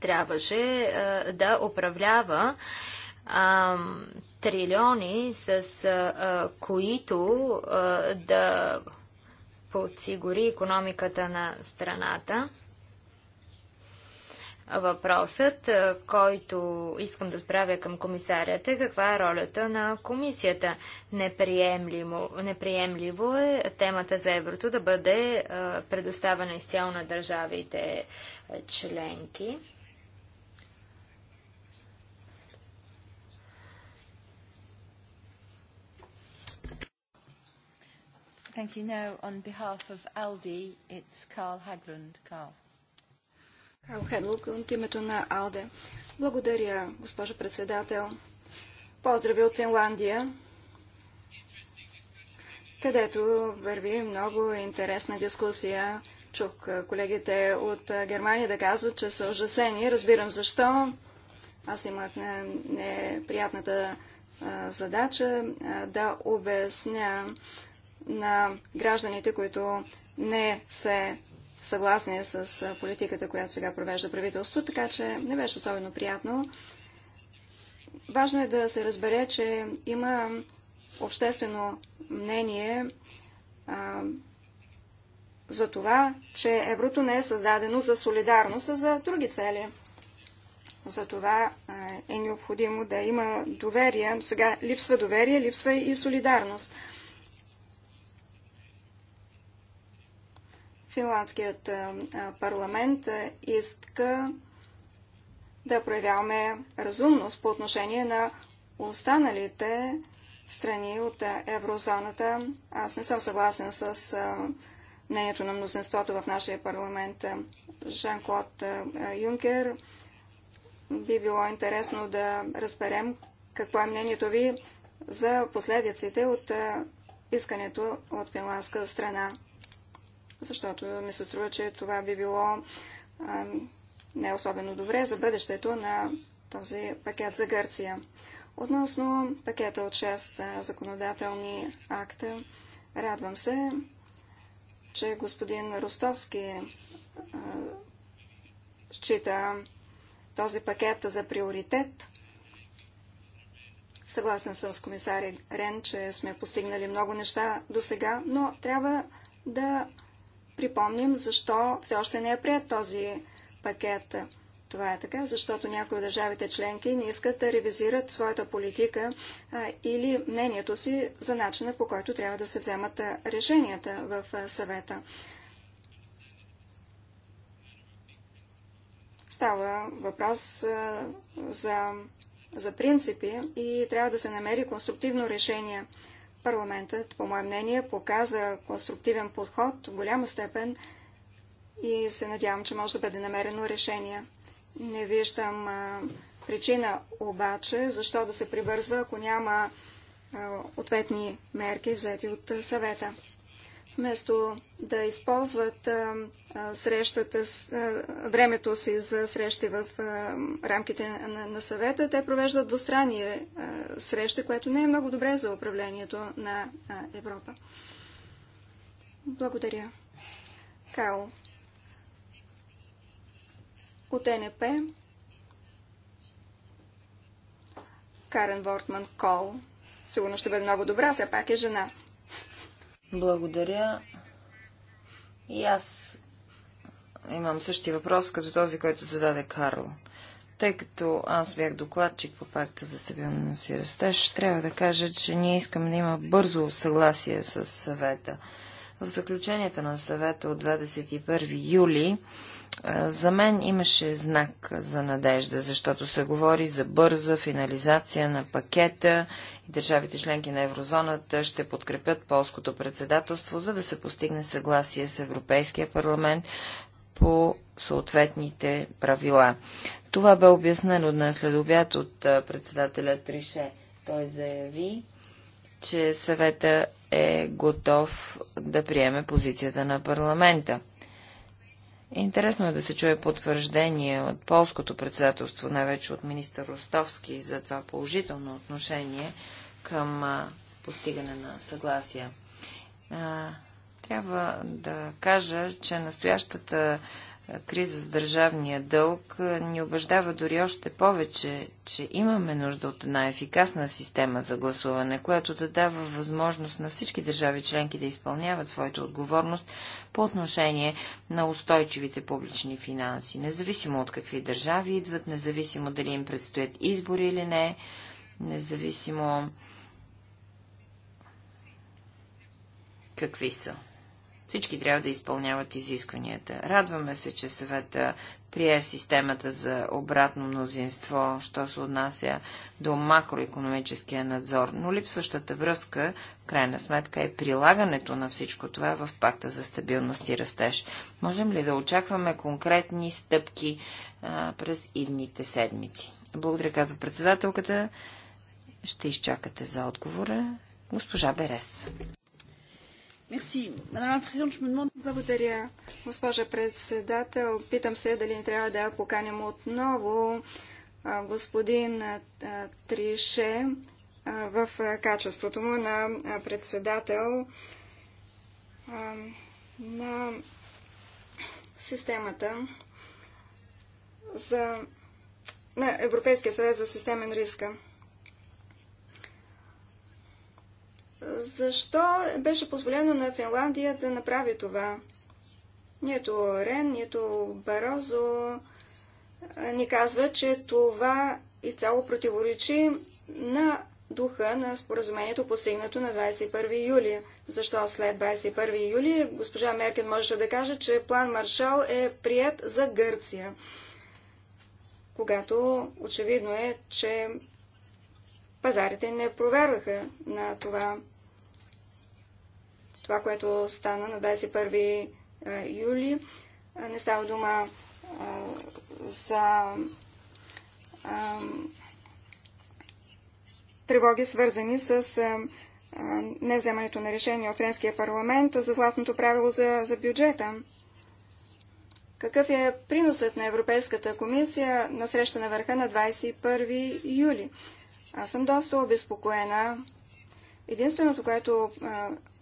трябваше да управлява а, трилиони, с а, които а, да подсигури економиката на страната. Въпросът, който искам да отправя към комисарията, е каква е ролята на комисията. Неприемливо, неприемливо е темата за еврото да бъде предоставена изцяло на държавите членки. Thank you. Now, on behalf of ALDE, it's Carl Haglund. Carl. Карл Хедлук от името на АЛДЕ. Благодаря, госпожо председател. Поздрави от Финландия, където върви много интересна дискусия. Чух колегите от Германия да казват, че са ужасени. Разбирам защо. Аз имах неприятната задача да обясня на гражданите, които не се съгласни с политиката, която сега провежда правителство, така че не беше особено приятно. Важно е да се разбере, че има обществено мнение а, за това, че еврото не е създадено за солидарност, а за други цели. За това е необходимо да има доверие. Сега липсва доверие, липсва и солидарност. Финландският е, е, парламент е, иска да проявяваме разумност по отношение на останалите страни от еврозоната. Аз не съм съгласен с мнението на мнозинството в нашия парламент. Жан-Клод Юнкер би било интересно да разберем какво е мнението ви за последиците от искането от финландска страна защото ми се струва, че това би било а, не особено добре за бъдещето на този пакет за Гърция. Относно пакета от 6 законодателни акта, радвам се, че господин Ростовски а, счита този пакет за приоритет. Съгласен съм с комисаря Рен, че сме постигнали много неща до сега, но трябва да припомним защо все още не е прият този пакет. Това е така, защото някои от държавите членки не искат да ревизират своята политика а, или мнението си за начина по който трябва да се вземат решенията в а, съвета. Става въпрос а, за, за принципи и трябва да се намери конструктивно решение. Парламентът, по мое мнение, показа конструктивен подход в голяма степен и се надявам, че може да бъде намерено решение. Не виждам а, причина обаче, защо да се прибързва, ако няма а, ответни мерки взети от съвета вместо да използват а, срещата, с, а, времето си за срещи в а, рамките на, на съвета, те провеждат двустранни срещи, което не е много добре за управлението на Европа. Благодаря. Као. От НП. Карен Вортман Кол. Сигурно ще бъде много добра, все пак е жена. Благодаря. И аз имам същия въпрос, като този, който зададе Карл. Тъй като аз бях докладчик по пакта за стабилност и растеж, трябва да кажа, че ние искаме да има бързо съгласие с съвета. В заключението на съвета от 21 юли за мен имаше знак за надежда, защото се говори за бърза финализация на пакета и държавите членки на еврозоната ще подкрепят полското председателство, за да се постигне съгласие с Европейския парламент по съответните правила. Това бе обяснено днес след обяд от председателя Трише. Той заяви, че съвета е готов да приеме позицията на парламента. Интересно е да се чуе потвърждение от полското председателство, най-вече от министър Ростовски, за това положително отношение към постигане на съгласия. трябва да кажа, че настоящата криза с държавния дълг ни убеждава дори още повече, че имаме нужда от една ефикасна система за гласуване, която да дава възможност на всички държави членки да изпълняват своята отговорност по отношение на устойчивите публични финанси, независимо от какви държави идват, независимо дали им предстоят избори или не, независимо какви са. Всички трябва да изпълняват изискванията. Радваме се, че съвета прие системата за обратно мнозинство, що се отнася до макроекономическия надзор, но липсващата връзка, в крайна сметка, е прилагането на всичко това в пакта за стабилност и растеж. Можем ли да очакваме конкретни стъпки а, през идните седмици? Благодаря, казва председателката. Ще изчакате за отговора. Госпожа Берес. Благодаря, госпожа председател. Питам се дали не трябва да поканим отново господин Трише в качеството му на председател на системата за на Европейския съвет за системен риска. Защо беше позволено на Финландия да направи това? Нито Рен, нито Барозо ни казва, че това изцяло противоречи на духа на споразумението, постигнато на 21 юли. Защо след 21 юли госпожа Меркен можеше да каже, че план Маршал е прият за Гърция, когато очевидно е, че пазарите не проверваха на това това, което стана на 21 е, юли. Е, не става дума е, за тревоги, свързани с невземането на решение от Френския парламент за златното правило за, за бюджета. Какъв е приносът на Европейската комисия на среща на върха на 21 юли? Аз съм доста обезпокоена. Единственото, което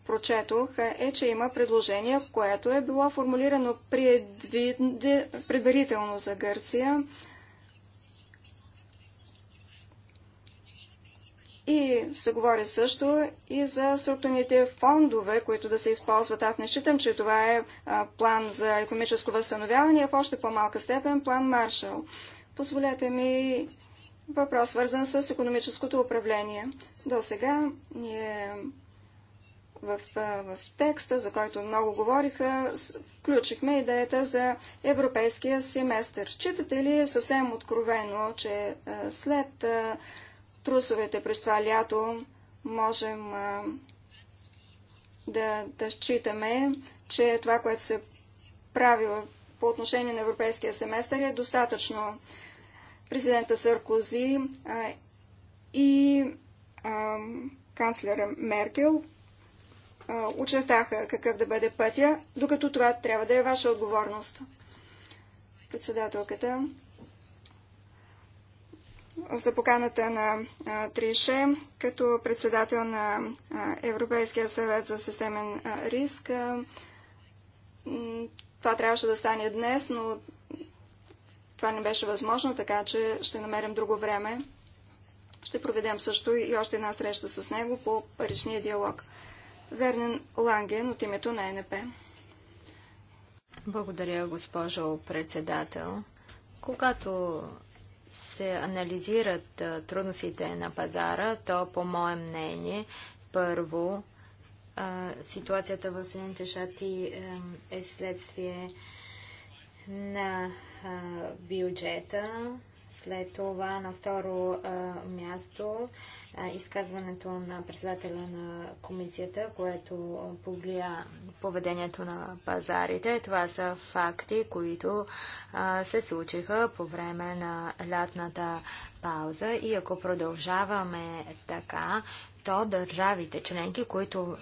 прочетох, е, че има предложение, което е било формулирано предвид... предварително за Гърция. И се говори също и за структурните фондове, които да се използват. Аз не считам, че това е план за економическо възстановяване, а в още по-малка степен план Маршал. Позволете ми въпрос, свързан с економическото управление. До сега ние в, в текста, за който много говориха, включихме идеята за европейския семестър. Читате ли е съвсем откровено, че след трусовете през това лято можем да, да считаме, че това, което се прави по отношение на европейския семестър е достатъчно. Президента Саркози и канцлера Меркел очертаха какъв да бъде пътя, докато това трябва да е ваша отговорност. Председателката за поканата на Трише като председател на Европейския съвет за системен риск. Това трябваше да стане днес, но това не беше възможно, така че ще намерим друго време. Ще проведем също и още една среща с него по паричния диалог. Вернен Ланген от името на НП. Благодаря, госпожо председател. Когато се анализират трудностите на пазара, то по мое мнение, първо, ситуацията в Съединените щати е, е следствие на бюджета, след това на второ а, място а, изказването на председателя на комисията, което повлия поведението на пазарите. Това са факти, които а, се случиха по време на лятната пауза и ако продължаваме така, то държавите членки, които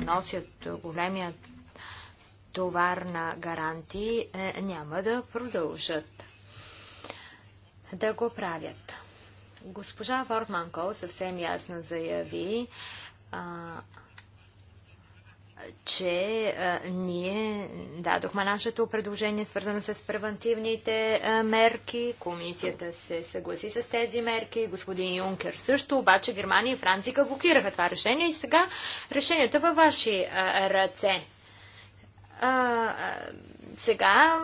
носят големият товар на гарантии, е, няма да продължат да го правят. Госпожа Вортман съвсем ясно заяви, а, че а, ние дадохме нашето предложение, свързано с превентивните а, мерки. Комисията се съгласи с тези мерки. Господин Юнкер също, обаче Германия и Франция блокираха това решение и сега решението във ваши а, ръце. А, а, сега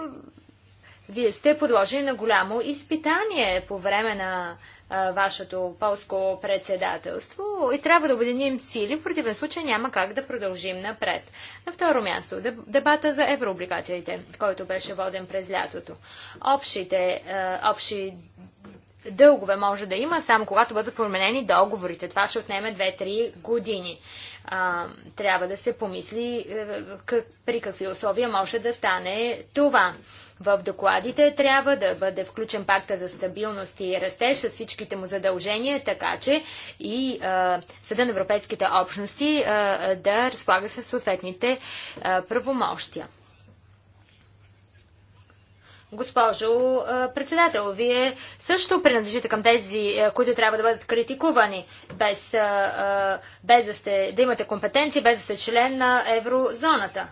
вие сте подложени на голямо изпитание по време на а, вашето полско председателство и трябва да обединим сили, в противен случай няма как да продължим напред. На второ място, дебата за еврооблигациите, който беше воден през лятото. Общите, а, общи дългове може да има, само когато бъдат променени договорите. Това ще отнеме 2-3 години. А, трябва да се помисли е, как, при какви условия може да стане това. В докладите трябва да бъде включен пакта за стабилност и растеж с всичките му задължения, така че и Съда на Европейските общности а, да разполага със съответните правомощия. Госпожо председател, вие също принадлежите към тези, които трябва да бъдат критикувани, без, без да, сте, да имате компетенции, без да сте член на еврозоната.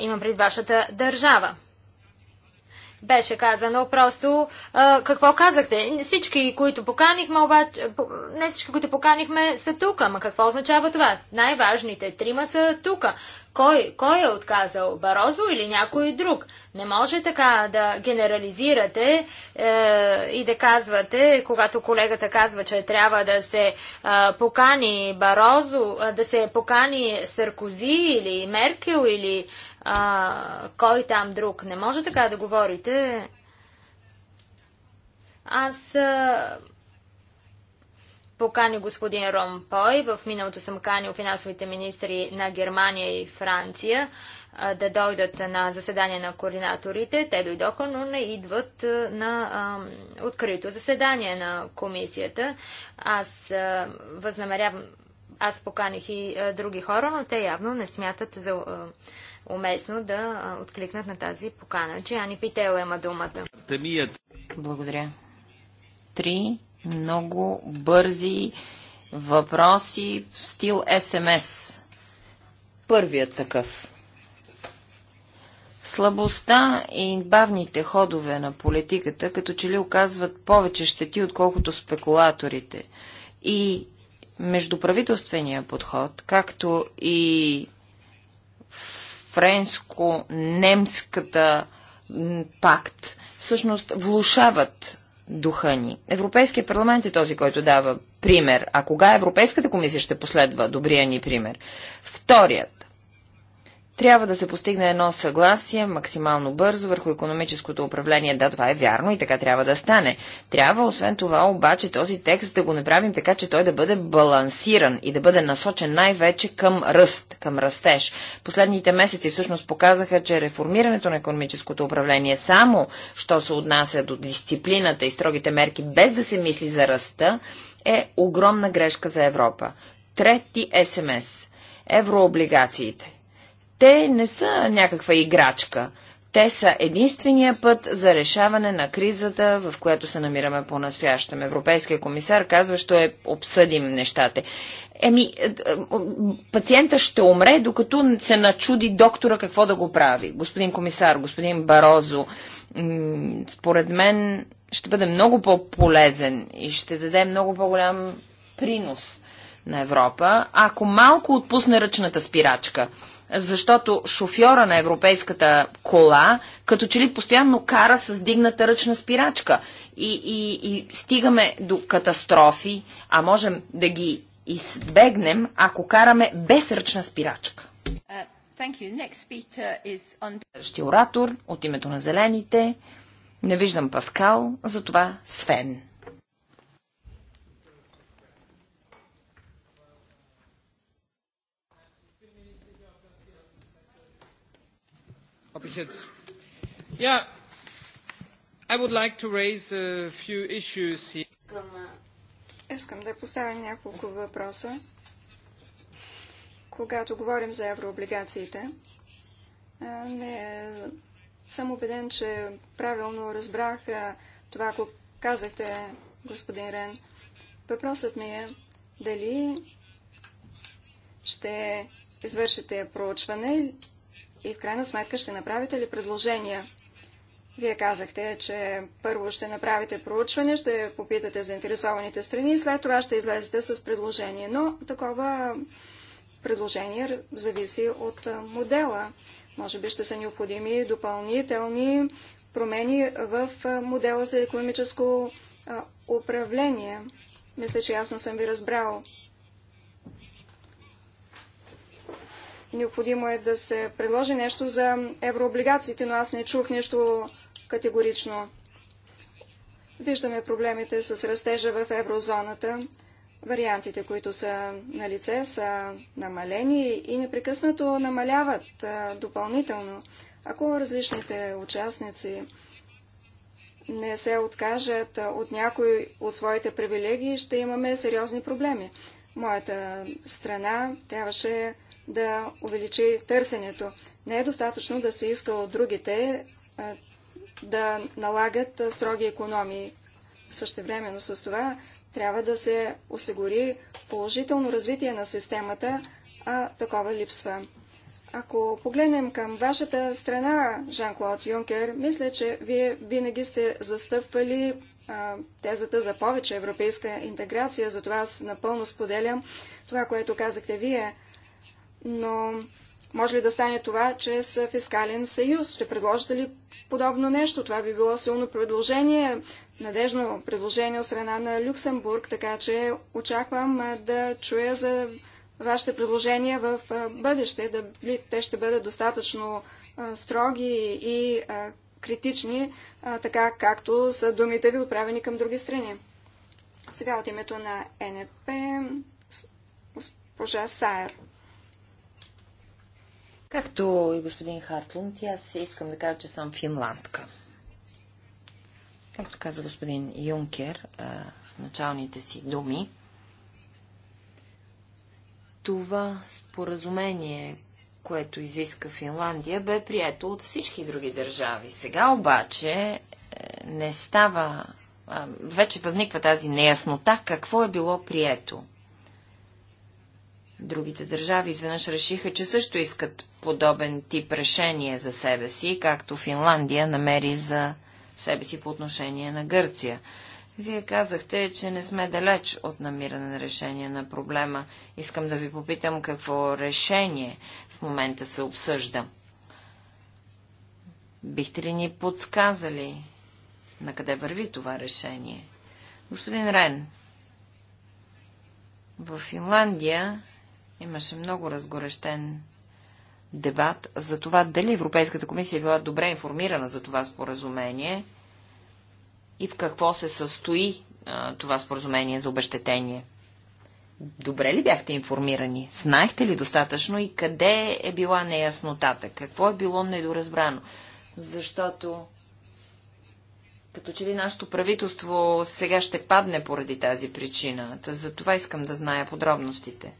Имам пред вашата държава. Беше казано просто какво казахте. Всички, които поканихме, обаче, не всички, които поканихме, са тук. Ама какво означава това? Най-важните трима са тук. Кой, кой е отказал? Барозо или някой друг? Не може така да генерализирате е, и да казвате, когато колегата казва, че трябва да се е, покани Барозо, е, да се покани Саркози или Меркел или е, кой там друг. Не може така да говорите. Аз. Е, покани господин Ромпой. В миналото съм канил финансовите министри на Германия и Франция да дойдат на заседание на координаторите. Те дойдоха, но не идват на а, открито заседание на комисията. Аз а, възнамерявам. Аз поканих и а, други хора, но те явно не смятат за а, уместно да а, откликнат на тази покана. Ани Питела има думата. Благодаря. Три много бързи въпроси в стил СМС. Първият такъв. Слабостта и бавните ходове на политиката като че ли оказват повече щети, отколкото спекулаторите. И междуправителствения подход, както и френско-немската пакт, всъщност влушават духа ни. Европейския парламент е този, който дава пример. А кога Европейската комисия ще последва добрия ни пример? Вторият трябва да се постигне едно съгласие максимално бързо върху економическото управление. Да, това е вярно и така трябва да стане. Трябва, освен това, обаче този текст да го направим така, че той да бъде балансиран и да бъде насочен най-вече към ръст, към растеж. Последните месеци всъщност показаха, че реформирането на економическото управление само, що се отнася до дисциплината и строгите мерки, без да се мисли за ръста, е огромна грешка за Европа. Трети СМС. Еврооблигациите. Те не са някаква играчка. Те са единствения път за решаване на кризата, в която се намираме по-настоящем. Европейския комисар казва, що е обсъдим нещата. Еми, е, е, пациента ще умре, докато се начуди доктора какво да го прави. Господин комисар, господин Барозо, според мен ще бъде много по-полезен и ще даде много по-голям принос на Европа, ако малко отпусне ръчната спирачка – защото шофьора на европейската кола като че ли постоянно кара с дигната ръчна спирачка и, и, и стигаме до катастрофи, а можем да ги избегнем, ако караме без ръчна спирачка. Uh, Ще оратор от името на Зелените. Не виждам Паскал, затова Свен. habe ich jetzt. I would like to raise a few issues here. Искам да поставя няколко въпроса. Когато говорим за еврооблигациите, не съм убеден, че правилно разбрах това, ако казахте, господин Рен. Въпросът ми е дали ще извършите проучване и в крайна сметка ще направите ли предложения? Вие казахте, че първо ще направите проучване, ще попитате заинтересованите страни и след това ще излезете с предложение. Но такова предложение зависи от модела. Може би ще са необходими допълнителни промени в модела за економическо управление. Мисля, че ясно съм ви разбрал. Необходимо е да се предложи нещо за еврооблигациите, но аз не чух нищо категорично. Виждаме проблемите с растежа в еврозоната. Вариантите, които са на лице, са намалени и непрекъснато намаляват допълнително. Ако различните участници не се откажат от някои от своите привилегии, ще имаме сериозни проблеми. Моята страна трябваше да увеличи търсенето. Не е достатъчно да се иска от другите да налагат строги економии. Същевременно с това трябва да се осигури положително развитие на системата, а такова липсва. Ако погледнем към вашата страна, Жан-Клод Юнкер, мисля, че вие винаги сте застъпвали а, тезата за повече европейска интеграция, затова аз напълно споделям това, което казахте вие но може ли да стане това чрез фискален съюз? Ще предложите ли подобно нещо? Това би било силно предложение, надежно предложение от страна на Люксембург, така че очаквам да чуя за вашите предложения в бъдеще, да те ще бъдат достатъчно строги и критични, така както са думите ви отправени към други страни. Сега от името на НП госпожа Сайер. Както и господин Хартлунд, и аз искам да кажа, че съм финландка. Както каза господин Юнкер а, в началните си думи, това споразумение, което изиска Финландия, бе прието от всички други държави. Сега обаче е, не става. Вече възниква тази неяснота какво е било прието. Другите държави изведнъж решиха, че също искат подобен тип решение за себе си, както Финландия намери за себе си по отношение на Гърция. Вие казахте, че не сме далеч от намиране на решение на проблема. Искам да ви попитам какво решение в момента се обсъжда. Бихте ли ни подсказали на къде върви това решение? Господин Рен, в Финландия Имаше много разгорещен дебат за това дали Европейската комисия е била добре информирана за това споразумение и в какво се състои а, това споразумение за обещетение. Добре ли бяхте информирани? Знаехте ли достатъчно и къде е била неяснотата? Какво е било недоразбрано? Защото като че ли нашето правителство сега ще падне поради тази причина. Та за това искам да зная подробностите.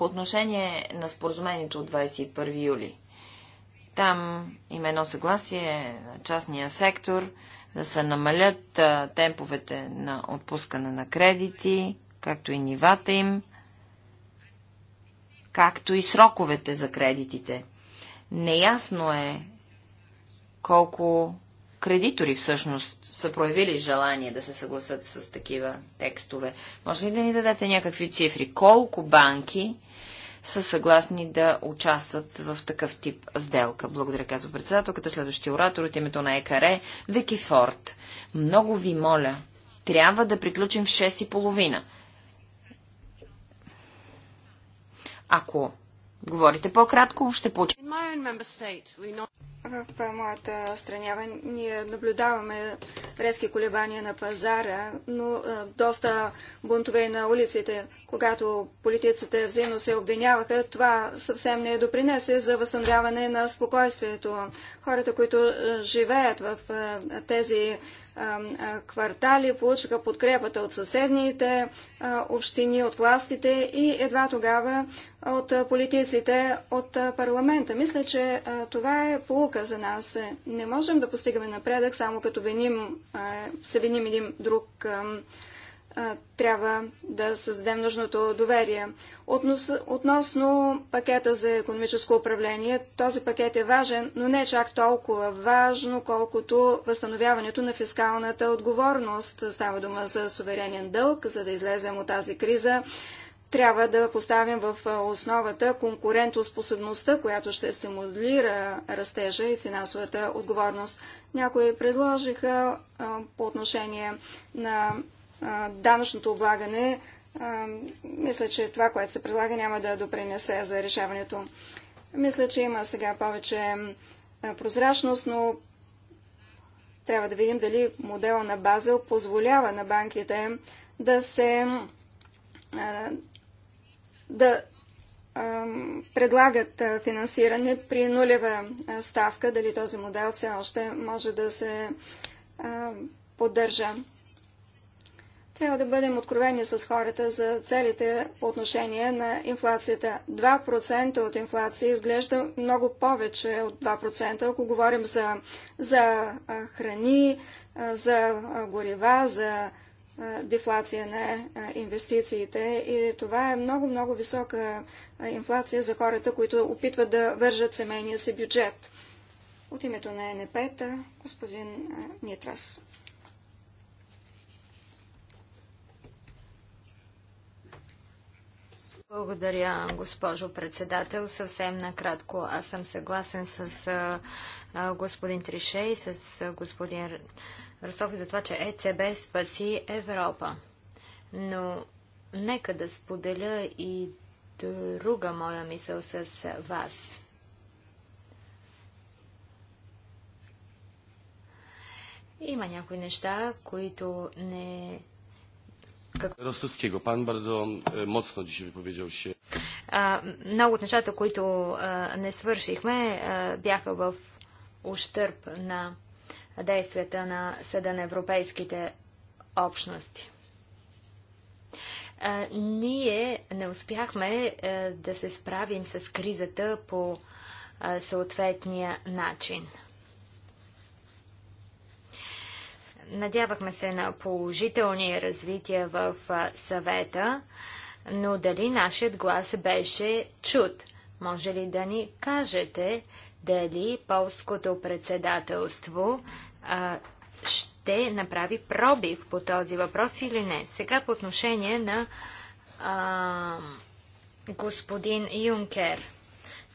По отношение на споразумението от 21 юли. Там има едно съгласие на частния сектор да се намалят темповете на отпускане на кредити, както и нивата им, както и сроковете за кредитите. Неясно е колко кредитори всъщност са проявили желание да се съгласат с такива текстове. Може ли да ни дадете някакви цифри? Колко банки са съгласни да участват в такъв тип сделка. Благодаря, казва председателката. Следващия оратор от името на ЕКАРЕ, Вики Форд. Много ви моля, трябва да приключим в 6 и половина. Ако говорите по-кратко, ще получим. В моята страна ние наблюдаваме резки колебания на пазара, но доста бунтове на улиците. Когато политиците взаимно се обвиняваха, това съвсем не е допринесе за възстановяване на спокойствието. Хората, които живеят в тези квартали, получиха подкрепата от съседните общини, от властите и едва тогава от политиците от парламента. Мисля, че това е полука за нас. Не можем да постигаме напредък само като виним, се виним един друг трябва да създадем нужното доверие. Относ, относно пакета за економическо управление, този пакет е важен, но не чак толкова важно, колкото възстановяването на фискалната отговорност. Става дума за суверенен дълг, за да излезем от тази криза. Трябва да поставим в основата конкурентоспособността, която ще стимулира растежа и финансовата отговорност. Някои предложиха а, по отношение на данъчното облагане, мисля, че това, което се предлага, няма да допринесе за решаването. Мисля, че има сега повече прозрачност, но трябва да видим дали модела на Базел позволява на банките да се да предлагат финансиране при нулева ставка, дали този модел все още може да се поддържа. Трябва да бъдем откровени с хората за целите по отношение на инфлацията. 2% от инфлация изглежда много повече от 2%, ако говорим за, за храни, за горива, за дефлация на инвестициите. И това е много-много висока инфлация за хората, които опитват да вържат семейния си бюджет. От името на НП-та, господин Нитрас. Благодаря, госпожо председател. Съвсем накратко, аз съм съгласен с а, господин Трише и с а, господин Ростов и за това, че ЕЦБ спаси Европа. Но нека да споделя и друга моя мисъл с вас. Има някои неща, които не Пан e, Много от нещата, които а, не свършихме, а, бяха в ущърп на действията на Съда на европейските общности. А, ние не успяхме а, да се справим с кризата по а, съответния начин. Надявахме се на положителни развития в съвета, но дали нашият глас беше чуд? Може ли да ни кажете дали полското председателство а, ще направи пробив по този въпрос или не? Сега по отношение на а, господин Юнкер.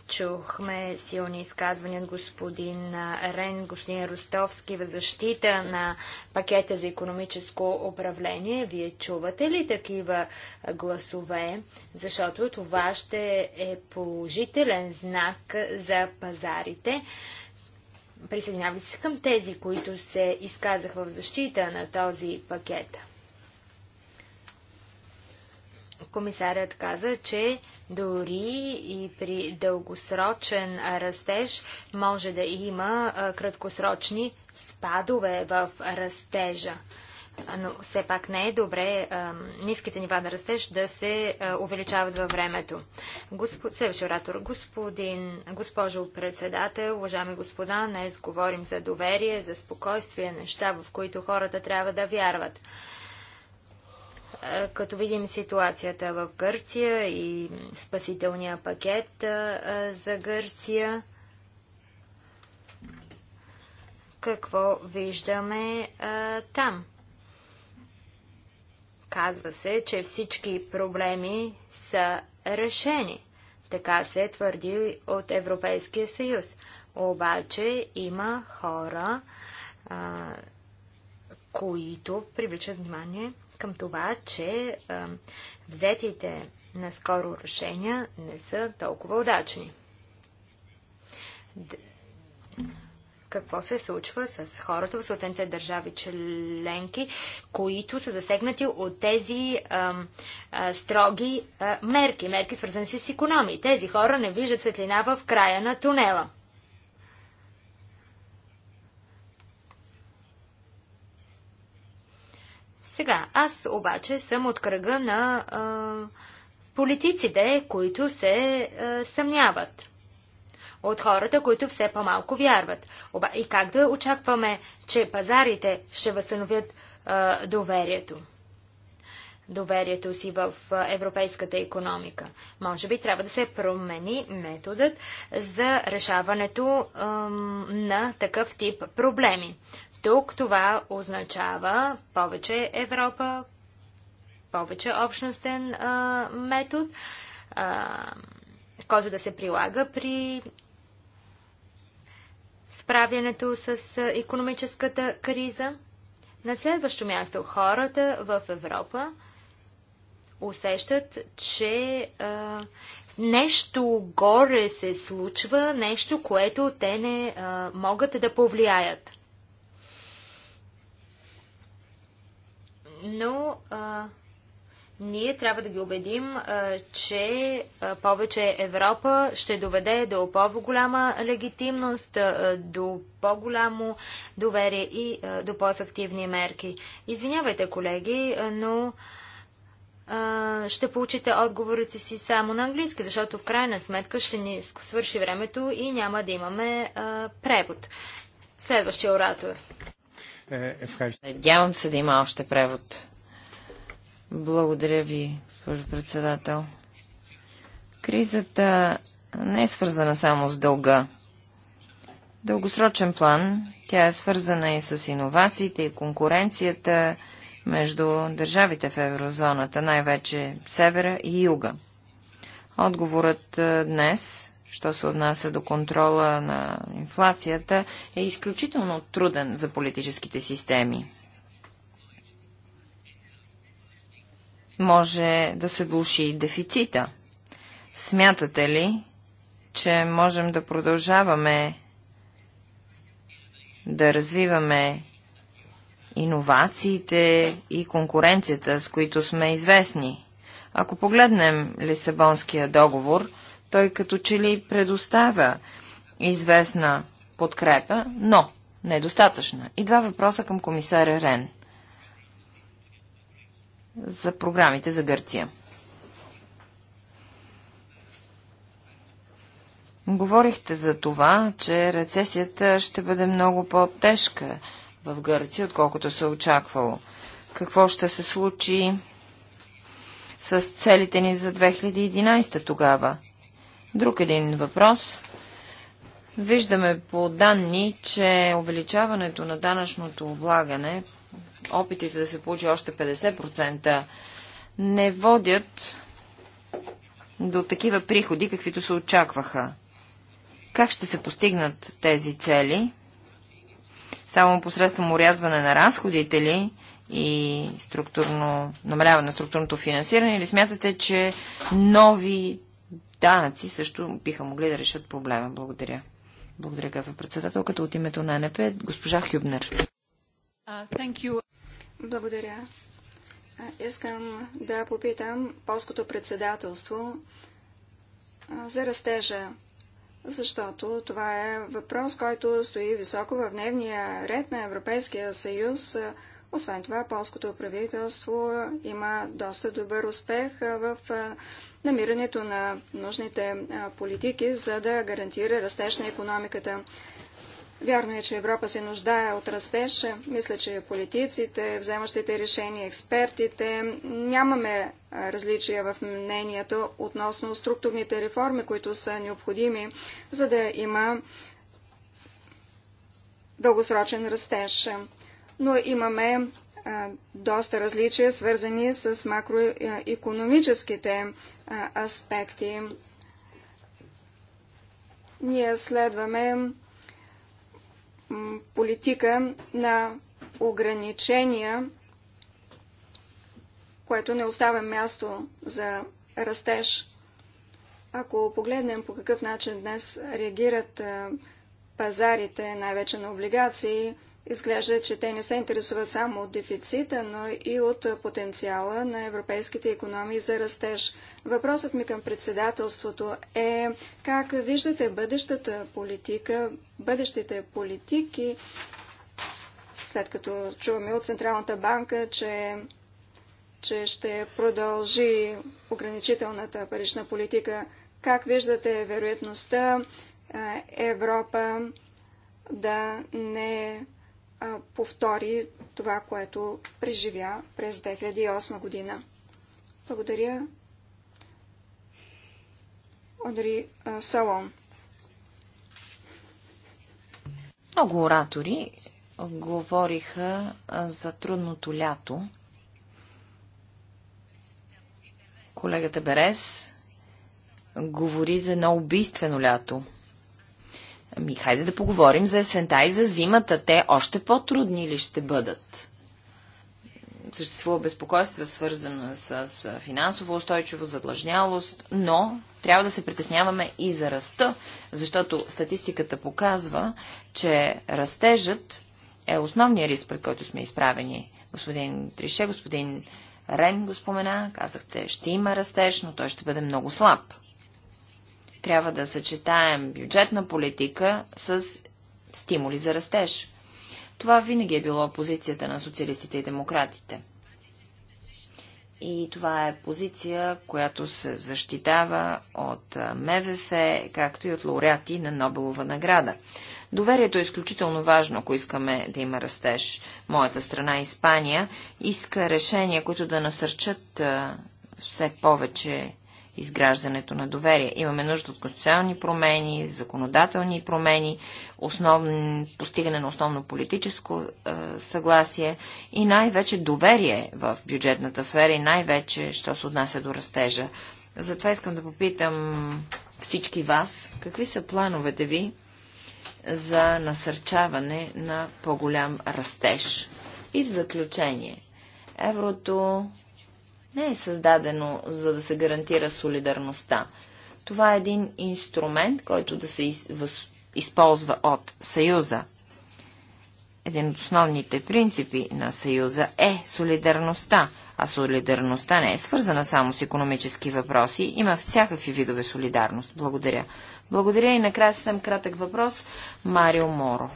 Чухме силни изказвания от господин Рен, господин Ростовски в защита на пакета за економическо управление. Вие чувате ли такива гласове? Защото това ще е положителен знак за пазарите. Присъединявайте се към тези, които се изказах в защита на този пакет. Комисарят каза, че дори и при дългосрочен растеж може да има краткосрочни спадове в растежа. Но все пак не е добре а, ниските нива на растеж да се а, увеличават във времето. Следващия оратор. Господин, госпожо председател, уважаеми господа, днес говорим за доверие, за спокойствие, неща, в които хората трябва да вярват. Е, като видим ситуацията в Гърция и спасителния пакет е, е, за Гърция, какво виждаме там? Казва се, че всички проблеми са решени. Така се твърди от Европейския съюз. Обаче има хора, които привличат внимание към това, че а, взетите наскоро решения не са толкова удачни. Д... Какво се случва с хората в съответните държави членки, които са засегнати от тези а, а, строги а, мерки, мерки свързани с економии? Тези хора не виждат светлина в края на тунела. Сега, аз обаче съм от кръга на а, политиците, които се а, съмняват. От хората, които все по-малко вярват. Оба, и как да очакваме, че пазарите ще възстановят а, доверието? доверието си в европейската економика. Може би трябва да се промени методът за решаването ем, на такъв тип проблеми. Тук това означава повече Европа, повече общностен а, метод, а, който да се прилага при справянето с економическата криза. На следващо място хората в Европа усещат, че а, нещо горе се случва, нещо, което те не а, могат да повлияят. но а, ние трябва да ги убедим, а, че а, повече Европа ще доведе до по-голяма легитимност, а, до по-голямо доверие и а, до по-ефективни мерки. Извинявайте, колеги, а, но а, ще получите отговорите си само на английски, защото в крайна сметка ще ни свърши времето и няма да имаме а, превод. Следващия оратор. Е, е Надявам се да има още превод. Благодаря ви, госпожо председател. Кризата не е свързана само с дълга. Дългосрочен план тя е свързана и с иновациите и конкуренцията между държавите в еврозоната, най-вече севера и юга. Отговорът е, днес що се отнася до контрола на инфлацията, е изключително труден за политическите системи. Може да се влуши дефицита. Смятате ли, че можем да продължаваме да развиваме иновациите и конкуренцията, с които сме известни. Ако погледнем Лисабонския договор, той като че ли предоставя известна подкрепа, но недостатъчна. И два въпроса към комисаря Рен за програмите за Гърция. Говорихте за това, че рецесията ще бъде много по-тежка в Гърция, отколкото се е очаквало. Какво ще се случи с целите ни за 2011 тогава? Друг един въпрос. Виждаме по данни, че увеличаването на данъчното облагане, опитите да се получи още 50%, не водят до такива приходи, каквито се очакваха. Как ще се постигнат тези цели? Само посредством урязване на разходите ли и структурно, намаляване на структурното финансиране или смятате, че нови данъци също биха могли да решат проблема. Благодаря. Благодаря, казва председателката от името на НП, госпожа Хюбнер. Благодаря. Искам да попитам полското председателство за растежа, защото това е въпрос, който стои високо в дневния ред на Европейския съюз. Освен това, полското правителство има доста добър успех в намирането на нужните политики, за да гарантира растеж на економиката. Вярно е, че Европа се нуждае от растеж. Мисля, че политиците, вземащите решения, експертите, нямаме различия в мнението относно структурните реформи, които са необходими, за да има дългосрочен растеж. Но имаме доста различия, свързани с макроекономическите аспекти. Ние следваме политика на ограничения, което не оставя място за растеж. Ако погледнем по какъв начин днес реагират пазарите, най-вече на облигации, Изглежда, че те не се интересуват само от дефицита, но и от потенциала на европейските економии за растеж. Въпросът ми към председателството е как виждате бъдещата политика, бъдещите политики, след като чуваме от Централната банка, че, че ще продължи ограничителната парична политика. Как виждате вероятността Европа да не а, повтори това, което преживя през 2008 година. Благодаря. Одри Салон. Много оратори говориха за трудното лято. Колегата Берес говори за едно убийствено лято. Ами, хайде да поговорим за есента и за зимата. Те още по-трудни ли ще бъдат? Съществува безпокойство, свързано с финансово устойчиво, задлъжнялост, но трябва да се притесняваме и за ръста, защото статистиката показва, че растежът е основният риск, пред който сме изправени. Господин Трише, господин Рен го спомена, казахте, ще има растеж, но той ще бъде много слаб. Трябва да съчетаем бюджетна политика с стимули за растеж. Това винаги е било позицията на социалистите и демократите. И това е позиция, която се защитава от МВФ, както и от лауреати на Нобелова награда. Доверието е изключително важно, ако искаме да има растеж. Моята страна, Испания, иска решения, които да насърчат все повече изграждането на доверие. Имаме нужда от конституционни промени, законодателни промени, основни, постигане на основно политическо е, съгласие и най-вече доверие в бюджетната сфера и най-вече, що се отнася до растежа. Затова искам да попитам всички вас, какви са плановете ви за насърчаване на по-голям растеж? И в заключение, еврото не е създадено за да се гарантира солидарността. Това е един инструмент, който да се из... използва от Съюза. Един от основните принципи на Съюза е солидарността, а солидарността не е свързана само с економически въпроси, има всякакви видове солидарност. Благодаря. Благодаря и накрая съвсем кратък въпрос. Марио Моро.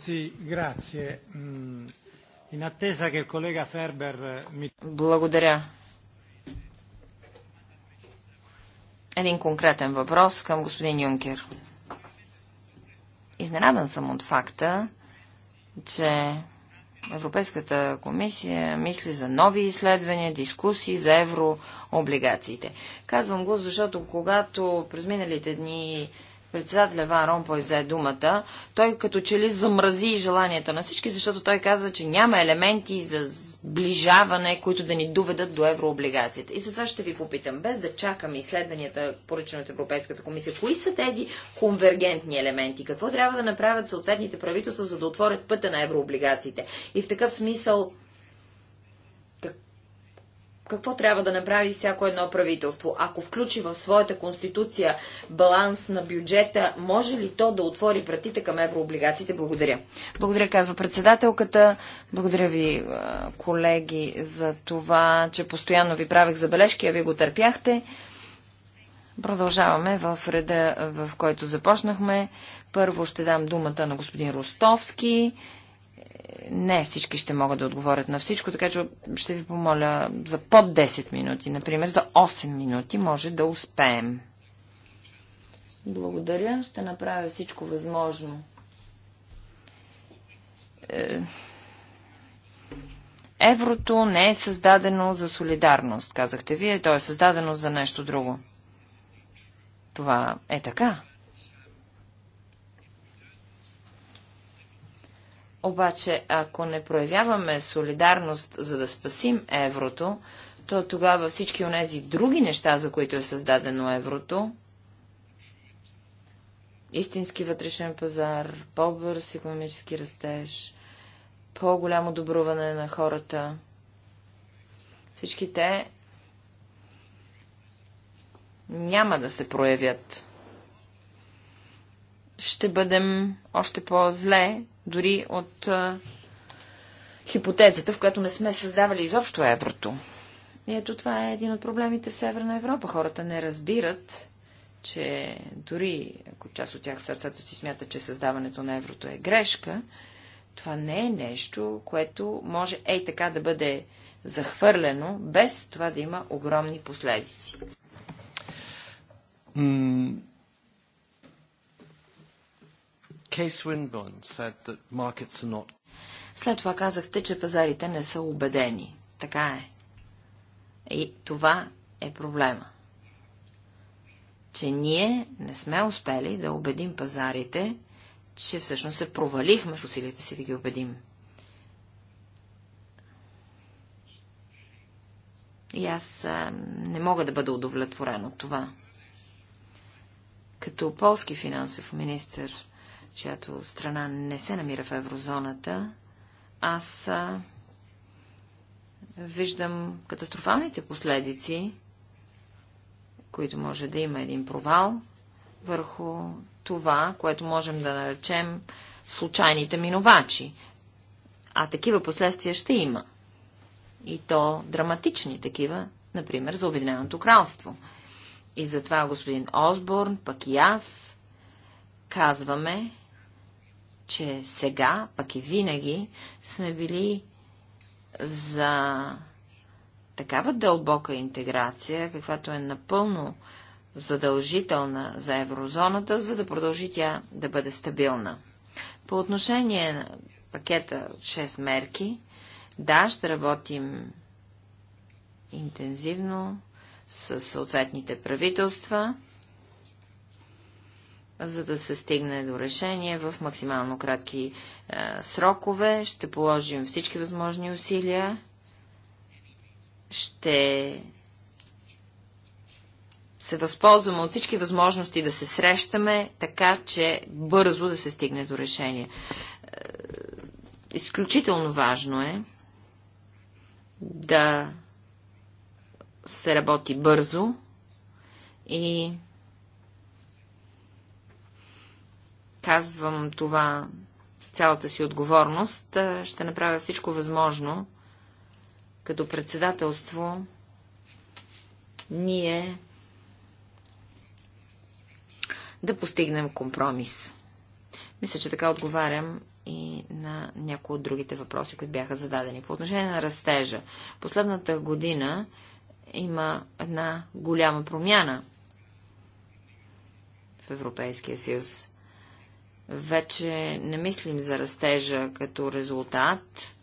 Си, грация. Eh, Благодаря. Един конкретен въпрос към господин Юнкер. Изненадан съм от факта, че Европейската комисия мисли за нови изследвания, дискусии за еврооблигациите. Казвам го, защото когато през миналите дни председателя Ван Ромпой взе думата, той като че ли замрази желанията на всички, защото той каза, че няма елементи за сближаване, които да ни доведат до еврооблигацията. И затова ще ви попитам, без да чакаме изследванията, поръчени от Европейската комисия, кои са тези конвергентни елементи? Какво трябва да направят съответните правителства, за да отворят пътя на еврооблигациите? И в такъв смисъл, какво трябва да направи всяко едно правителство? Ако включи в своята конституция баланс на бюджета, може ли то да отвори вратите към еврооблигациите? Благодаря. Благодаря, казва председателката. Благодаря ви, колеги, за това, че постоянно ви правих забележки, а ви го търпяхте. Продължаваме в реда, в който започнахме. Първо ще дам думата на господин Ростовски не всички ще могат да отговорят на всичко, така че ще ви помоля за под 10 минути, например за 8 минути може да успеем. Благодаря, ще направя всичко възможно. Е, еврото не е създадено за солидарност, казахте вие, то е създадено за нещо друго. Това е така. Обаче, ако не проявяваме солидарност за да спасим еврото, то тогава всички онези други неща, за които е създадено еврото, истински вътрешен пазар, по-бърз економически растеж, по-голямо добруване на хората, всички те няма да се проявят. Ще бъдем още по-зле дори от а, хипотезата, в която не сме създавали изобщо еврото. И ето това е един от проблемите в Северна Европа. Хората не разбират, че дори ако част от тях сърцето си смята, че създаването на еврото е грешка, това не е нещо, което може ей така да бъде захвърлено, без това да има огромни последици. След това казахте, че пазарите не са убедени. Така е. И това е проблема. Че ние не сме успели да убедим пазарите, че всъщност се провалихме в усилията си да ги убедим. И аз не мога да бъда удовлетворен от това. Като полски финансов министр чиято страна не се намира в еврозоната, аз виждам катастрофалните последици, които може да има един провал върху това, което можем да наречем случайните минувачи. А такива последствия ще има. И то драматични такива, например, за Обединеното кралство. И затова господин Осборн, пък и аз, казваме, че сега, пък и винаги, сме били за такава дълбока интеграция, каквато е напълно задължителна за еврозоната, за да продължи тя да бъде стабилна. По отношение на пакета от 6 мерки, да, ще работим интензивно с съответните правителства за да се стигне до решение в максимално кратки е, срокове. Ще положим всички възможни усилия. Ще се възползваме от всички възможности да се срещаме, така че бързо да се стигне до решение. Е, изключително важно е да се работи бързо и Казвам това с цялата си отговорност. Ще направя всичко възможно, като председателство, ние да постигнем компромис. Мисля, че така отговарям и на някои от другите въпроси, които бяха зададени. По отношение на растежа, последната година има една голяма промяна в Европейския съюз вече не мислим за растежа като резултат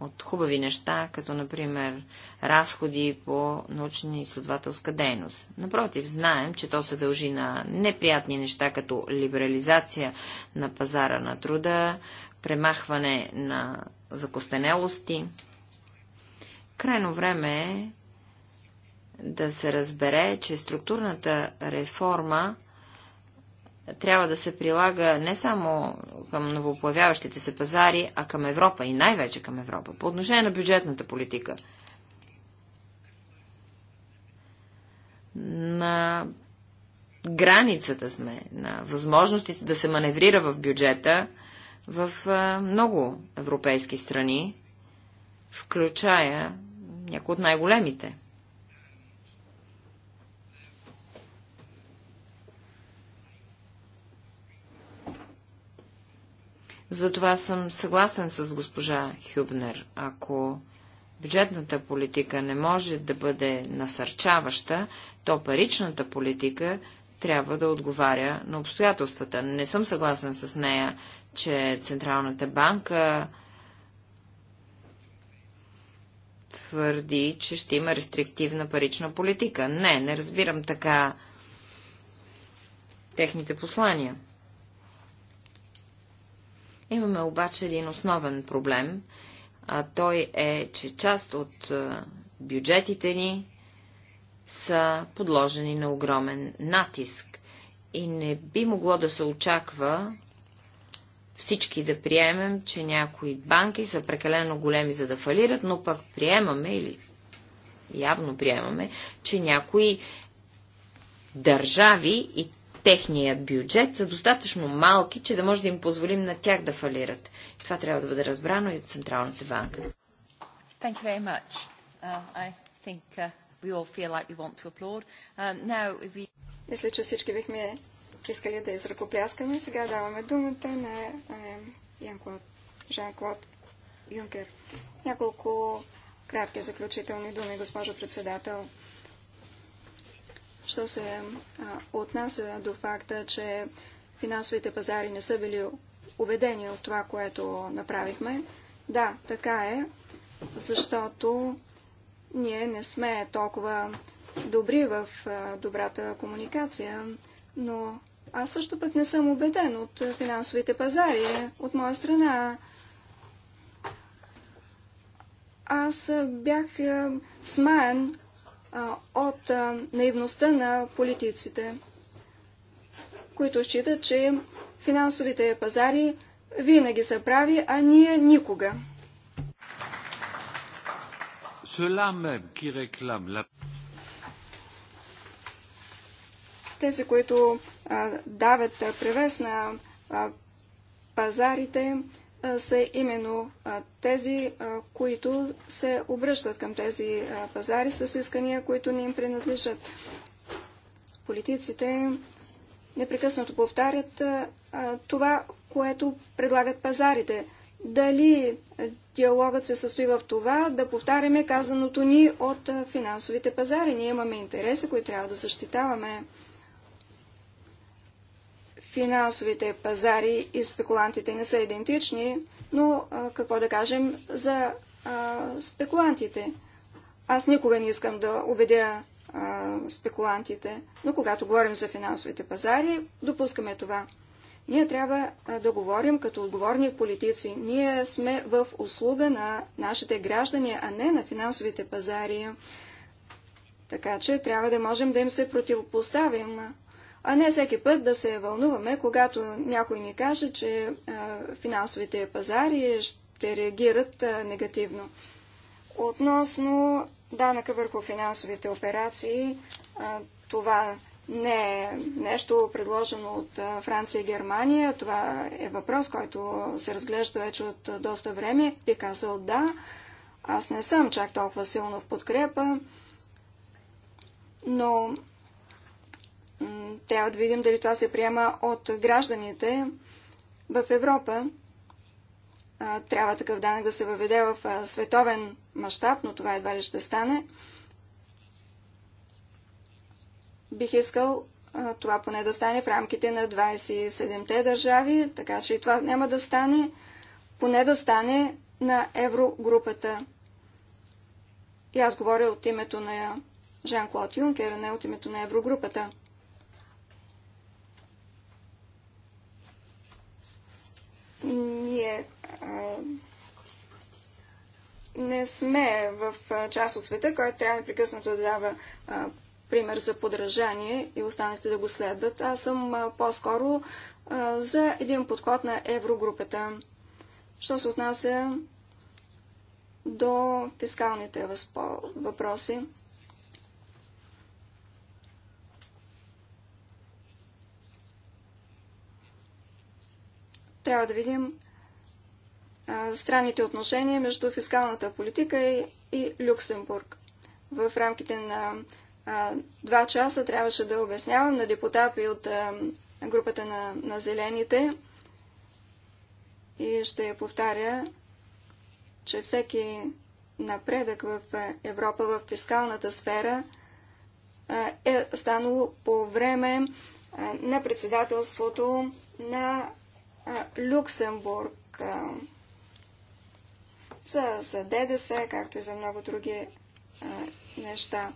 от хубави неща, като например разходи по научна и изследователска дейност. Напротив, знаем, че то се дължи на неприятни неща, като либерализация на пазара на труда, премахване на закостенелости. Крайно време е да се разбере, че структурната реформа трябва да се прилага не само към новоплавяващите се пазари, а към Европа и най-вече към Европа. По отношение на бюджетната политика. На границата сме, на възможностите да се маневрира в бюджета в много европейски страни, включая някои от най-големите – Затова съм съгласен с госпожа Хюбнер. Ако бюджетната политика не може да бъде насърчаваща, то паричната политика трябва да отговаря на обстоятелствата. Не съм съгласен с нея, че Централната банка твърди, че ще има рестриктивна парична политика. Не, не разбирам така техните послания. Имаме обаче един основен проблем. А той е, че част от бюджетите ни са подложени на огромен натиск и не би могло да се очаква всички да приемем, че някои банки са прекалено големи за да фалират, но пък приемаме или явно приемаме, че някои държави и техния бюджет са достатъчно малки, че да може да им позволим на тях да фалират. Това трябва да бъде разбрано и от Централната банка. Thank you very much. Uh, I think uh, we all feel like we want to applaud. Uh, now we... Мисля, че всички бихме искали да изръкопляскаме. Сега даваме думата на е, Жан-Клод Юнкер. Няколко кратки заключителни думи, госпожо председател. Що се отнася до факта, че финансовите пазари не са били убедени от това, което направихме, да, така е, защото ние не сме толкова добри в добрата комуникация, но аз също пък не съм убеден от финансовите пазари. От моя страна аз бях смаян от наивността на политиците, които считат, че финансовите пазари винаги са прави, а ние никога. Тези, които дават превес на пазарите, са именно тези, които се обръщат към тези пазари с искания, които не им принадлежат. Политиците непрекъснато повтарят това, което предлагат пазарите. Дали диалогът се състои в това да повтаряме казаното ни от финансовите пазари. Ние имаме интереси, които трябва да защитаваме финансовите пазари и спекулантите не са идентични, но а, какво да кажем за а, спекулантите? Аз никога не искам да убедя а, спекулантите, но когато говорим за финансовите пазари, допускаме това. Ние трябва да говорим като отговорни политици. Ние сме в услуга на нашите граждани, а не на финансовите пазари. Така че трябва да можем да им се противопоставим а не всеки път да се вълнуваме, когато някой ни каже, че финансовите пазари ще реагират негативно. Относно данъка върху финансовите операции, това не е нещо предложено от Франция и Германия. Това е въпрос, който се разглежда вече от доста време. Би казал да. Аз не съм чак толкова силно в подкрепа, но трябва да видим дали това се приема от гражданите в Европа. Трябва такъв данък да се въведе в световен мащаб, но това едва ли ще стане. Бих искал това поне да стане в рамките на 27-те държави, така че и това няма да стане, поне да стане на еврогрупата. И аз говоря от името на Жан-Клод Юнкер, а не от името на еврогрупата. Ние а, не сме в част от света, който трябва непрекъснато да дава а, пример за подражание и останалите да го следват. Аз съм по-скоро за един подход на еврогрупата. Що се отнася до фискалните възпо... въпроси? Трябва да видим странните отношения между фискалната политика и, и Люксембург. В рамките на а, два часа трябваше да обяснявам на депутати от а, групата на, на зелените и ще я повтаря, че всеки напредък в Европа в фискалната сфера а, е станало по време на председателството на Люксембург за, за ДДС, както и за много други а, неща.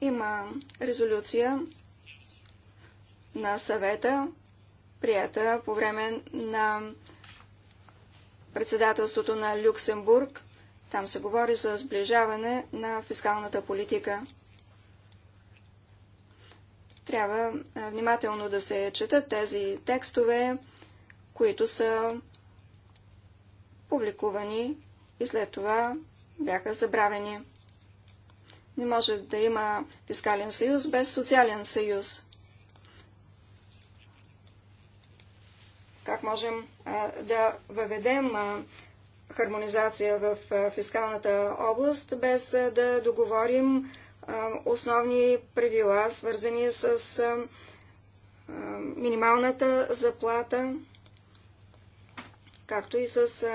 Има резолюция на съвета, прията по време на председателството на Люксембург там се говори за сближаване на фискалната политика. Трябва е, внимателно да се четат тези текстове, които са публикувани и след това бяха забравени. Не може да има фискален съюз без социален съюз. Как можем а, е, да въведем а, е, хармонизация в фискалната област, без да договорим основни правила, свързани с минималната заплата, както и с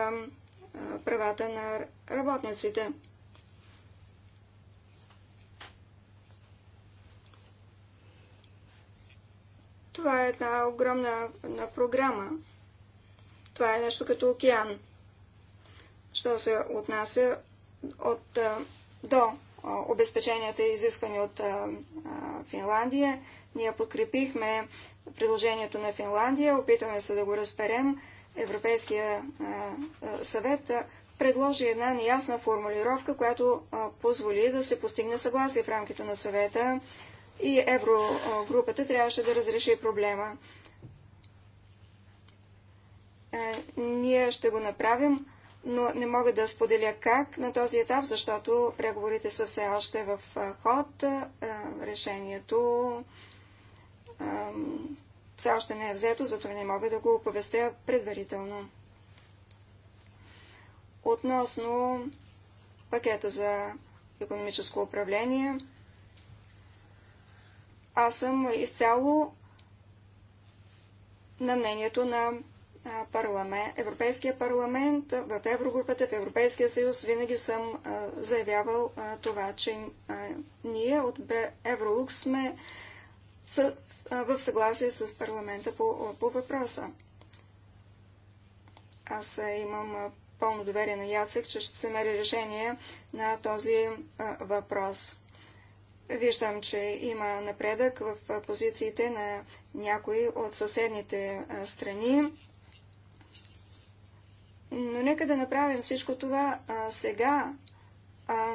правата на работниците. Това е една огромна програма. Това е нещо като океан що се отнася от, до обезпеченията, изисквани от Финландия. Ние подкрепихме предложението на Финландия, опитваме се да го разперем. Европейския съвет предложи една неясна формулировка, която позволи да се постигне съгласие в рамките на съвета и еврогрупата трябваше да разреши проблема. Е, ние ще го направим но не мога да споделя как на този етап, защото преговорите са все още в ход. Решението все още не е взето, зато не мога да го оповестя предварително. Относно пакета за економическо управление, аз съм изцяло на мнението на парламент, Европейския парламент, в Еврогрупата, в Европейския съюз винаги съм заявявал това, че ние от Евролукс сме в съгласие с парламента по, по въпроса. Аз имам пълно доверие на Яцек, че ще се мери решение на този въпрос. Виждам, че има напредък в позициите на някои от съседните страни. Но нека да направим всичко това а, сега а,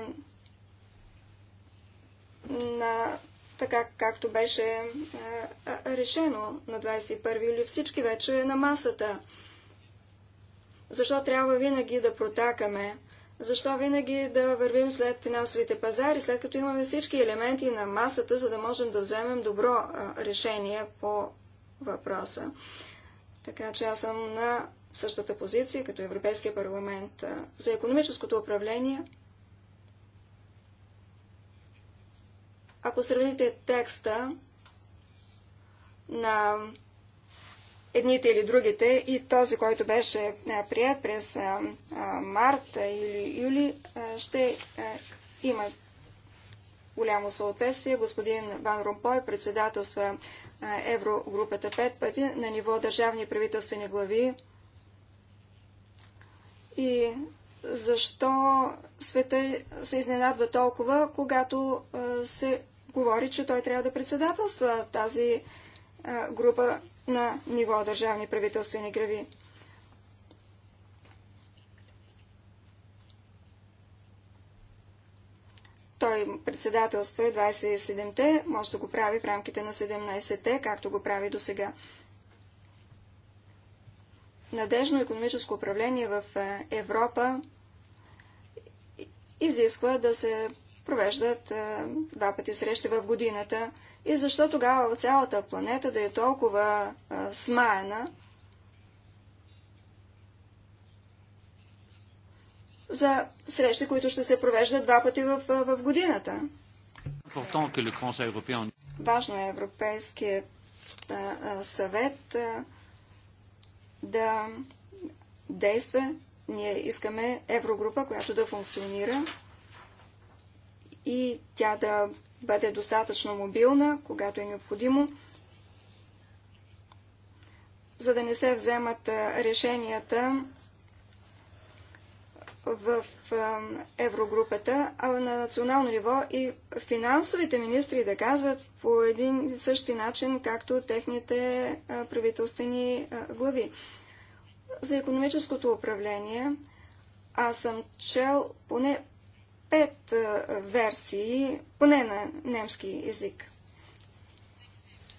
на така както беше а, решено на 21 или Всички вече на масата. Защо трябва винаги да протакаме? Защо винаги да вървим след финансовите пазари, след като имаме всички елементи на масата, за да можем да вземем добро а, решение по въпроса? Така че аз съм на същата позиция като Европейския парламент. За економическото управление, ако сравните текста на едните или другите и този, който беше прият през март или юли, ще има голямо съответствие. Господин Ван Ромпой председателства Еврогрупата пет пъти на ниво държавни правителствени глави и защо света се изненадва толкова, когато се говори, че той трябва да председателства тази група на ниво държавни правителствени грави. Той председателства 27-те, може да го прави в рамките на 17-те, както го прави до сега. Надежно економическо управление в е, Европа изисква да се провеждат е, два пъти срещи в годината. И защо тогава цялата планета да е толкова е, смаяна за срещи, които ще се провеждат два пъти в, в годината? Важно е Европейският съвет да действа. Ние искаме еврогрупа, която да функционира и тя да бъде достатъчно мобилна, когато е необходимо, за да не се вземат решенията в еврогрупата, а на национално ниво и финансовите министри да казват по един и същи начин, както техните правителствени глави. За економическото управление аз съм чел поне пет версии, поне на немски язик.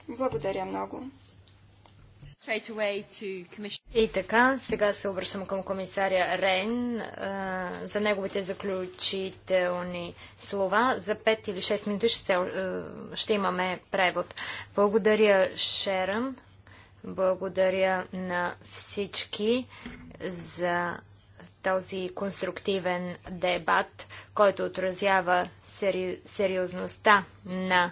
Благодаря много. И така, сега се обръщам към комисаря Рейн за неговите заключителни слова. За 5 или 6 минути ще, ще имаме превод. Благодаря, Шерън. Благодаря на всички за този конструктивен дебат, който отразява сери... сериозността на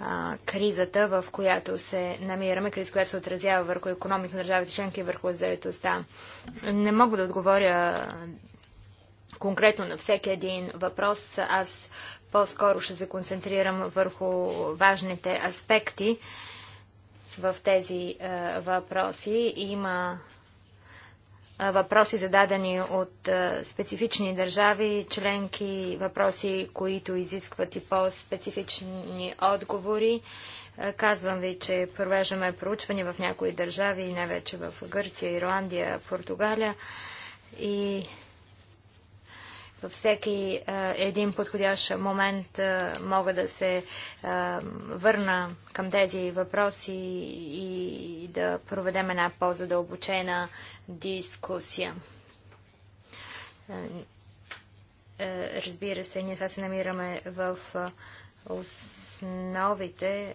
а, кризата, в която се намираме, криза, която се отразява върху економика на държавите членки и върху заедостта. Не мога да отговоря конкретно на всеки един въпрос. Аз по-скоро ще се концентрирам върху важните аспекти в тези въпроси. Има въпроси зададени от специфични държави, членки, въпроси, които изискват и по-специфични отговори. Казвам ви, че провеждаме проучвания в някои държави, най-вече в Гърция, Ирландия, Португалия и всеки един подходящ момент мога да се върна към тези въпроси и да проведем една по-задълбочена дискусия. Разбира се, ние сега се намираме в основите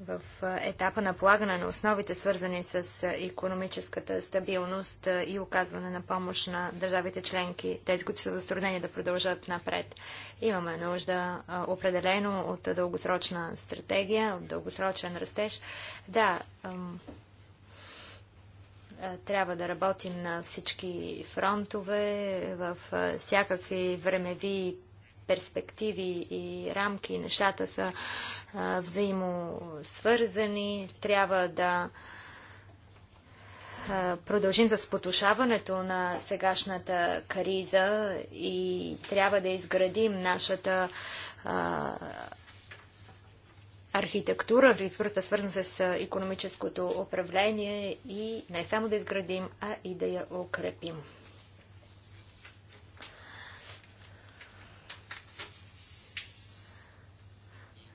в етапа на полагане на основите, свързани с економическата стабилност и оказване на помощ на държавите членки, тези, които са затруднени да продължат напред. Имаме нужда определено от дългосрочна стратегия, от дългосрочен растеж. Да, трябва да работим на всички фронтове, в всякакви времеви перспективи и рамки. Нещата са а, взаимосвързани. Трябва да а, продължим с потушаването на сегашната криза и трябва да изградим нашата а, архитектура, архитектурата свързана с економическото управление и не само да изградим, а и да я укрепим.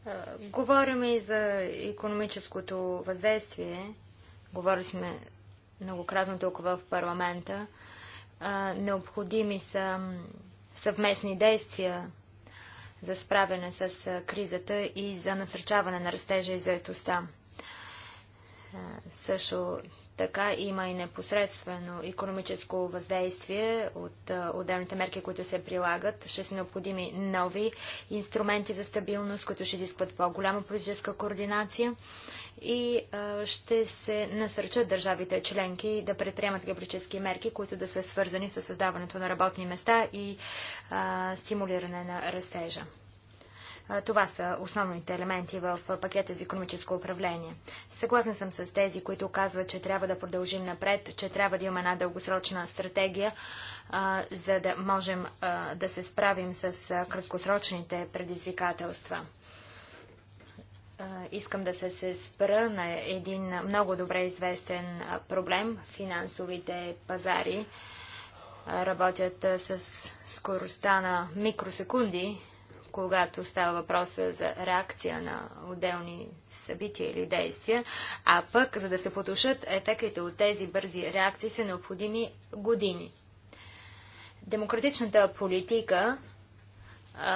Е, говорим и за економическото въздействие. Говорили сме многократно тук в парламента. Е, необходими са съвместни действия за справяне с е, кризата и за насърчаване на растежа и заетостта. Също така има и непосредствено економическо въздействие от отделните мерки, които се прилагат. Ще са необходими нови инструменти за стабилност, които ще изискват по-голяма политическа координация и ще се насърчат държавите членки да предприемат геополитически мерки, които да са свързани с създаването на работни места и стимулиране на растежа. Това са основните елементи в пакета за економическо управление. Съгласен съм с тези, които казват, че трябва да продължим напред, че трябва да имаме една дългосрочна стратегия, за да можем да се справим с краткосрочните предизвикателства. Искам да се, се спра на един много добре известен проблем финансовите пазари работят с скоростта на микросекунди когато става въпроса за реакция на отделни събития или действия, а пък за да се потушат ефектите от тези бързи реакции са необходими години. Демократичната политика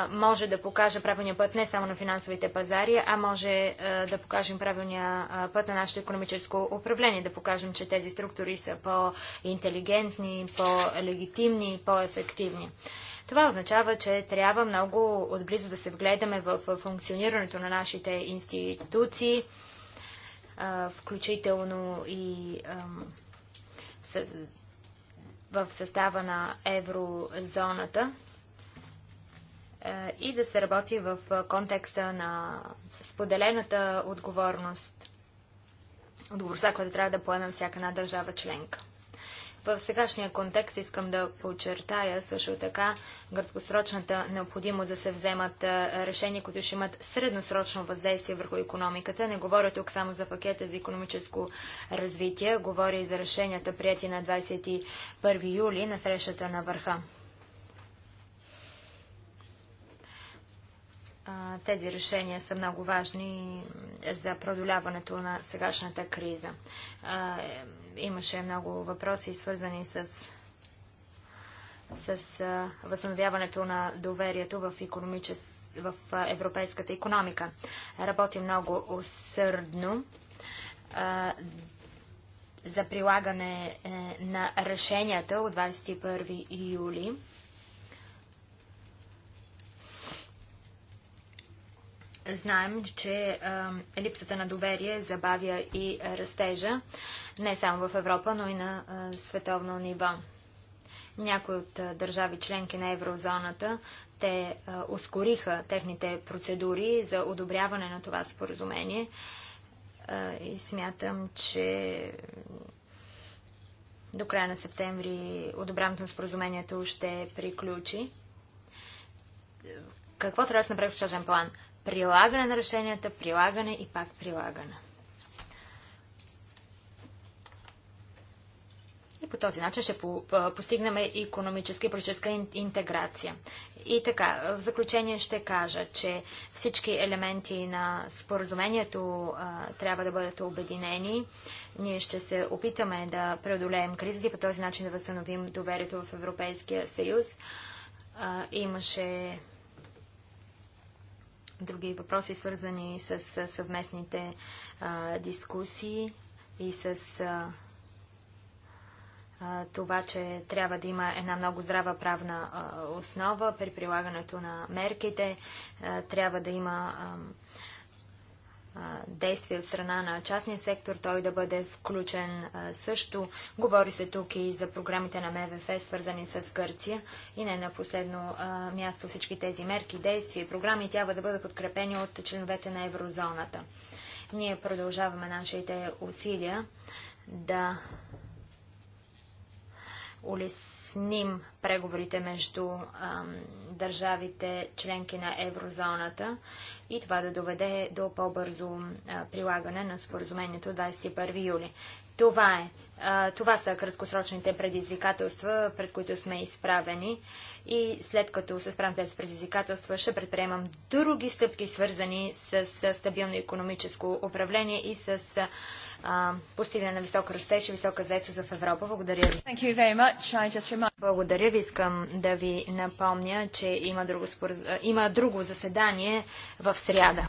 може да покаже правилния път не само на финансовите пазари, а може да покажем правилния път на нашето економическо управление, да покажем, че тези структури са по-интелигентни, по-легитимни, по-ефективни. Това означава, че трябва много отблизо да се вгледаме в функционирането на нашите институции, включително и в състава на еврозоната. Е, и да се работи в е, контекста на споделената отговорност, отговорността, която трябва да поеме всяка една държава членка. В сегашния контекст искам да подчертая също така краткосрочната необходимост да се вземат е, решения, които ще имат средносрочно въздействие върху економиката. Не говоря тук само за пакета за економическо развитие, говоря и за решенията прияти на 21 юли на срещата на върха. тези решения са много важни за продоляването на сегашната криза. Имаше много въпроси, свързани с, с възстановяването на доверието в, економичес... в европейската економика. Работи много усърдно за прилагане е, на решенията от 21 юли Знаем, че липсата на доверие забавя и растежа не само в Европа, но и на световно ниво. Някои от държави членки на еврозоната те ускориха техните процедури за одобряване на това споразумение и смятам, че до края на септември одобряването на споразумението ще приключи. Какво трябва да се направи в частен план? прилагане на решенията, прилагане и пак прилагане. И по този начин ще постигнем и економическа и политическа интеграция. И така, в заключение ще кажа, че всички елементи на споразумението а, трябва да бъдат обединени. Ние ще се опитаме да преодолеем кризата и по този начин да възстановим доверието в Европейския съюз. А, имаше други въпроси, свързани с съвместните а, дискусии и с а, това, че трябва да има една много здрава правна а, основа при прилагането на мерките, а, трябва да има а, действия от страна на частния сектор, той да бъде включен също. Говори се тук и за програмите на МВФ, свързани с Гърция. И не на последно място всички тези мерки, действия и програми трябва да бъдат подкрепени от членовете на еврозоната. Ние продължаваме нашите усилия да улис улесним преговорите между ам, държавите членки на еврозоната и това да доведе до по-бързо прилагане на споразумението 21 юли. Това е. Това са краткосрочните предизвикателства, пред които сме изправени и след като се справим тези предизвикателства, ще предприемам други стъпки, свързани с стабилно економическо управление и с а, постигане на висок растеж и висока заетост в Европа. Благодаря ви. Remind... Благодаря ви. Искам да ви напомня, че има друго, спор... има друго заседание в сряда.